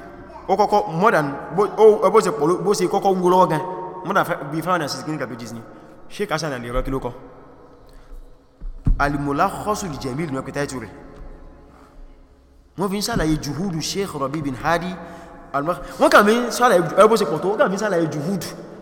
ó kọ́kọ́ modern bó ṣe kọ́kọ́ wú lọ́wọ́ gan modern bí fáwọn àṣìṣ clinical pages ni ṣíkà Hasan Ali rọ́kí ló kọ́ al-Mulakhasul Jamil ní ọkẹta ìtù rẹ̀ wọ́n fi ń sàlàyé juhudu Sheikh Rabi bin Hadi wọ́n kà mí sàlàyé ẹbó ṣe pọ̀ tó wọ́n kà mí sàlàyé juhudu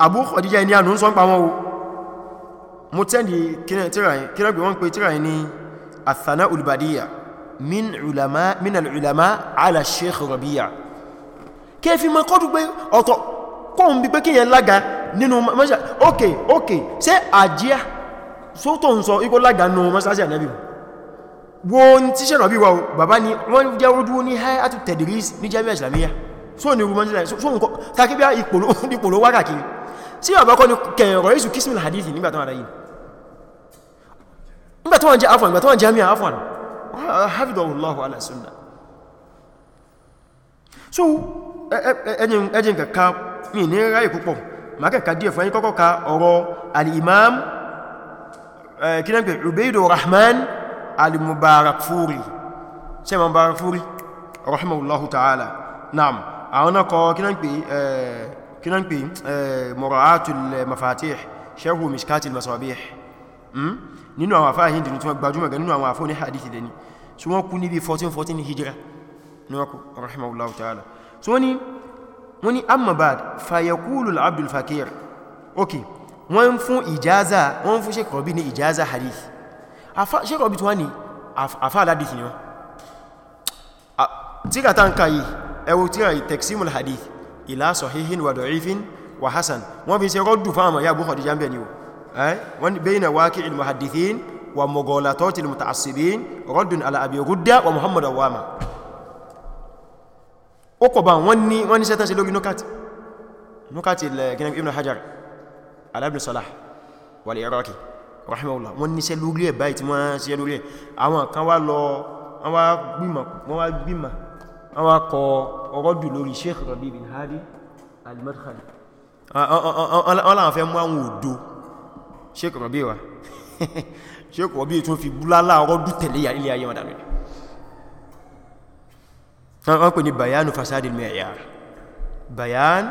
Abu Khadija ní ànú ń sọ ń pa wọn o mo tẹ́ndì kílẹ̀gbẹ̀ wọ́n pé tíra ní àtànà olùbàdíyà min al'ulama ala sheikh Rabi'a kí fi ma kọ́dù pé ọ̀tọ̀ kọ́n bí pé kíyàn lága nínú mọ́ṣá ok ok ṣe àjíyà sótò ń sọ ikó lága nù mọ́ṣáṣí ànábì wọ́n tí ṣe rọ̀bí wa bàbá ni wọ́n jẹ́ ó dúó ní hay'atu tadris ní jami'a islamiyya so ni rú so n kọ́ takibia ìpòlówákàkiri tí ọ̀bá kọ́ ni kẹ̀rọ ìsù kismil hadithi nígbà tó wà láyé nígbà jẹ́ afọ́n nígbà tó jẹ́ àmì afọ́n hafidhullahu ala so ẹjìn kàkà mi ní ráyè púpọ̀ makẹ́kà díẹ̀ fún ẹyìn kọ́kọ́ ka ọ̀rọ̀ al-imam kínápẹ̀ ubaidu rahman al-mubarakfuri ṣe mubarakfuri rahimahullahu ta'ala naam àwọn náà kọ kínápẹ̀ kí náà ń pè mura'atul mafatih sharhu mishkatil masabih hmm? nínú àwọn àfáà hindi ní tí wọ́n gbajúmọ̀ gan nínú àwọn àfóní hadithi dẹni tí wọ́n kú níbi 1414 hijira ní wọ́n kú rahimahullahu ta'ala tí wọ́n ni amma ba'd fayakulu al'abdul fakir ok wọ́n fún ìjáza wọ́n fún Sheikh Rabi ní ìjáza hadith Sheikh hadith ila sahihin wa da'ifin wa hasan wọ́n fi ṣe rọ́dù fáwọn ya Abu Khadija ń bẹ̀ ni o eh? wọ́n bayna waqi'il muhaddithin wa mughalatatil muta'assibin raddun ala abi rudda wa muhammad awama ó kọ̀ bá wọ́n ní wọ́n ní sẹ́tẹ́ sí lórí nukati nukati ilẹ̀ eh, ibn hajar ala ibn salah wal iraqi rahimahullah wọ́n ní sẹ́ lórí ẹ̀ àwọn akọ ọ̀rọ̀dù lórí Sheikh Rabi bin Hadi al-Madkhali ọláwọ̀n fẹ́ mú àwọn òdó Sheikh Rabi wa Sheikh Rabi tún fi búlálà ọ̀rọ̀dù tẹ̀lé ilé ayé wọn dàbẹ̀rẹ̀ wọ́n pè bayan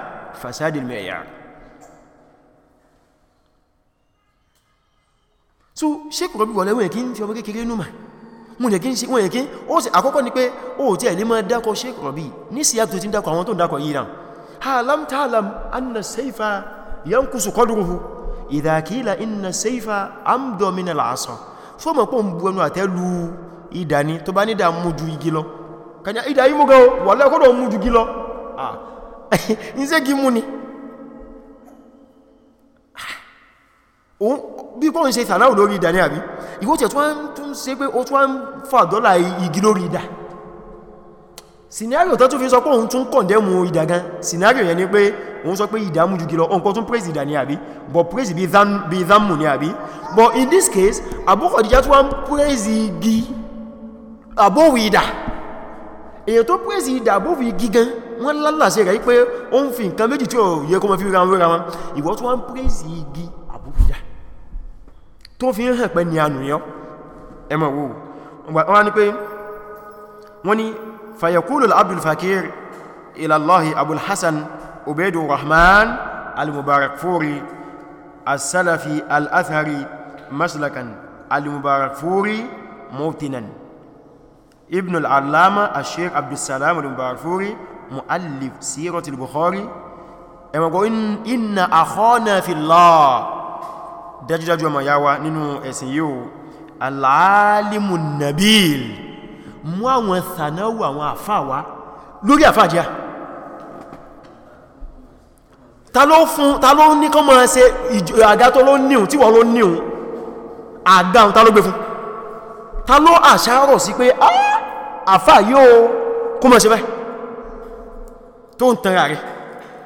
mo jẹ́ kí n ṣe wọ́n yẹ kí ó sì àkọ́kọ́ ni pé ó tí ẹ̀ ní máa dákọ̀ ṣe kọ̀rọ̀bí ní sí yàtò tí ń dákọ̀ àwọn tó ń dákọ̀ yìí ràn alam ta'lam anna saifa yankusu qadruhu idha qila inna saifa amdo min al'asa da mú ju kanya ìdá yìí mú gan wala ah nse gi bí kọ́ ń ṣe tànáà lórí ìdá ní àbí ìwò tí ó tún ṣe pé ó tún fà dọ́là igi lórí ìdá scenario tó tún fi sọ pé òun tún kọ̀ndẹ́mù ìdá gan scenario yẹn ni pé òun sọ pé ìdá mújú gílọ òun kọ́ tún praise ìdá ní àbí but praise bí dhammu ní àbí but in this case abúkọ̀díjá tún wá ń praise igi àbówì ìdá èyàn tó praise ìdá àbówì igi gan wọ́n lálàsẹ̀ rẹ̀ pé ó ń fi nǹkan méjì tí ó yẹ kó mọ́ fi ra wọn ìwọ́ tún wá ń praise igi àbówì ìdá tó fi hàn pé ní ànúyàn ẹmọ̀ wo wọ́n ni pé wọ́n ni fayakulu abdul fakir ilallahi abul hassan ubaidu rahman al-mubarakfuri as-salafi al-athari maslakan al-mubarakfuri mawtinan ibn al-allama al-sheikh abdussalam al-mubarakfuri muallif sirati al-bukhari ẹmọ̀ go inna akhana fillah dájúdájú ọmọ ya wa nínú ẹ̀sìn yíò aláàlìmù nabil mú àwọn sànáwò àwọn àfáà wá lórí àfáà jẹ́ ta ló fún ta ló ní kọ́ máa ṣe àga tó ló níhun tí wọ́n ló níhun àdáhun ta ló gbé fún ta ló àṣàrọ̀ sí pé àfáà yóò kó máa ṣe bẹ́ tó ń tanra rẹ̀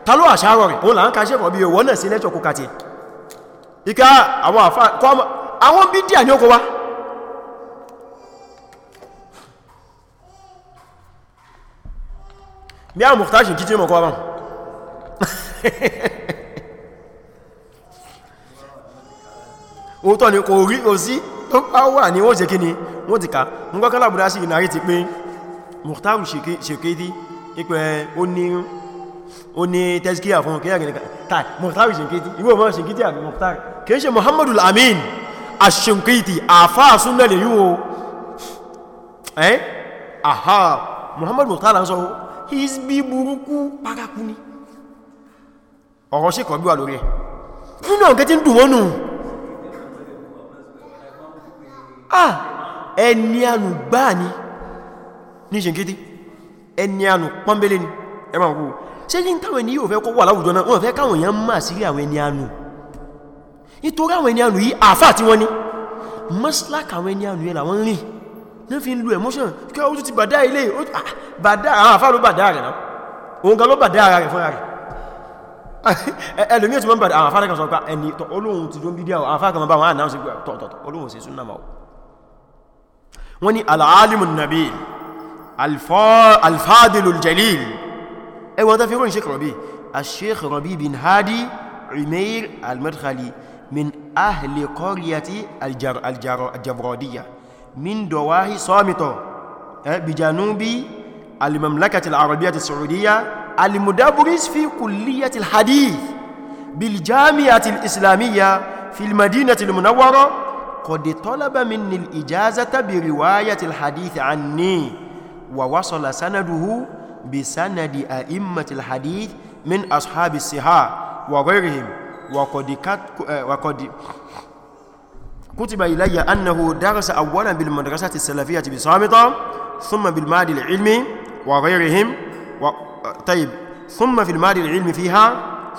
ta ló àṣàrọ̀ rẹ̀ òun là ń ka ṣẹ́fọ̀ bí owó náà sí lẹ́tọ̀ kó kàtẹ̀ ike àwọn àfá kọ́mọ̀ àwọn bídíà ní ó kó wá bí àwọn mọ̀kútàṣì kí tí mọ̀ kọ́ wá òótọ́ ni kò rí osi sí tó bá wà ní wọ́n jẹ́ ni wọ́n ti ká mú kọ́kọ́lá bùdá ti ó ó ní tẹ́síkíyà fún kíyàgìnìkan tàì Mukhtar Shinkiti ìwọ̀n mọ́ Shinkiti àbí Mukhtar kìí ṣe Muhammadul Amin Ash-Shinkiti àfáà súnnà lè yíò ẹ́ àhá Muhammad Mukhtar ń sọ hizbi burúkú paraku ni ọ̀rọ̀ sí kọ̀ bí wà lórí ẹ̀ nínú ọ̀gẹ́ tí ń dùn wọ́nù ẹni ànù gbáà ni ní Shinkiti ẹni ànù pọ́nbélé ni ẹ máa wò ṣe yí táwọn ẹni yóò fẹ́ kó wà láwùjọ náà wọ́n fẹ́ káwọn èèyàn máa sí rí àwọn ẹni ànú nítorí àwọn ẹni ànú yìí àfà tí wọ́n ní maslak àwọn ẹni ànú yẹn làwọn rìn ní fi ń lo emotion kí ó tún ti bàdá ilé ah, bàdá àwọn àfà ló bàdá rẹ̀ náà òun gan ló bàdá ara rẹ̀ fúnra rẹ̀ ẹlòmí أي هذا في الشيخ ربيع الشيخ ربي بن هادي عمير المدخلي من أهل قرية الجر الجر الجبرادية من دواهي صامتة إيه، بجنوب المملكة العربية السعودية المدرس في كلية الحديث بالجامعة الإسلامية في المدينة المنورة قد طلب مني الإجازة برواية الحديث عني ووصل سنده بسند أئمة الحديث من أصحاب الصحاح وغيرهم وقد, آه، وقد كتب إلي أنه درس أولا بالمدرسة السلفية بصامتة ثم بالمال العلمي وغيرهم و... آه، طيب ثم في المال العلم فيها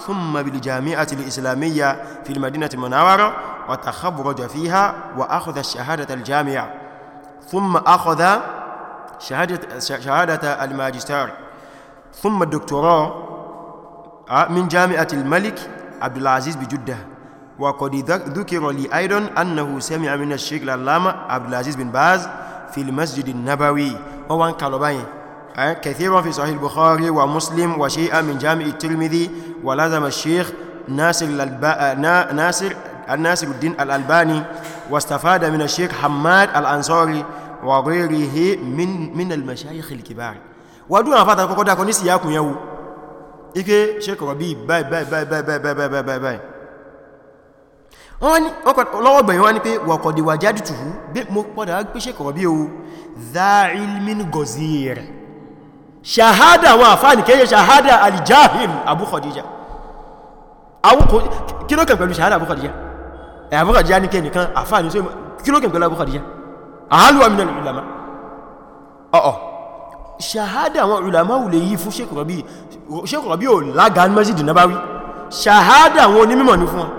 ثم بالجامعة الإسلامية في المدينة المنورة وتخبرج فيها وأخذ الشهادة الجامعة ثم أخذ شهادة, شهادة الماجستير ثم الدكتوراه آه، من جامعة الملك عبد العزيز بجدة وقد ذكر لي أيضا أنه سمع من الشيخ العلامة عبد العزيز بن باز في المسجد النبوي وهو عن آه، كثيرا في صحيح البخاري ومسلم وشيئا من جامع الترمذي ولزم الشيخ ناصر الألبا... آه، ناصر الناصر الدين الألباني واستفاد من الشيخ حماد الأنصاري wà rẹ̀rẹ̀ ihe minal mashayikh al-kibar wàdún àwọn fàtà kọ́kọ́ dákọ ní síyákùn yẹwò ike ṣekọ̀rọ̀ bí báyìí báyìí báyìí báyìí báyìí báyìí lọ́wọ́ gbẹ̀yìn wá ní pé wọ̀kọ̀dì wà jáde tùhú bí mo pọ̀dà pé ṣekọ̀rọ̀ bí o zailmin gozir ṣahada wọn àfáàní kéyẹ ṣahada alijahim Abu Khadija kí ló kàn pẹ̀lú ṣahada Abu Khadija Abu Khadija ní kẹ́ nìkan àfáàní kí ló kàn pẹ̀lú Abu Khadija àálùwà min al-ulama ọ̀ọ̀ ṣàhádà àwọn ulama ò lè yí fún Sheikh Rabi Sheikh Rabi ò lága ní Masjid Nabawi ṣàhádà àwọn onímímọ̀ ní fún wọn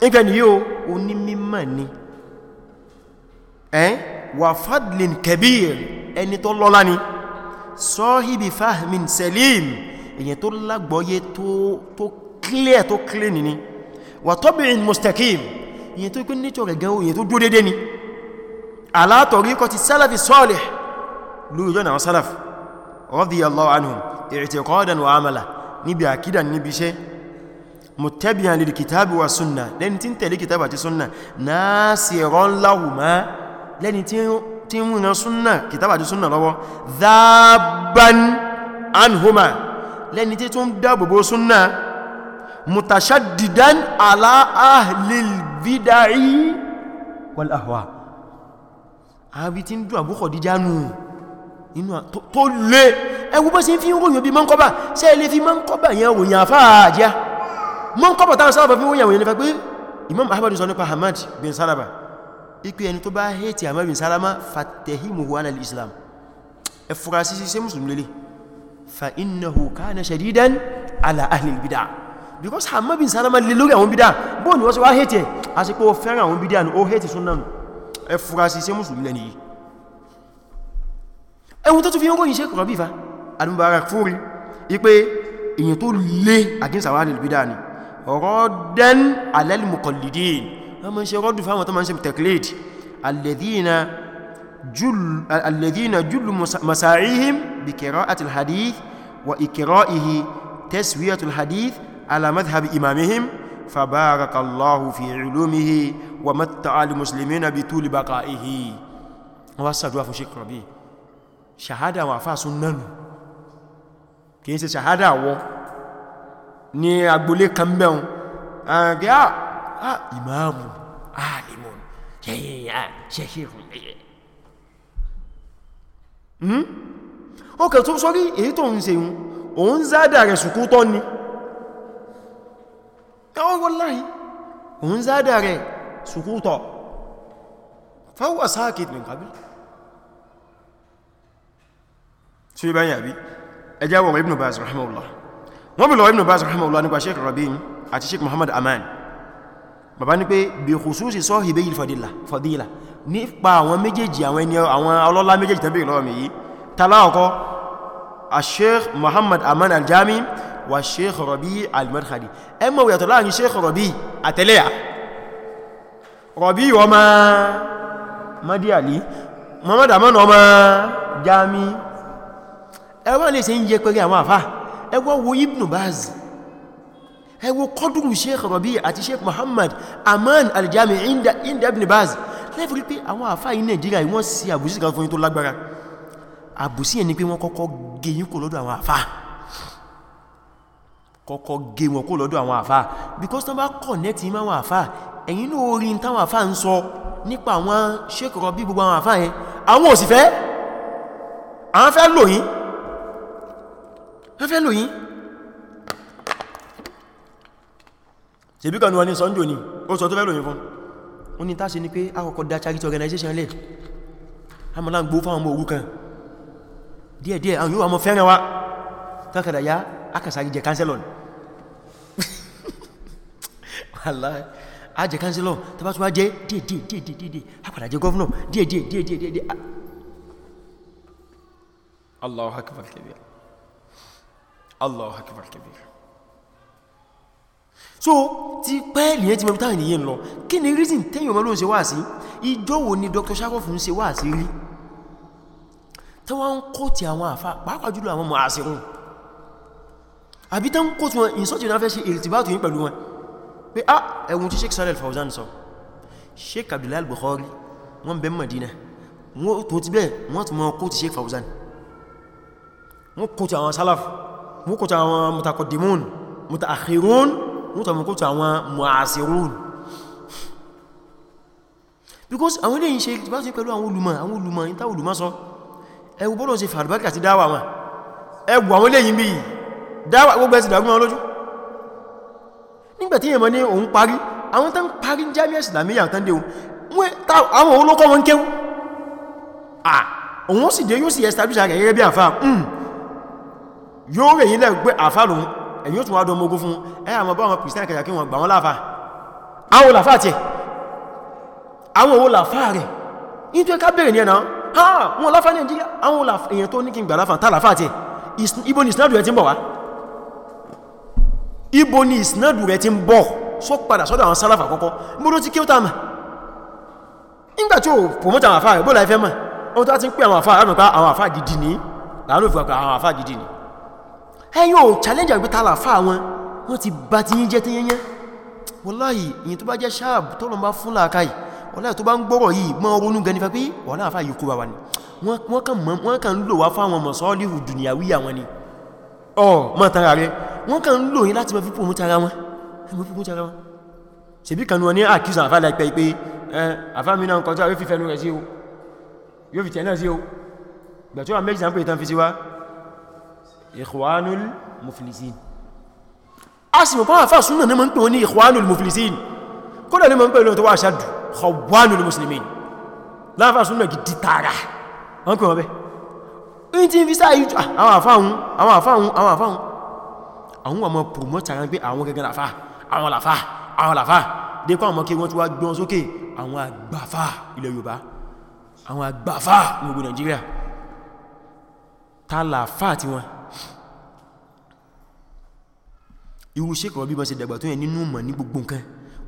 nígbà ni yóò onímímọ̀ ni ẹ́n wà fadlin kabir ẹni tó lọ́lá ni sahibi fahmin salim èyàn tó lágbọ́yé tó clear tó clean ni wà tabi'in mustaqim èyàn tó pín nítorẹ̀ gan èyàn tó dúró dédé ni ala tariqati salafi salih lórí jọ́nà àwọn salaf radiyallahu anhum i'tiqadan wa amala níbi àkídà níbi iṣẹ́ muttabi'an lil kitabi wa sunna lẹ́ni tí ń tẹ̀lé kitabi àti sunna nasiran lahuma lẹ́ni tí ń rìnà sunna kitabi àti sunna lọ́wọ́ dhaban anhuma lẹ́ni tí tún dáàbòbò sunna mutashaddidan ala ahlil bida'i wal àbí tí ń dùn àbú Khadija nù inú tó lè ẹwú bó sí fi ń ròyìn bí mọ́nkọ́bà ṣe ilé fi mọ́nkọ́bà yẹn ròyìn àfáàjá mọ́nkọ́bà táwọn sálábà fi ròyìn àwòyìn nípa pé Imam Ahmad sọ nípa Hamad bin Salama ipe ẹni tó bá hẹ́tì Hamad bin Salama fatahimu wa alal Islam ẹ fura sí sí fa innahu kana ala ahli al-bid'ah because Hamad bin Salama lè lórí àwọn bid'ah bóò ni wọ́n sì wá hẹ́tì ẹ̀ ẹ fura sí ṣe mùsùlùmí lẹ́ni yìí ẹwùn tó tún fi ń ròyìn Sheikh Rabi' fa al-Mubarak fúri ipé èyàn tó lé àgínsàwà lè bídá ni raddan ala al-muqallidin wọ́n mọ́ ṣe rọ́dù fáwọn tó mọ́ ṣe taqlid fi ulumihi wa matta'a lil muslimina bi tuli baqa'ihi wa sadu afu shekara bi shahada wa fa sunnanu kì í ṣe shahada wo ni agbolé kan beun ah ah imamu alimun yayya shekhu hmm o kan sori èyí tó ń ṣe un o ń zada re suku to ni o wallahi o ń zada re سقوطا فهو ساكت من قبل tí ó bá yà bí ẹjá wọ̀n ibn baz rahimahullah wọ́n bí lọ ibn baz rahimahullah nípa sheik rabin àti sheik muhammad aman bàbá ní pé bí khususi sahibi al-fadila nípa àwọn méjèèjì àwọn ẹni àwọn ọlọ́lá méjèèjì tàbí ìlọ́wọ́ mi yìí taláọkọ́ a sheik muhammad aman aljami wa sheik rabi al-madkhali ẹ mọ̀ wíyàtọ̀ láàrin sheik rabi àtẹ́lẹ́yà Rabi'u ọmọ Madiali Muhammad Aman ọmọ Jami ẹwọ́n lè ṣe ń yẹ pẹ̀rẹ̀ àwọn àfá ẹwọ́ wo Ibn Baz ẹwọ́ kọdùrù Sheikh Rabi'u àti Sheikh Muhammad Aman al-Jami inda inda Ibn Baz lẹ́fìrí pé àwọn àfá yìí Nàìjíríà wọ́n sí àbùsí kan fún yí tó lágbára àbùsí ẹni pé wọ́n kọ́kọ́ gé yín kò lọ́dọ̀ àwọn àfá kọ́kọ́ gé wọn kò lọ́dọ̀ àwọn àfá because tán bá connect ìmọ̀ àwọn àfá ẹ̀yìn ló orí táwọn àfá ń sọ nípa àwọn ṣékọ̀rọ̀ bí gbogbo àwọn àfá yẹn àwọn òsì fẹ́ àwọn fẹ́ lòyìn fẹ́ lòyìn ṣe bí kanuwa ní sọ́njò ni ó sọ tó fẹ́ lòyìn fún ó ní táṣe ní pé àkọ́kọ́ dá charity organization lẹ́ àmàlà ń gbó fáwọn ọmọ òrukàn díẹ̀díẹ̀ àwọn yóò àmọ́ fẹ́ràn wa tákàdà yá akàsàrí jẹ kánsẹ́lọ̀nì wallahi a jẹ́ kánsílọ̀ tó bá tún wá jẹ́ díẹ̀díẹ̀díẹ̀díẹ̀ a padà jẹ́ gọ́ọ̀nà díẹ̀díẹ̀díẹ̀díẹ̀ Allahu akbar kabir Allahu akbar kabir so ti pẹ́ẹ̀lì yẹn ti mọ̀ táwọn ènìyàn lọ kí ni reason tẹ́yìn ọmọ ló ń ṣe wá sí ìjọ ni Dr. Shakof ń ṣe wá sí rí tí wọ́n ń kó ti àwọn àfá pàápàá jùlọ àwọn mọ̀ àṣírùn àbí tán kó tí wọ́n ìsọ́tí wọ́n fẹ́ ṣe èrìtìbátò yìí pẹ̀lú wọn pé ah ẹ̀wùn tí Sheikh Saleh Al-Fawzan sọ Sheikh Abdullah Al-Bukhari wọ́n bẹ Madina wọ́n tó ti bẹ́ẹ̀ wọ́n ti mọ́ kó ti Sheikh Fawzan wọ́n kó ti àwọn salaf wọ́n kó ti àwọn mutaqaddimun mutaakhirun wọ́n tàbí kó ti àwọn muasirun because àwọn ilé ìṣe bá ti pẹ̀lú àwọn olùmọ̀ àwọn olùmọ̀ ìta olùmọ̀ sọ ẹwù bọ́lọ̀ sí fàlbákà ti dáwà wọn ẹgbù àwọn ilé yìí bí dáwà gbogbo ẹ̀ ti lójú nígbàtí èèmọ̀ ní òun parí àwọn tán parí jami'a islamiyya tán dé àwọn olókọ́ wọn kéwú àwọn sì dé yóò sì establish ààrẹ gẹ́gẹ́ bí àfá hmm. yóò rẹ̀ yílẹ̀ gbé àfá lòun ẹ̀yìn ó tún wá dọmọ ogun fún ẹ àmọ́ bá wọn kìrìsìtàn kẹjà kí wọn gbà wọn láfá àwọn làfá tiẹ̀ àwọn owó làfá rẹ̀ ní tó ẹka bèèrè ní ẹ̀nà wọn láfá Nàìjíríà àwọn èèyàn tó ní kí n gbà láfá tà láfá tiẹ̀ ibo ni islam ibo ni ìsinádù rẹ̀ ti ń bọ̀ só padà sọ́dọ̀ àwọn sálàfà kọ́kọ́ mọ́rún tí kí ó tàà mà nígbà tí ó promote àwọn àfáà rẹ̀ bó láìfẹ́ mà ohun tó ti ń pè àwọn àfáà rẹ̀ àwọn àfáà gidi ní láàrín òfin àwọn àfáà gidi ní ẹ̀yìn ò challenge àgbé tààlà àfáà wọn wọ́n ti bá ti yín jẹ́ tí yẹnyẹ́ wọ́láyì ìyìn tó bá jẹ́ sáàbù tó lọ́n bá fún làákàyì wọ́láyì tó bá ń gbọ́rọ̀ yìí mọ́ ronú gan nípa pé wọ́n láàfáà yìí kó bá wa ni wọ́n kàn ń lò wá fáwọn mọ̀sọ́ọ́lì dùnìyàwí àwọn ni ọ̀ mọ́ tara rẹ wọ́n kàn ń lò yí láti mọ́ fípò mú tara wọn mọ́ fípò tara wọn ṣe bí kanu wọn ní àkísàn àfá láìpẹ́ pé àfá mi náà kọjá yóò fi fẹnu rẹ̀ sí o yóò fi tẹ̀lẹ̀ sí o gbẹ̀tọ́ wà méjì sáńpẹ̀ ìtàn fi sí wá ikhwanul muflisin a sì mọ̀ pọ́n àfá súnmọ̀ ní mọ́ ń pè wọ́n ní ikhwanul muflisin kódà ní mọ́ ń pè lọ́n tó wà aṣáàdù khawwanul muslimin láàfá súnmọ̀ gidi tààrà wọ́n pè wọ́n bẹ́ẹ̀ ní tí visa yìí àwọn àfáhun àwọn àfáhun àwọn àfáhun àwọn ọmọ promoter rán pé àwọn gẹ́gẹ́ làfá àwọn làfá àwọn làfá dékọ́ àwọn kí wọ́n tí wá gbọ́n sókè àwọn àgbàfá ilẹ̀ Yorùbá àwọn àgbàfá ní ogun Nàìjíríà ta làfá tí wọ́n irú Sheikh Rabi bá ṣe dàgbà tó yẹn nínú mọ̀ ní gbogbo nǹkan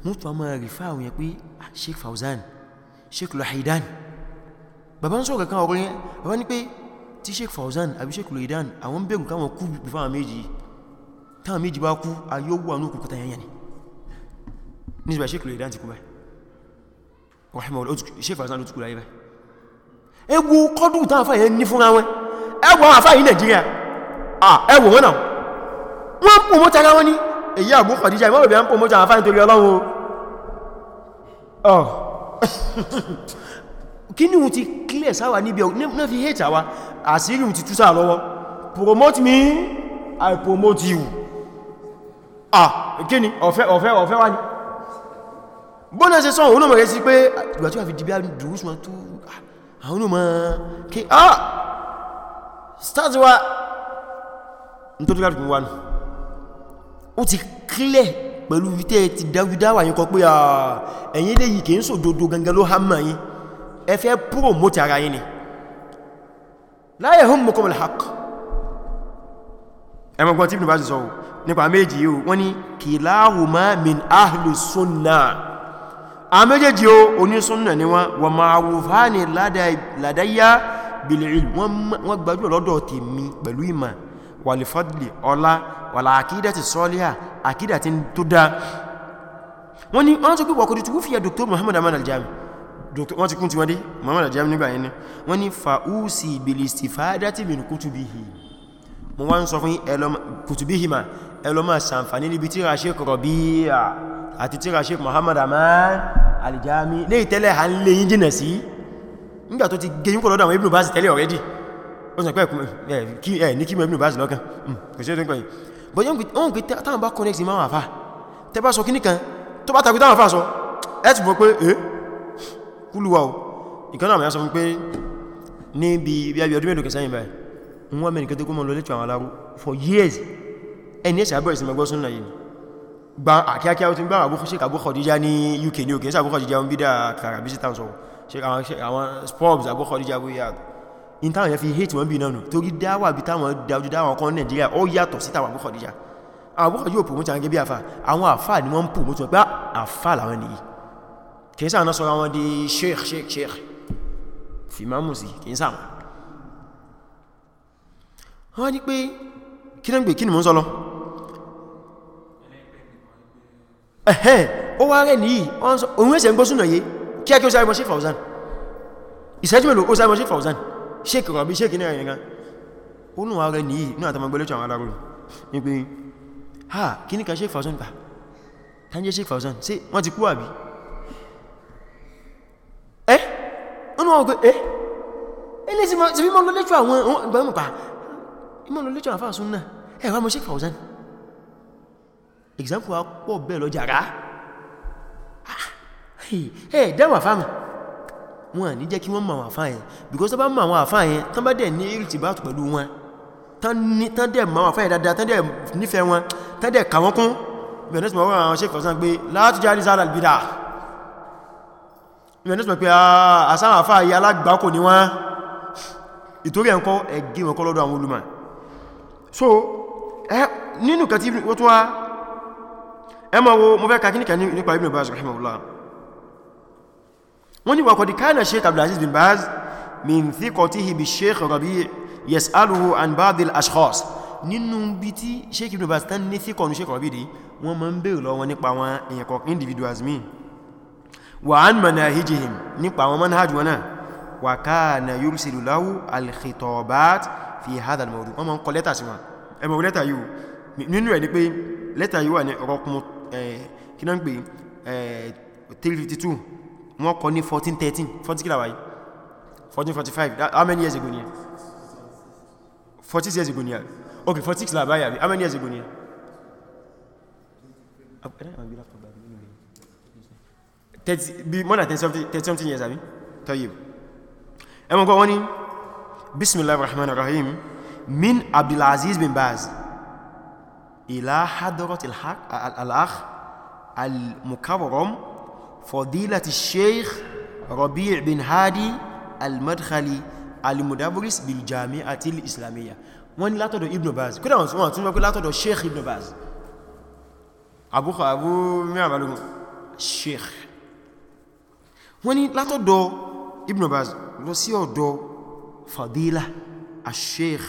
mú tó máa rí fáwọn yẹn pé ah, Sheikh Fauzan Sheikh Lahidan bàbá ń sọ̀rọ̀ kan ọ̀rọ̀ yẹn bàbá ní pé tí sheik Fauzan àbí sheik Luidan àwọn bẹ̀rù káwọn kú bí fáwọn méjì táwọn méjì bá kú ayó wà ní òkúta yẹn ni nígbà sheik Luidan ti kú báyìí rahimahullah sheik Fauzan ló ti kú láyé báyìí ewu kọ́dùn táwọn afáyẹ ní fúnra wọn ẹwọ àfáyí Nàìjíríà ẹwọ wọn náà wọ́n pò mọ́ tara wọn ní èyí àbú Khadija ìmọ́rùn-ún pò mọ́ kíní ohun ti clear sáwà níbi náà fi hate àwa àsírí ohun ti tú lọ́wọ́ promote me i promote you ah kíní ọ̀fẹ́ ọ̀fẹ́ ọ̀fẹ́ wá ní bọ́nà ṣe sọ́rọ̀ onímọ̀ rẹ̀ sí pé ìgbà tí wà fi dìbí àdúrúsùn tó àwọn onímọ̀ kí ah start wa n tó dúkàtù clear pẹ̀lú wítẹ́ ti dáwídáwà yín kọ pé ẹ̀yin lè yìí kìí sòdodo gangan ló há mọ̀ yìí ẹ fẹ́ promote ara yín ni la yahummukum al-haqq ẹmọ̀gbọ́n tí Ibn Baz sọ nípa méjì yíò wọ́n ni kilahuma min ahli sunnah a méjèèjì o onísúnnà ni wọ́n wa ma'rufani ladayya bil-ilm wọ́n gbajú lọ́dọ̀ tèmi pẹ̀lú ìmọ̀ wal-fadli ọlá wal-aqidati wọ́n ni wọ́n ti kún ti wọ́n dé Muhammad al-Jami nígbà yẹn ni wọ́n ní fa'úsì bilistifadati min kutubihi mo wá ń sọ fún kutubihi ma ẹlọ́mà sàǹfàní níbi tíra Sheikh Rabi'a àti tíra Sheikh Muhammad Aman al-Jami ní ìtẹ́lẹ̀ à ń lè yí jìnà sí nígbà tó ti gẹyìn kọlọ́dọ̀ àwọn Ibn Baz tẹ́lẹ̀ already ó sọ pé ẹ̀ ní kí mọ Ibn Baz lọ́kàn hmm, kò sí ẹ̀tọ́ nǹkan yìí bọ́ yóò pé táwọn bá connect ìmáwọn àfà tẹ́ bá sọ kíníkan tó bá takú táwọn àfà sọ ẹ̀ tùbọ̀ pé eh kúlùwà o ìkaná àmì asọ́fún pé ní bí i ọdún mẹ́lùkẹ́ sẹ́yìn báyìí wọ́n mẹ́rin kẹtẹ́kọ́ mọ́ lọ lẹ́tọ̀ àwọn aláró for years ẹni ẹ̀sẹ̀ àbẹ̀rẹ̀ sí mẹ́gbọ́ súnnà yìí gba àkíákíá ó ti gbá àgbó ṣe àgbó Khadija ní UK ní òkè sí àgbó Khadija ń bídà kàrà bí sítan sọ àwọn spobs àgbó Khadija bó yà in táwọn yẹn fi hate wọn bí náà nù torí dáwà bí táwọn dájú dáwọn kan Nàìjíríà ó yàtọ̀ sí táwọn àgbó Khadija àgbó Khadija ò promote àwọn gẹ́bí àfà àwọn àfà ni wọ́n ń promote wọn pé ah, àfà làwọn nìyí kìí sáà náà sọ́ra wọn di sheikh sheikh sheikh fi máa mú sí kìí sáà wọn wọ́n ní pé kí náà gbé kí ni mọ́ sọ́lọ́ ẹ̀hẹ́n ó wá rẹ̀ nìyí òun ẹ̀sẹ̀ ń gbọ́ súnà yé kí ẹkí ó sáré mọ́ sí fàúzán ìṣẹ́jú mẹ́lò ó sáré mọ́ sí fàúzán sheikh rọ̀bí sheikh ní ẹ̀yìn ha kí ní ka pa tánjẹ́ sheikh fàúzán sí wọ́n ọ̀nà ọ̀gbẹ̀ ẹ́ ilé tí bí mọ́ lọ lẹ́tọ̀ àwọn ìgbàmùpá ìmọ̀ lọ lẹ́tọ̀ àfáà súnnà ẹ̀wà mọ́ sí fàúzán example pọ̀ bẹ́ẹ̀ lọ jàrá ẹ̀ dáwà fáàmù wọn ní jẹ́ kí wọ́n mọ̀ àwọn àfáà yẹn because tán bá mọ̀ àwọn àfáà yẹn tán bá dẹ̀ ní irìtì bá tù pẹ̀lú wọn tán dẹ̀ mọ̀ àwọn àfáà yẹn dáadáa tán dẹ̀ nífẹ̀ẹ́ wọn tán dẹ̀ kà wọ́n kún bẹ̀rẹ̀ sí mọ̀ wọ́n àwọn ṣe fàúzán gbé látújá rí sáàlà bídà ìrìnlẹ́sùn pé ah, àsáwọn àfá ayé alágbàkò ní wọ́n ìtorí ẹ̀kọ́ ẹgbẹ́ ìwọ̀n kọlọ́dọ̀ àwọn olùmọ̀ so nínú kàtí wọ́n tó wá ẹmọ wo mo fẹ́ nípa Ibn Baz rahimahullah wọ́n ni wàkọ̀dí káànà Sheikh Abdulaziz bin Baz min thiqatihi bi Sheikh Rabi' yas'aluhu an ba'd al-ashkhas nínú bí tí Sheikh Ibn Baz tán ní thíkọ̀nù Sheikh Rabi' dì wọ́n máa ń bèèrè lọ́wọ́ nípa wọn èèyàn wa an manahijihim nípa àwọn manhaj wọn náà wa kana yursilu lahu al-khitabat fi hadha al-mawdu wọ́n ma ń kọ lẹ́tà sí wọn ẹmọ lẹ́tà yìí nínú ẹ̀ ni pé lẹ́tà yìí wà ní rọ́kùn kí náà ń pè 352 wọ́n how many years ago ni 46 years ago ni ok 46 làbáyà how many years ago ni more than 30 years àbí tọ́yìb ẹmọ gbọ́ wọ́n ni bismillahir rahmanir rahim min abdulaziz bin baz ila hadarat al-akh al-mukarram fadilati sheikh rabi' bin hadi al-madkhali al-mudabaris bil jami'ati al-islamiyya wọ́n ni látọ̀dọ̀ ibn baz kódà wọ́n tún mọ́ pé látọ̀dọ̀ sheikh ibn baz abúkọ̀ abú mẹ́rin balógun sheikh wọ́n ní látọ̀dọ̀ Ibn Baz lọ sí ọ̀dọ̀ fadila al-sheikh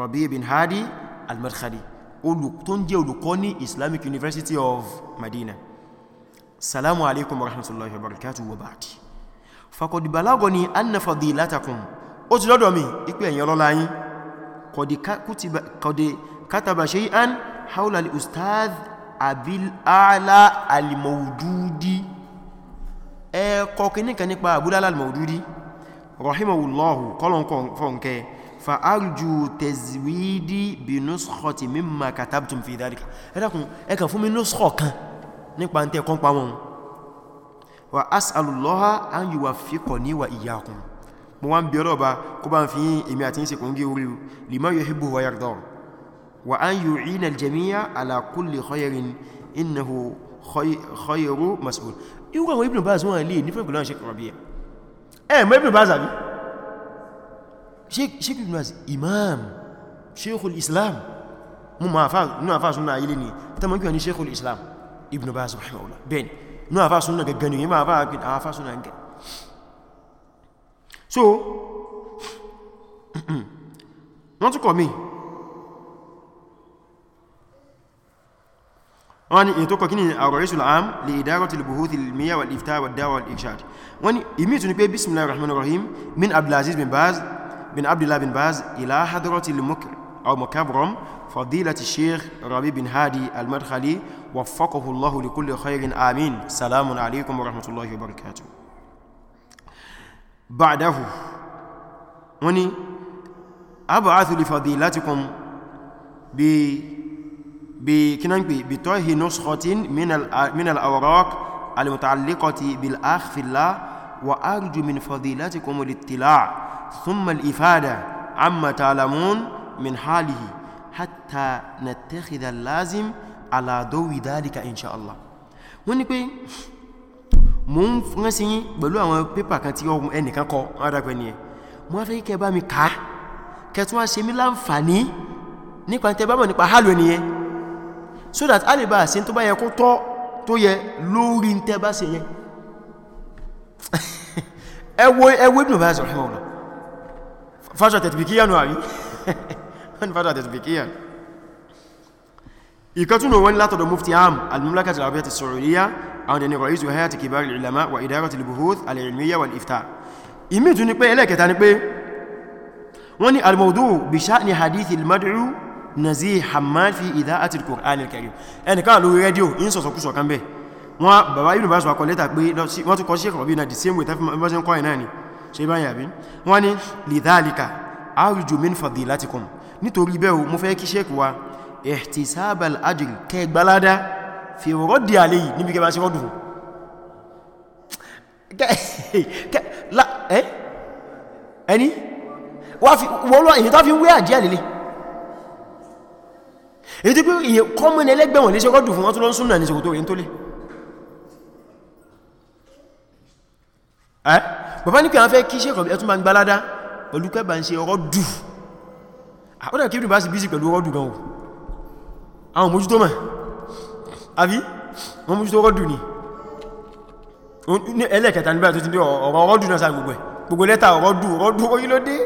Rabi' bin Hadi al-Madkhali tó ń jẹ́ olùkọ́ ní Islamic University of Medina. salamu alaikum wa rahmatullahi wa barakatuhu wa ba'di faqad balagani anna fadilatakum ó ti lọ́dọ̀ mi ipe ẹ̀yin ọlọ́lá yín qad kataba shay'an hawla al-ustadh abil a'la al ẹ̀kọ́ kìníkan nípa Abdullah al-Mawdudi rahimahullahu kọlọ̀nkọ̀ fọ́nkẹ́ fa'arjú tẹ̀zìwìdí bí nuskhati mimma katabtum fi dhalika ẹ̀dàkùn ẹka fún mi nuskọ̀ kan nípa ń tẹ́kọ́ pa wọn wa as'alullaha an yuwaffiqani wa iyyakum mo wá irú àwọn Ibn Baz wọ́n lè nífẹ́ pẹ̀lú àwọn Sheikh Rabi' ẹ̀ mọ́ Ibn Baz àbí Sheikh Ibn Baz imam Sheikhul Islam mú ma àfá súnà ayílé ni ta mọ́ kí wọ́n ní Sheikhul Islam wọ́n ní ètò kọ̀kí àrọ̀rẹ́sùl àm lè ìdárọ̀tí lùbùhútí miya wal ifta wal dawa wal irshad wani ní ìmí tún ní pé bismillahir rahmanir rahim min abdulaziz bin baz bin abdullah bin baz ila hadrati al-mukabram fadilati sheikh rabi bin hadi al-madkhali waffaqahu allah li kulli khairin amin salamun alaykum wa rahmatullahi wa barakatuh ba'dahu wani ní ab'athu li fadilatikum bi بكنانبي بطرح نسخة من من الأوراق المتعلقة بالأخ في الله وأرجو من فضيلتكم الاطلاع ثم الإفادة عما تعلمون من حاله حتى نتخذ اللازم على ضوء ذلك إن شاء الله wọ́n ní pé mo ń fún sí yín pẹ̀lú àwọn pépà kan tí ọmọ ẹnìkan kọ ọ́dàpẹ́ ni ẹ̀ mo wá fẹ́ kẹ́ bá mi kàá kẹtún wá ṣe mí láǹfààní nípa tẹ́ bá mọ̀ nípa hálò ẹniyẹn so that ali bá ṣe n tó bá yẹ kó tọ́ tó yẹ lórí ń tẹ́ bá ṣe yẹn ẹwọ́ ẹwọ́ Ibn Baz rahimahullah fásitì tẹ̀tìbìkíyàn wà rí wọ́n ni fásitì tẹ̀tìbìkíyàn ìkàtúnà wọn látọ̀dọ̀ mufti am al-mamlakati al-arabiyyati as-saudiya àwọn dẹni rọ̀ izu hayati kibari al-ulama wa idarati al-buhuth al-ilmiyya wal-ifta ìmìtù ni pé ẹlẹ́kẹta ni pé wọ́n ni al-mawdu' bi sha'ni hadithi al-mad'u nazir hamad fi idha'ati al-qur'an al-karim ẹni ká lórí rédíò in sọ̀sọ̀ kúsọ̀ kan bẹ́ wọ́n bàbá ibn bas wà kọ lẹ́tà pé wọ́n tún kọ sí ẹ̀kọ̀bí na the same way tafi mọ́sán kọ́ ìná ni ṣe bá yàbí wọ́n ni lidhalika arju min fadilatikum nítorí bẹ́ẹ̀ mo fẹ́ kí ṣẹ́kù wa ihtisabal ajr kẹ gbalada fi rọ́dì alẹ́ yìí níbi kẹba sí rọ́dù ẹni wọ́n lọ èyí tó fi ń wé àjẹ́ àlẹ́lẹ́ èyí tí pé iye kọ́mùn ẹlẹ́gbẹ̀wọ̀n lè ṣe rọ́dù fún wọ́n tó lọ súnnà ní ṣòkòtò rẹ̀ tó lé ẹ́ bàbá ní pé a fẹ́ kí ṣe kọ̀bí ẹtún ma ń gbalada pẹ̀lú kẹba ń ṣe rọ́dù àkọ́dà kí bá sì bí sí pẹ̀lú rọ́dù gan àwọn mójútó mà àbí wọ́n mójútó rọ́dù ni ẹlẹ́kẹta nígbà tó ti dé ọ̀rọ̀ rọ́dù náà sáà gbogbo ẹ̀ gbogbo lẹ́ta rọ́dù rọ́dù orílódé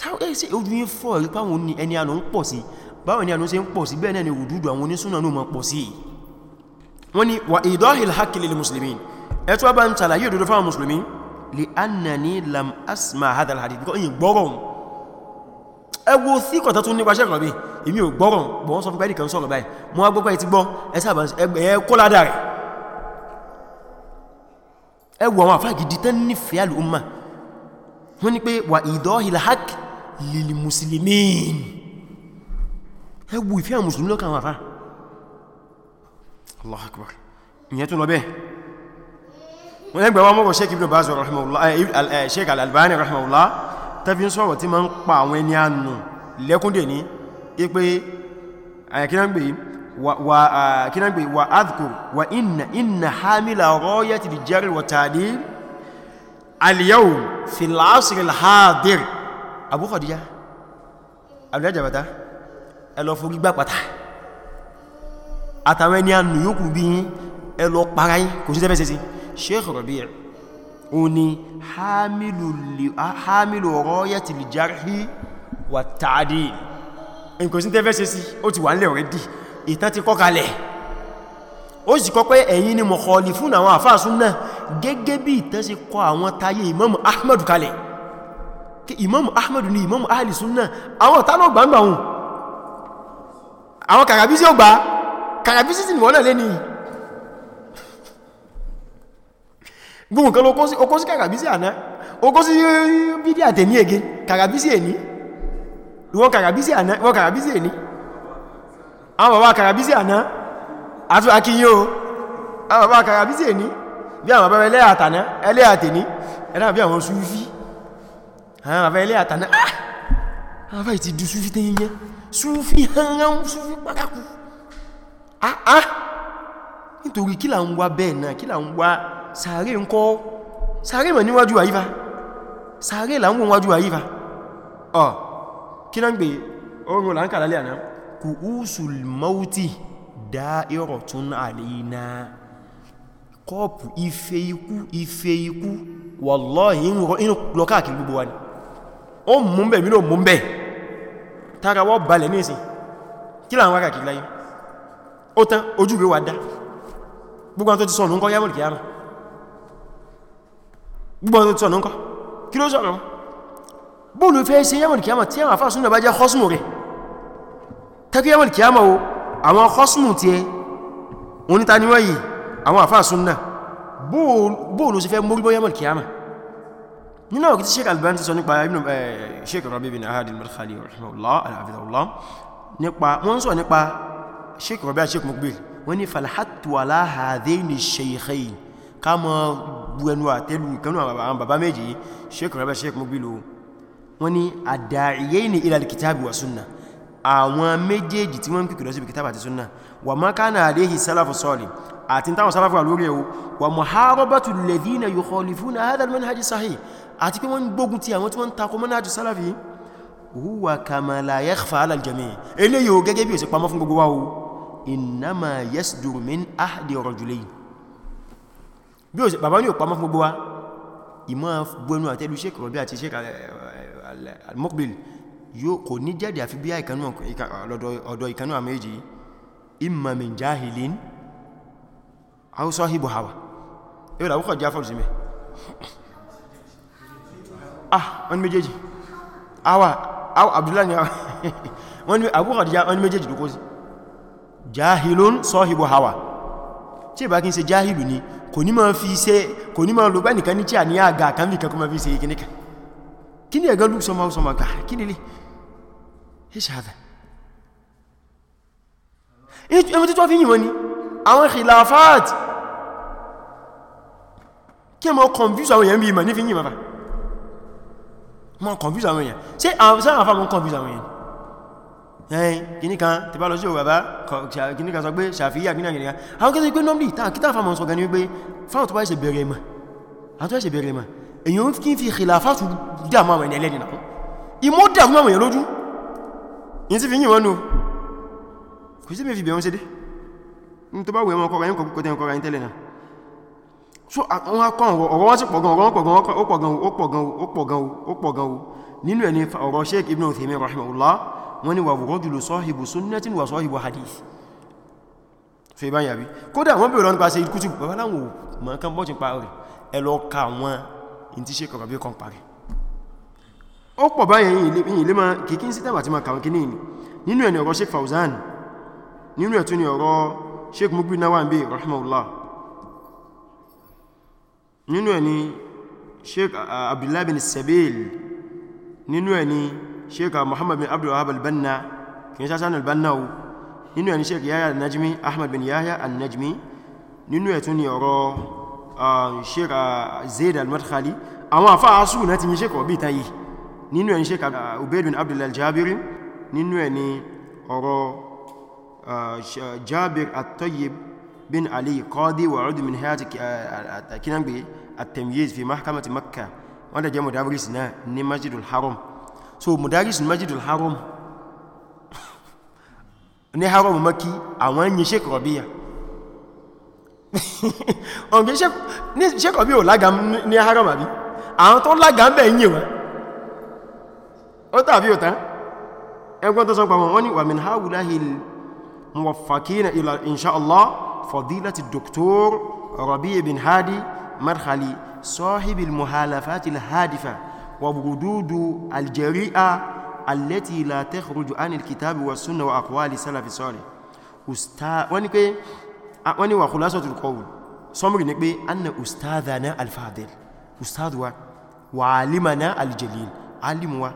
sáà ẹ̀ sí ojú yín fọ́ rí páwọn ẹni àná ń pọ̀ sí i báwọn ni àánú ṣe ń pọ̀ sí bẹ́ẹ̀ náà ni òdúdú àwọn onísúnà náà mọ̀ pọ̀ sí wọ́n ni wà ìdọ́hìl hakili lil muslimin ẹ̀tọ́ bá ń tàlàyé òdúdú fáwọn musulmi li annani lam asma hadal hadith bí kọ́ ìyìn gbọ́rọ̀ ẹwọ sí kọ̀tà tún nípa ṣẹ́kọ̀ bí èmi ò gbọ́rọ̀ bọ̀ wọ́n sọ fún pẹ́ẹ́dì kan sọ̀rọ̀ báyìí mo wá ẹ wo ìfẹ́ àwọn mùsùlùmí lọ́kàn wàfá allah akbar ìyẹn tó lọ bẹ́ẹ̀ wọ́n ẹgbẹ̀ wọ́n mọ́rọ̀ sheik ibn baz eh, eh, sheik al-albani rahimahullah tàbí sọ́rọ̀ tí ma ń pa àwọn ẹni ànù lẹ́kúndẹ̀ ní ipé eh, kínágbé wa adhkur wa inna inna hamila rayati di jari wa tadi al-yawm fil asr al abu khadija abu ẹlọ forí gbà pàtà àtàwọn ẹni ànù yókù bí yín ẹlọ para yín kò sí tẹ́fẹ́ sí Sheikh Rabi' ó ní hamilu rayati al-jarhi wa ta'dil kò sí tẹ́fẹ́ sí ó ti wà nílẹ̀ already ìtàn ti kọ́ kalẹ̀ ó sì kọ́ pé ẹ̀yin ni mukhalifun àwọn àfáà súnnà gẹ́gẹ́ bí ìtàn ṣe kọ àwọn tayé Imam Ahmadu kalẹ̀ kí Imam Ahmad ni Imam ahli súnnà àwọn tánà gbàǹgbà wọn àwọn kàràbísí ò gbà kàràbísí sì nìwọ́n náà lé ní gbogbo kan okó sí kàràbísí àná okó sí bídí àtẹ̀ní ègé kàràbísí èní ìwọ kàràbísí àná ìwọ kàràbísí èní àwọn bàbá kàràbísí àná àti akíyí o àwọn bàbá kàràbísí èní bí àwọn bàbá ẹlẹ́ àtàná ẹlẹ́ àtẹ̀ní ẹ̀dá bí àwọn súfí àwọn bàbá ẹlẹ́ àtàná ah! àwọn bàbá ìtì dù súfí tẹ́yìn yẹn Sufi hanran súnfí pátákù Ah nítorí kí là ń wá bẹ́ẹ̀ náà kí là ń wá sàárè ń kọ́ sàárè mọ̀ níwájú àyífà sàárè là ń wọ́n wájú àyífà ọ̀ kí náà ń gbé oòrùn là ń àná kù úsùl mọ́útì dá ìrọ̀ tún àlèyìnà kọ́ọ̀pù ife ikú ife ikú wallahi inú lọ káàkiri gbogbo wa ni ó mú bẹ̀ mí ló mú bẹ̀ tara wọ́ balẹ̀ ní ìsìn kí láwọn ara kìí láyé ó tán ojú rẹ̀ wà dá gbogbo tó ti sọ̀nù ń kọ́ yàmù kìí gbogbo tó ti sọ̀nù ń kọ́ kí ló sọ̀rọ̀ bóòlù fẹ́ ṣe yàmù kìí tí àwọn afásúnà bá jẹ́ hosmù rẹ̀ kẹ́kẹ́ yàmù kìí o àwọn hosmù ti ẹ onítaniwọ̀ yìí àwọn afásúnà bóòlù sí fẹ́ mórí bọ́ yàmù kìí nínú ọ̀rọ̀ tí Sheikh Albani ti sọ nípa eh, Sheikh Rabi bin Ahad al-Madkhali rahimahullah al-hafidhahullah nípa wọ́n sọ nípa Sheikh Rabi Sheikh Muqbil wọ́n ní falhattu ala hadhaini shaykhayn ká mọ́ bu ẹnu àtẹ́lù ìkanú àwọn bàbá méjì Sheikh Rabi Sheikh Muqbil wọ́n ní ad-da'iyaini ila al-kitabi wa sunnah àwọn méjèèjì tí wọ́n ń kìkìlọ sí kitabi àti sunnah wa ma kana alayhi salafu salih àti táwọn salafu wà lórí ẹ̀wọ̀ wa muharabatu alladhina àti pé wọ́n gbógun ti àwọn tí wọ́n takò manhaj salafi huwa kama la yakhfa ala al-jami' eléyìí o gẹ́gẹ́ bí ó ṣe pamọ́ fún gbogbo wa o innama yasduru min ahdi rajulayn bí ó ṣe bàbá ní ò pamọ́ fún gbogbo wa ìmọ̀ bọnú àtẹ́lú Sheikh Rabi àti Sheikh eh, eh, al-Muqbil yóò kò ní jáde àfi bí ọ̀dọ̀ ìkanú àmẹ́jì imma min jahilin aw sahibu hawa ẹ̀rọ àwọ́kọ̀ jáfọ́ sí mẹ́ ah wọ́n ni méjèèjì awa abdullahi ni wọ́n ni Abu Khadija wọ́n ni méjèèjì ló kó sí jahilun sahibu hawa tí ìbá kí n ṣe jahilu ni kò ní ma fi ṣe kò ní ma lo bá nìkan ní tí à ní àga kan fi kankan ma fi ṣe ìkíníkà kí ni ẹ̀gá lùsọ kí ni lè confuse àwọn èèyàn bí ìmọ̀ ní mọ́ confuse àwọn èèyàn ṣe àwọn sáwọn afá mọ́ confuse àwọn èèyàn ẹ̀yìn kìníkan tí bá lọ sí òwàbá kìníkan sọ pé ṣàfíyà kìníkan àwọn kìí pé nọ́mdì tààkítà àfàmọ́ sọ gan ni wípé fáwọn tó bá ṣe bẹ̀rẹ̀ mọ̀ àwọn tó ṣe bẹ̀rẹ̀ mọ̀ èyàn kí n fi khilafatu dàmú àwọn ènìyàn lẹ́dìnà ìmọ́ dàmú àwọn èèyàn lójú yìí sí fi yìí wọ́n nù kò sí mi fi bẹ̀rún ṣe dé ní tó bá so àwọn akọ́ ọ̀rọ̀ wọ́n sì pọ̀ gan ọ̀rọ̀ pọ̀gan ó pọ̀gan ó pọ̀gan ó pọ̀gan ó pọ̀gan ó nínú ẹni ọ̀rọ̀ sheik ibn Uthaymin rahimahullah wọ́n ní wà rajulu sahibu sunnatin wà sahibu hadith so ibá yàbí kódà wọ́n bèèrè nípa Sayyid Qutb bàbá láwọn ò mọ̀ nǹkan bọ́ ti pa rẹ̀ ẹ lọ ka wọn in ti sheik ọ̀rọ̀bí kan parí ó pọ̀ báyẹn yìí lè máa kìkí sí tàbà tí ma kàwọn kìíní ni nínú ẹni ọ̀rọ̀ sheik Fawzan nínú ẹ̀tún ni ọ̀rọ̀ sheik Muqbil Nawambi rahimahullah nínú ẹ̀ ni sheik abdullahi bin sabil nínú ẹ̀ ni sheik muhammad bin abdul wahab al-banna kìí sásan al-banna o nínú ẹ̀ ni sheik yahya al-najmi ahmad bin yahya al-najmi nínú ẹ̀ tún ni ọ̀rọ̀ sheik zaid al-madkhali àwọn afá asù náà ti yí sheik ọ̀bí ìtàn nínú ẹ̀ sheik ubaid bin abdullah al-jabiri nínú ẹ̀ ọ̀rọ̀ jabir at-tayyib بن علي قاضي وعود من هيئة كنان التمييز في محكمة مكة وانا جاء مدارسنا من مسجد الحرم so مدارس مسجد الحرم ní haram maki àwọn yin Sheikh Rabia on bi Sheikh ní Sheikh Rabia ò lága ní haram àbí àwọn tó lága ńbẹ̀ yin wa ó tàbí ó tán ẹgbọ́n tó sọ pa wọn wọ́n ní wa min hawlahil muwaffaqina ila insha Allah فضيلة الدكتور ربيع بن هادي مرخلي صاحب المهالفات الهادفة وبردود الجريئة التي لا تخرج عن الكتاب والسنة وأقوال سلف صالح أستاذ واني وخلاصة القول صمري نقبي أن أستاذنا الفاضل أستاذ وعالمنا الجليل علم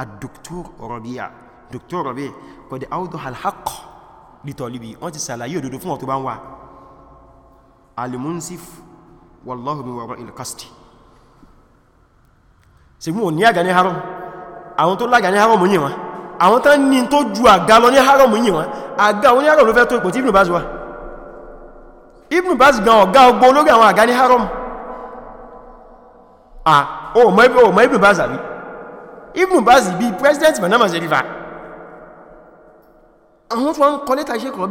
الدكتور ربيع دكتور ربيع قد أوضح الحق lítọ̀líbi wọ́n ti sàlàyé òdodo fún ọ̀tọ́ bá ń wà alimunsif wallahu min wara ilkasti ṣùgbọ́n ò ní àgà ní haram àwọn tó lágà ní haram yìí wọn àwọn tán ní tó ju àga lọ ní haram yìí wọn àga wọn ní haram ló fẹ́ tó ipò tí Ibn Baz wà Ibn Baz gan ọ̀gá ọgbọ́ olórí àwọn àga ní haram ah o mọ̀ Ibn president manama zeriva àwọn tó wọ́n kọ lẹ́tà ṣe kọ̀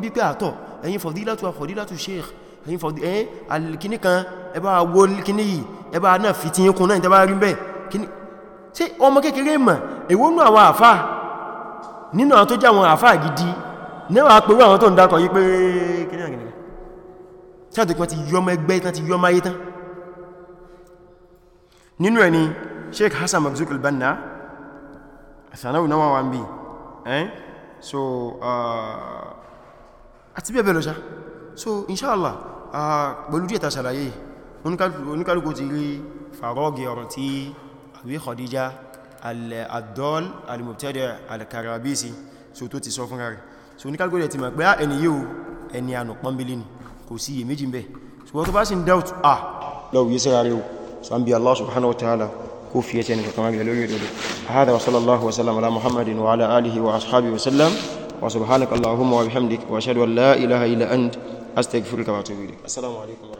bí pé àtọ̀ ẹ̀yin fọ̀dílátù àfọ̀dílátù sheikh ẹ̀yin fọ̀dí ẹ̀yìn alìkíní kan ẹbá wo kíní yìí ẹbá náà fi ti yínkùn náà ìtẹbá rí bẹ́ẹ̀ kíní ṣe ọmọ kékeré mọ̀ èwo nú àwọn àfá nínú àwọn tó jẹ́ àwọn àfá gidi náà pẹ̀lú àwọn tó ń dákọ̀ yí pé kíní àgìnì ṣáàtì kan ti yọ ọmọ ẹgbẹ́ tán ti yọ ọmọ ayé tán nínú ẹni sheikh hassan mabzuk albanna sanawu náà wà ń bí eh so uh, àti bẹ́ẹ̀ lọ́ṣá so inshallah uh, pẹ̀lú díẹ̀ ta ṣàlàyé oníkálùkù ti rí fàrọ́gì ọ̀rọ̀ tí àbí Khadija al-adol al-mubtada al-karabisi so tó ti sọ fún rẹ̀ so oníkálùkù rẹ̀ ti mọ̀ pé ah, ẹni yíò ẹni ànà pọ́nbílì ni kò sí iye méjì ń bẹ ṣùgbọ́n tó bá sì ń doubt ah lọ́wọ́ yẹ́ rẹ̀ o so an Allah subhanahu wa ta'ala كوفية يعني كما قال هذا وصلى الله وسلم على محمد وعلى آله وأصحابه وسلم وسبحانك اللهم وبحمدك وأشهد أن لا إله إلا أنت أستغفرك وأتوب إليك السلام عليكم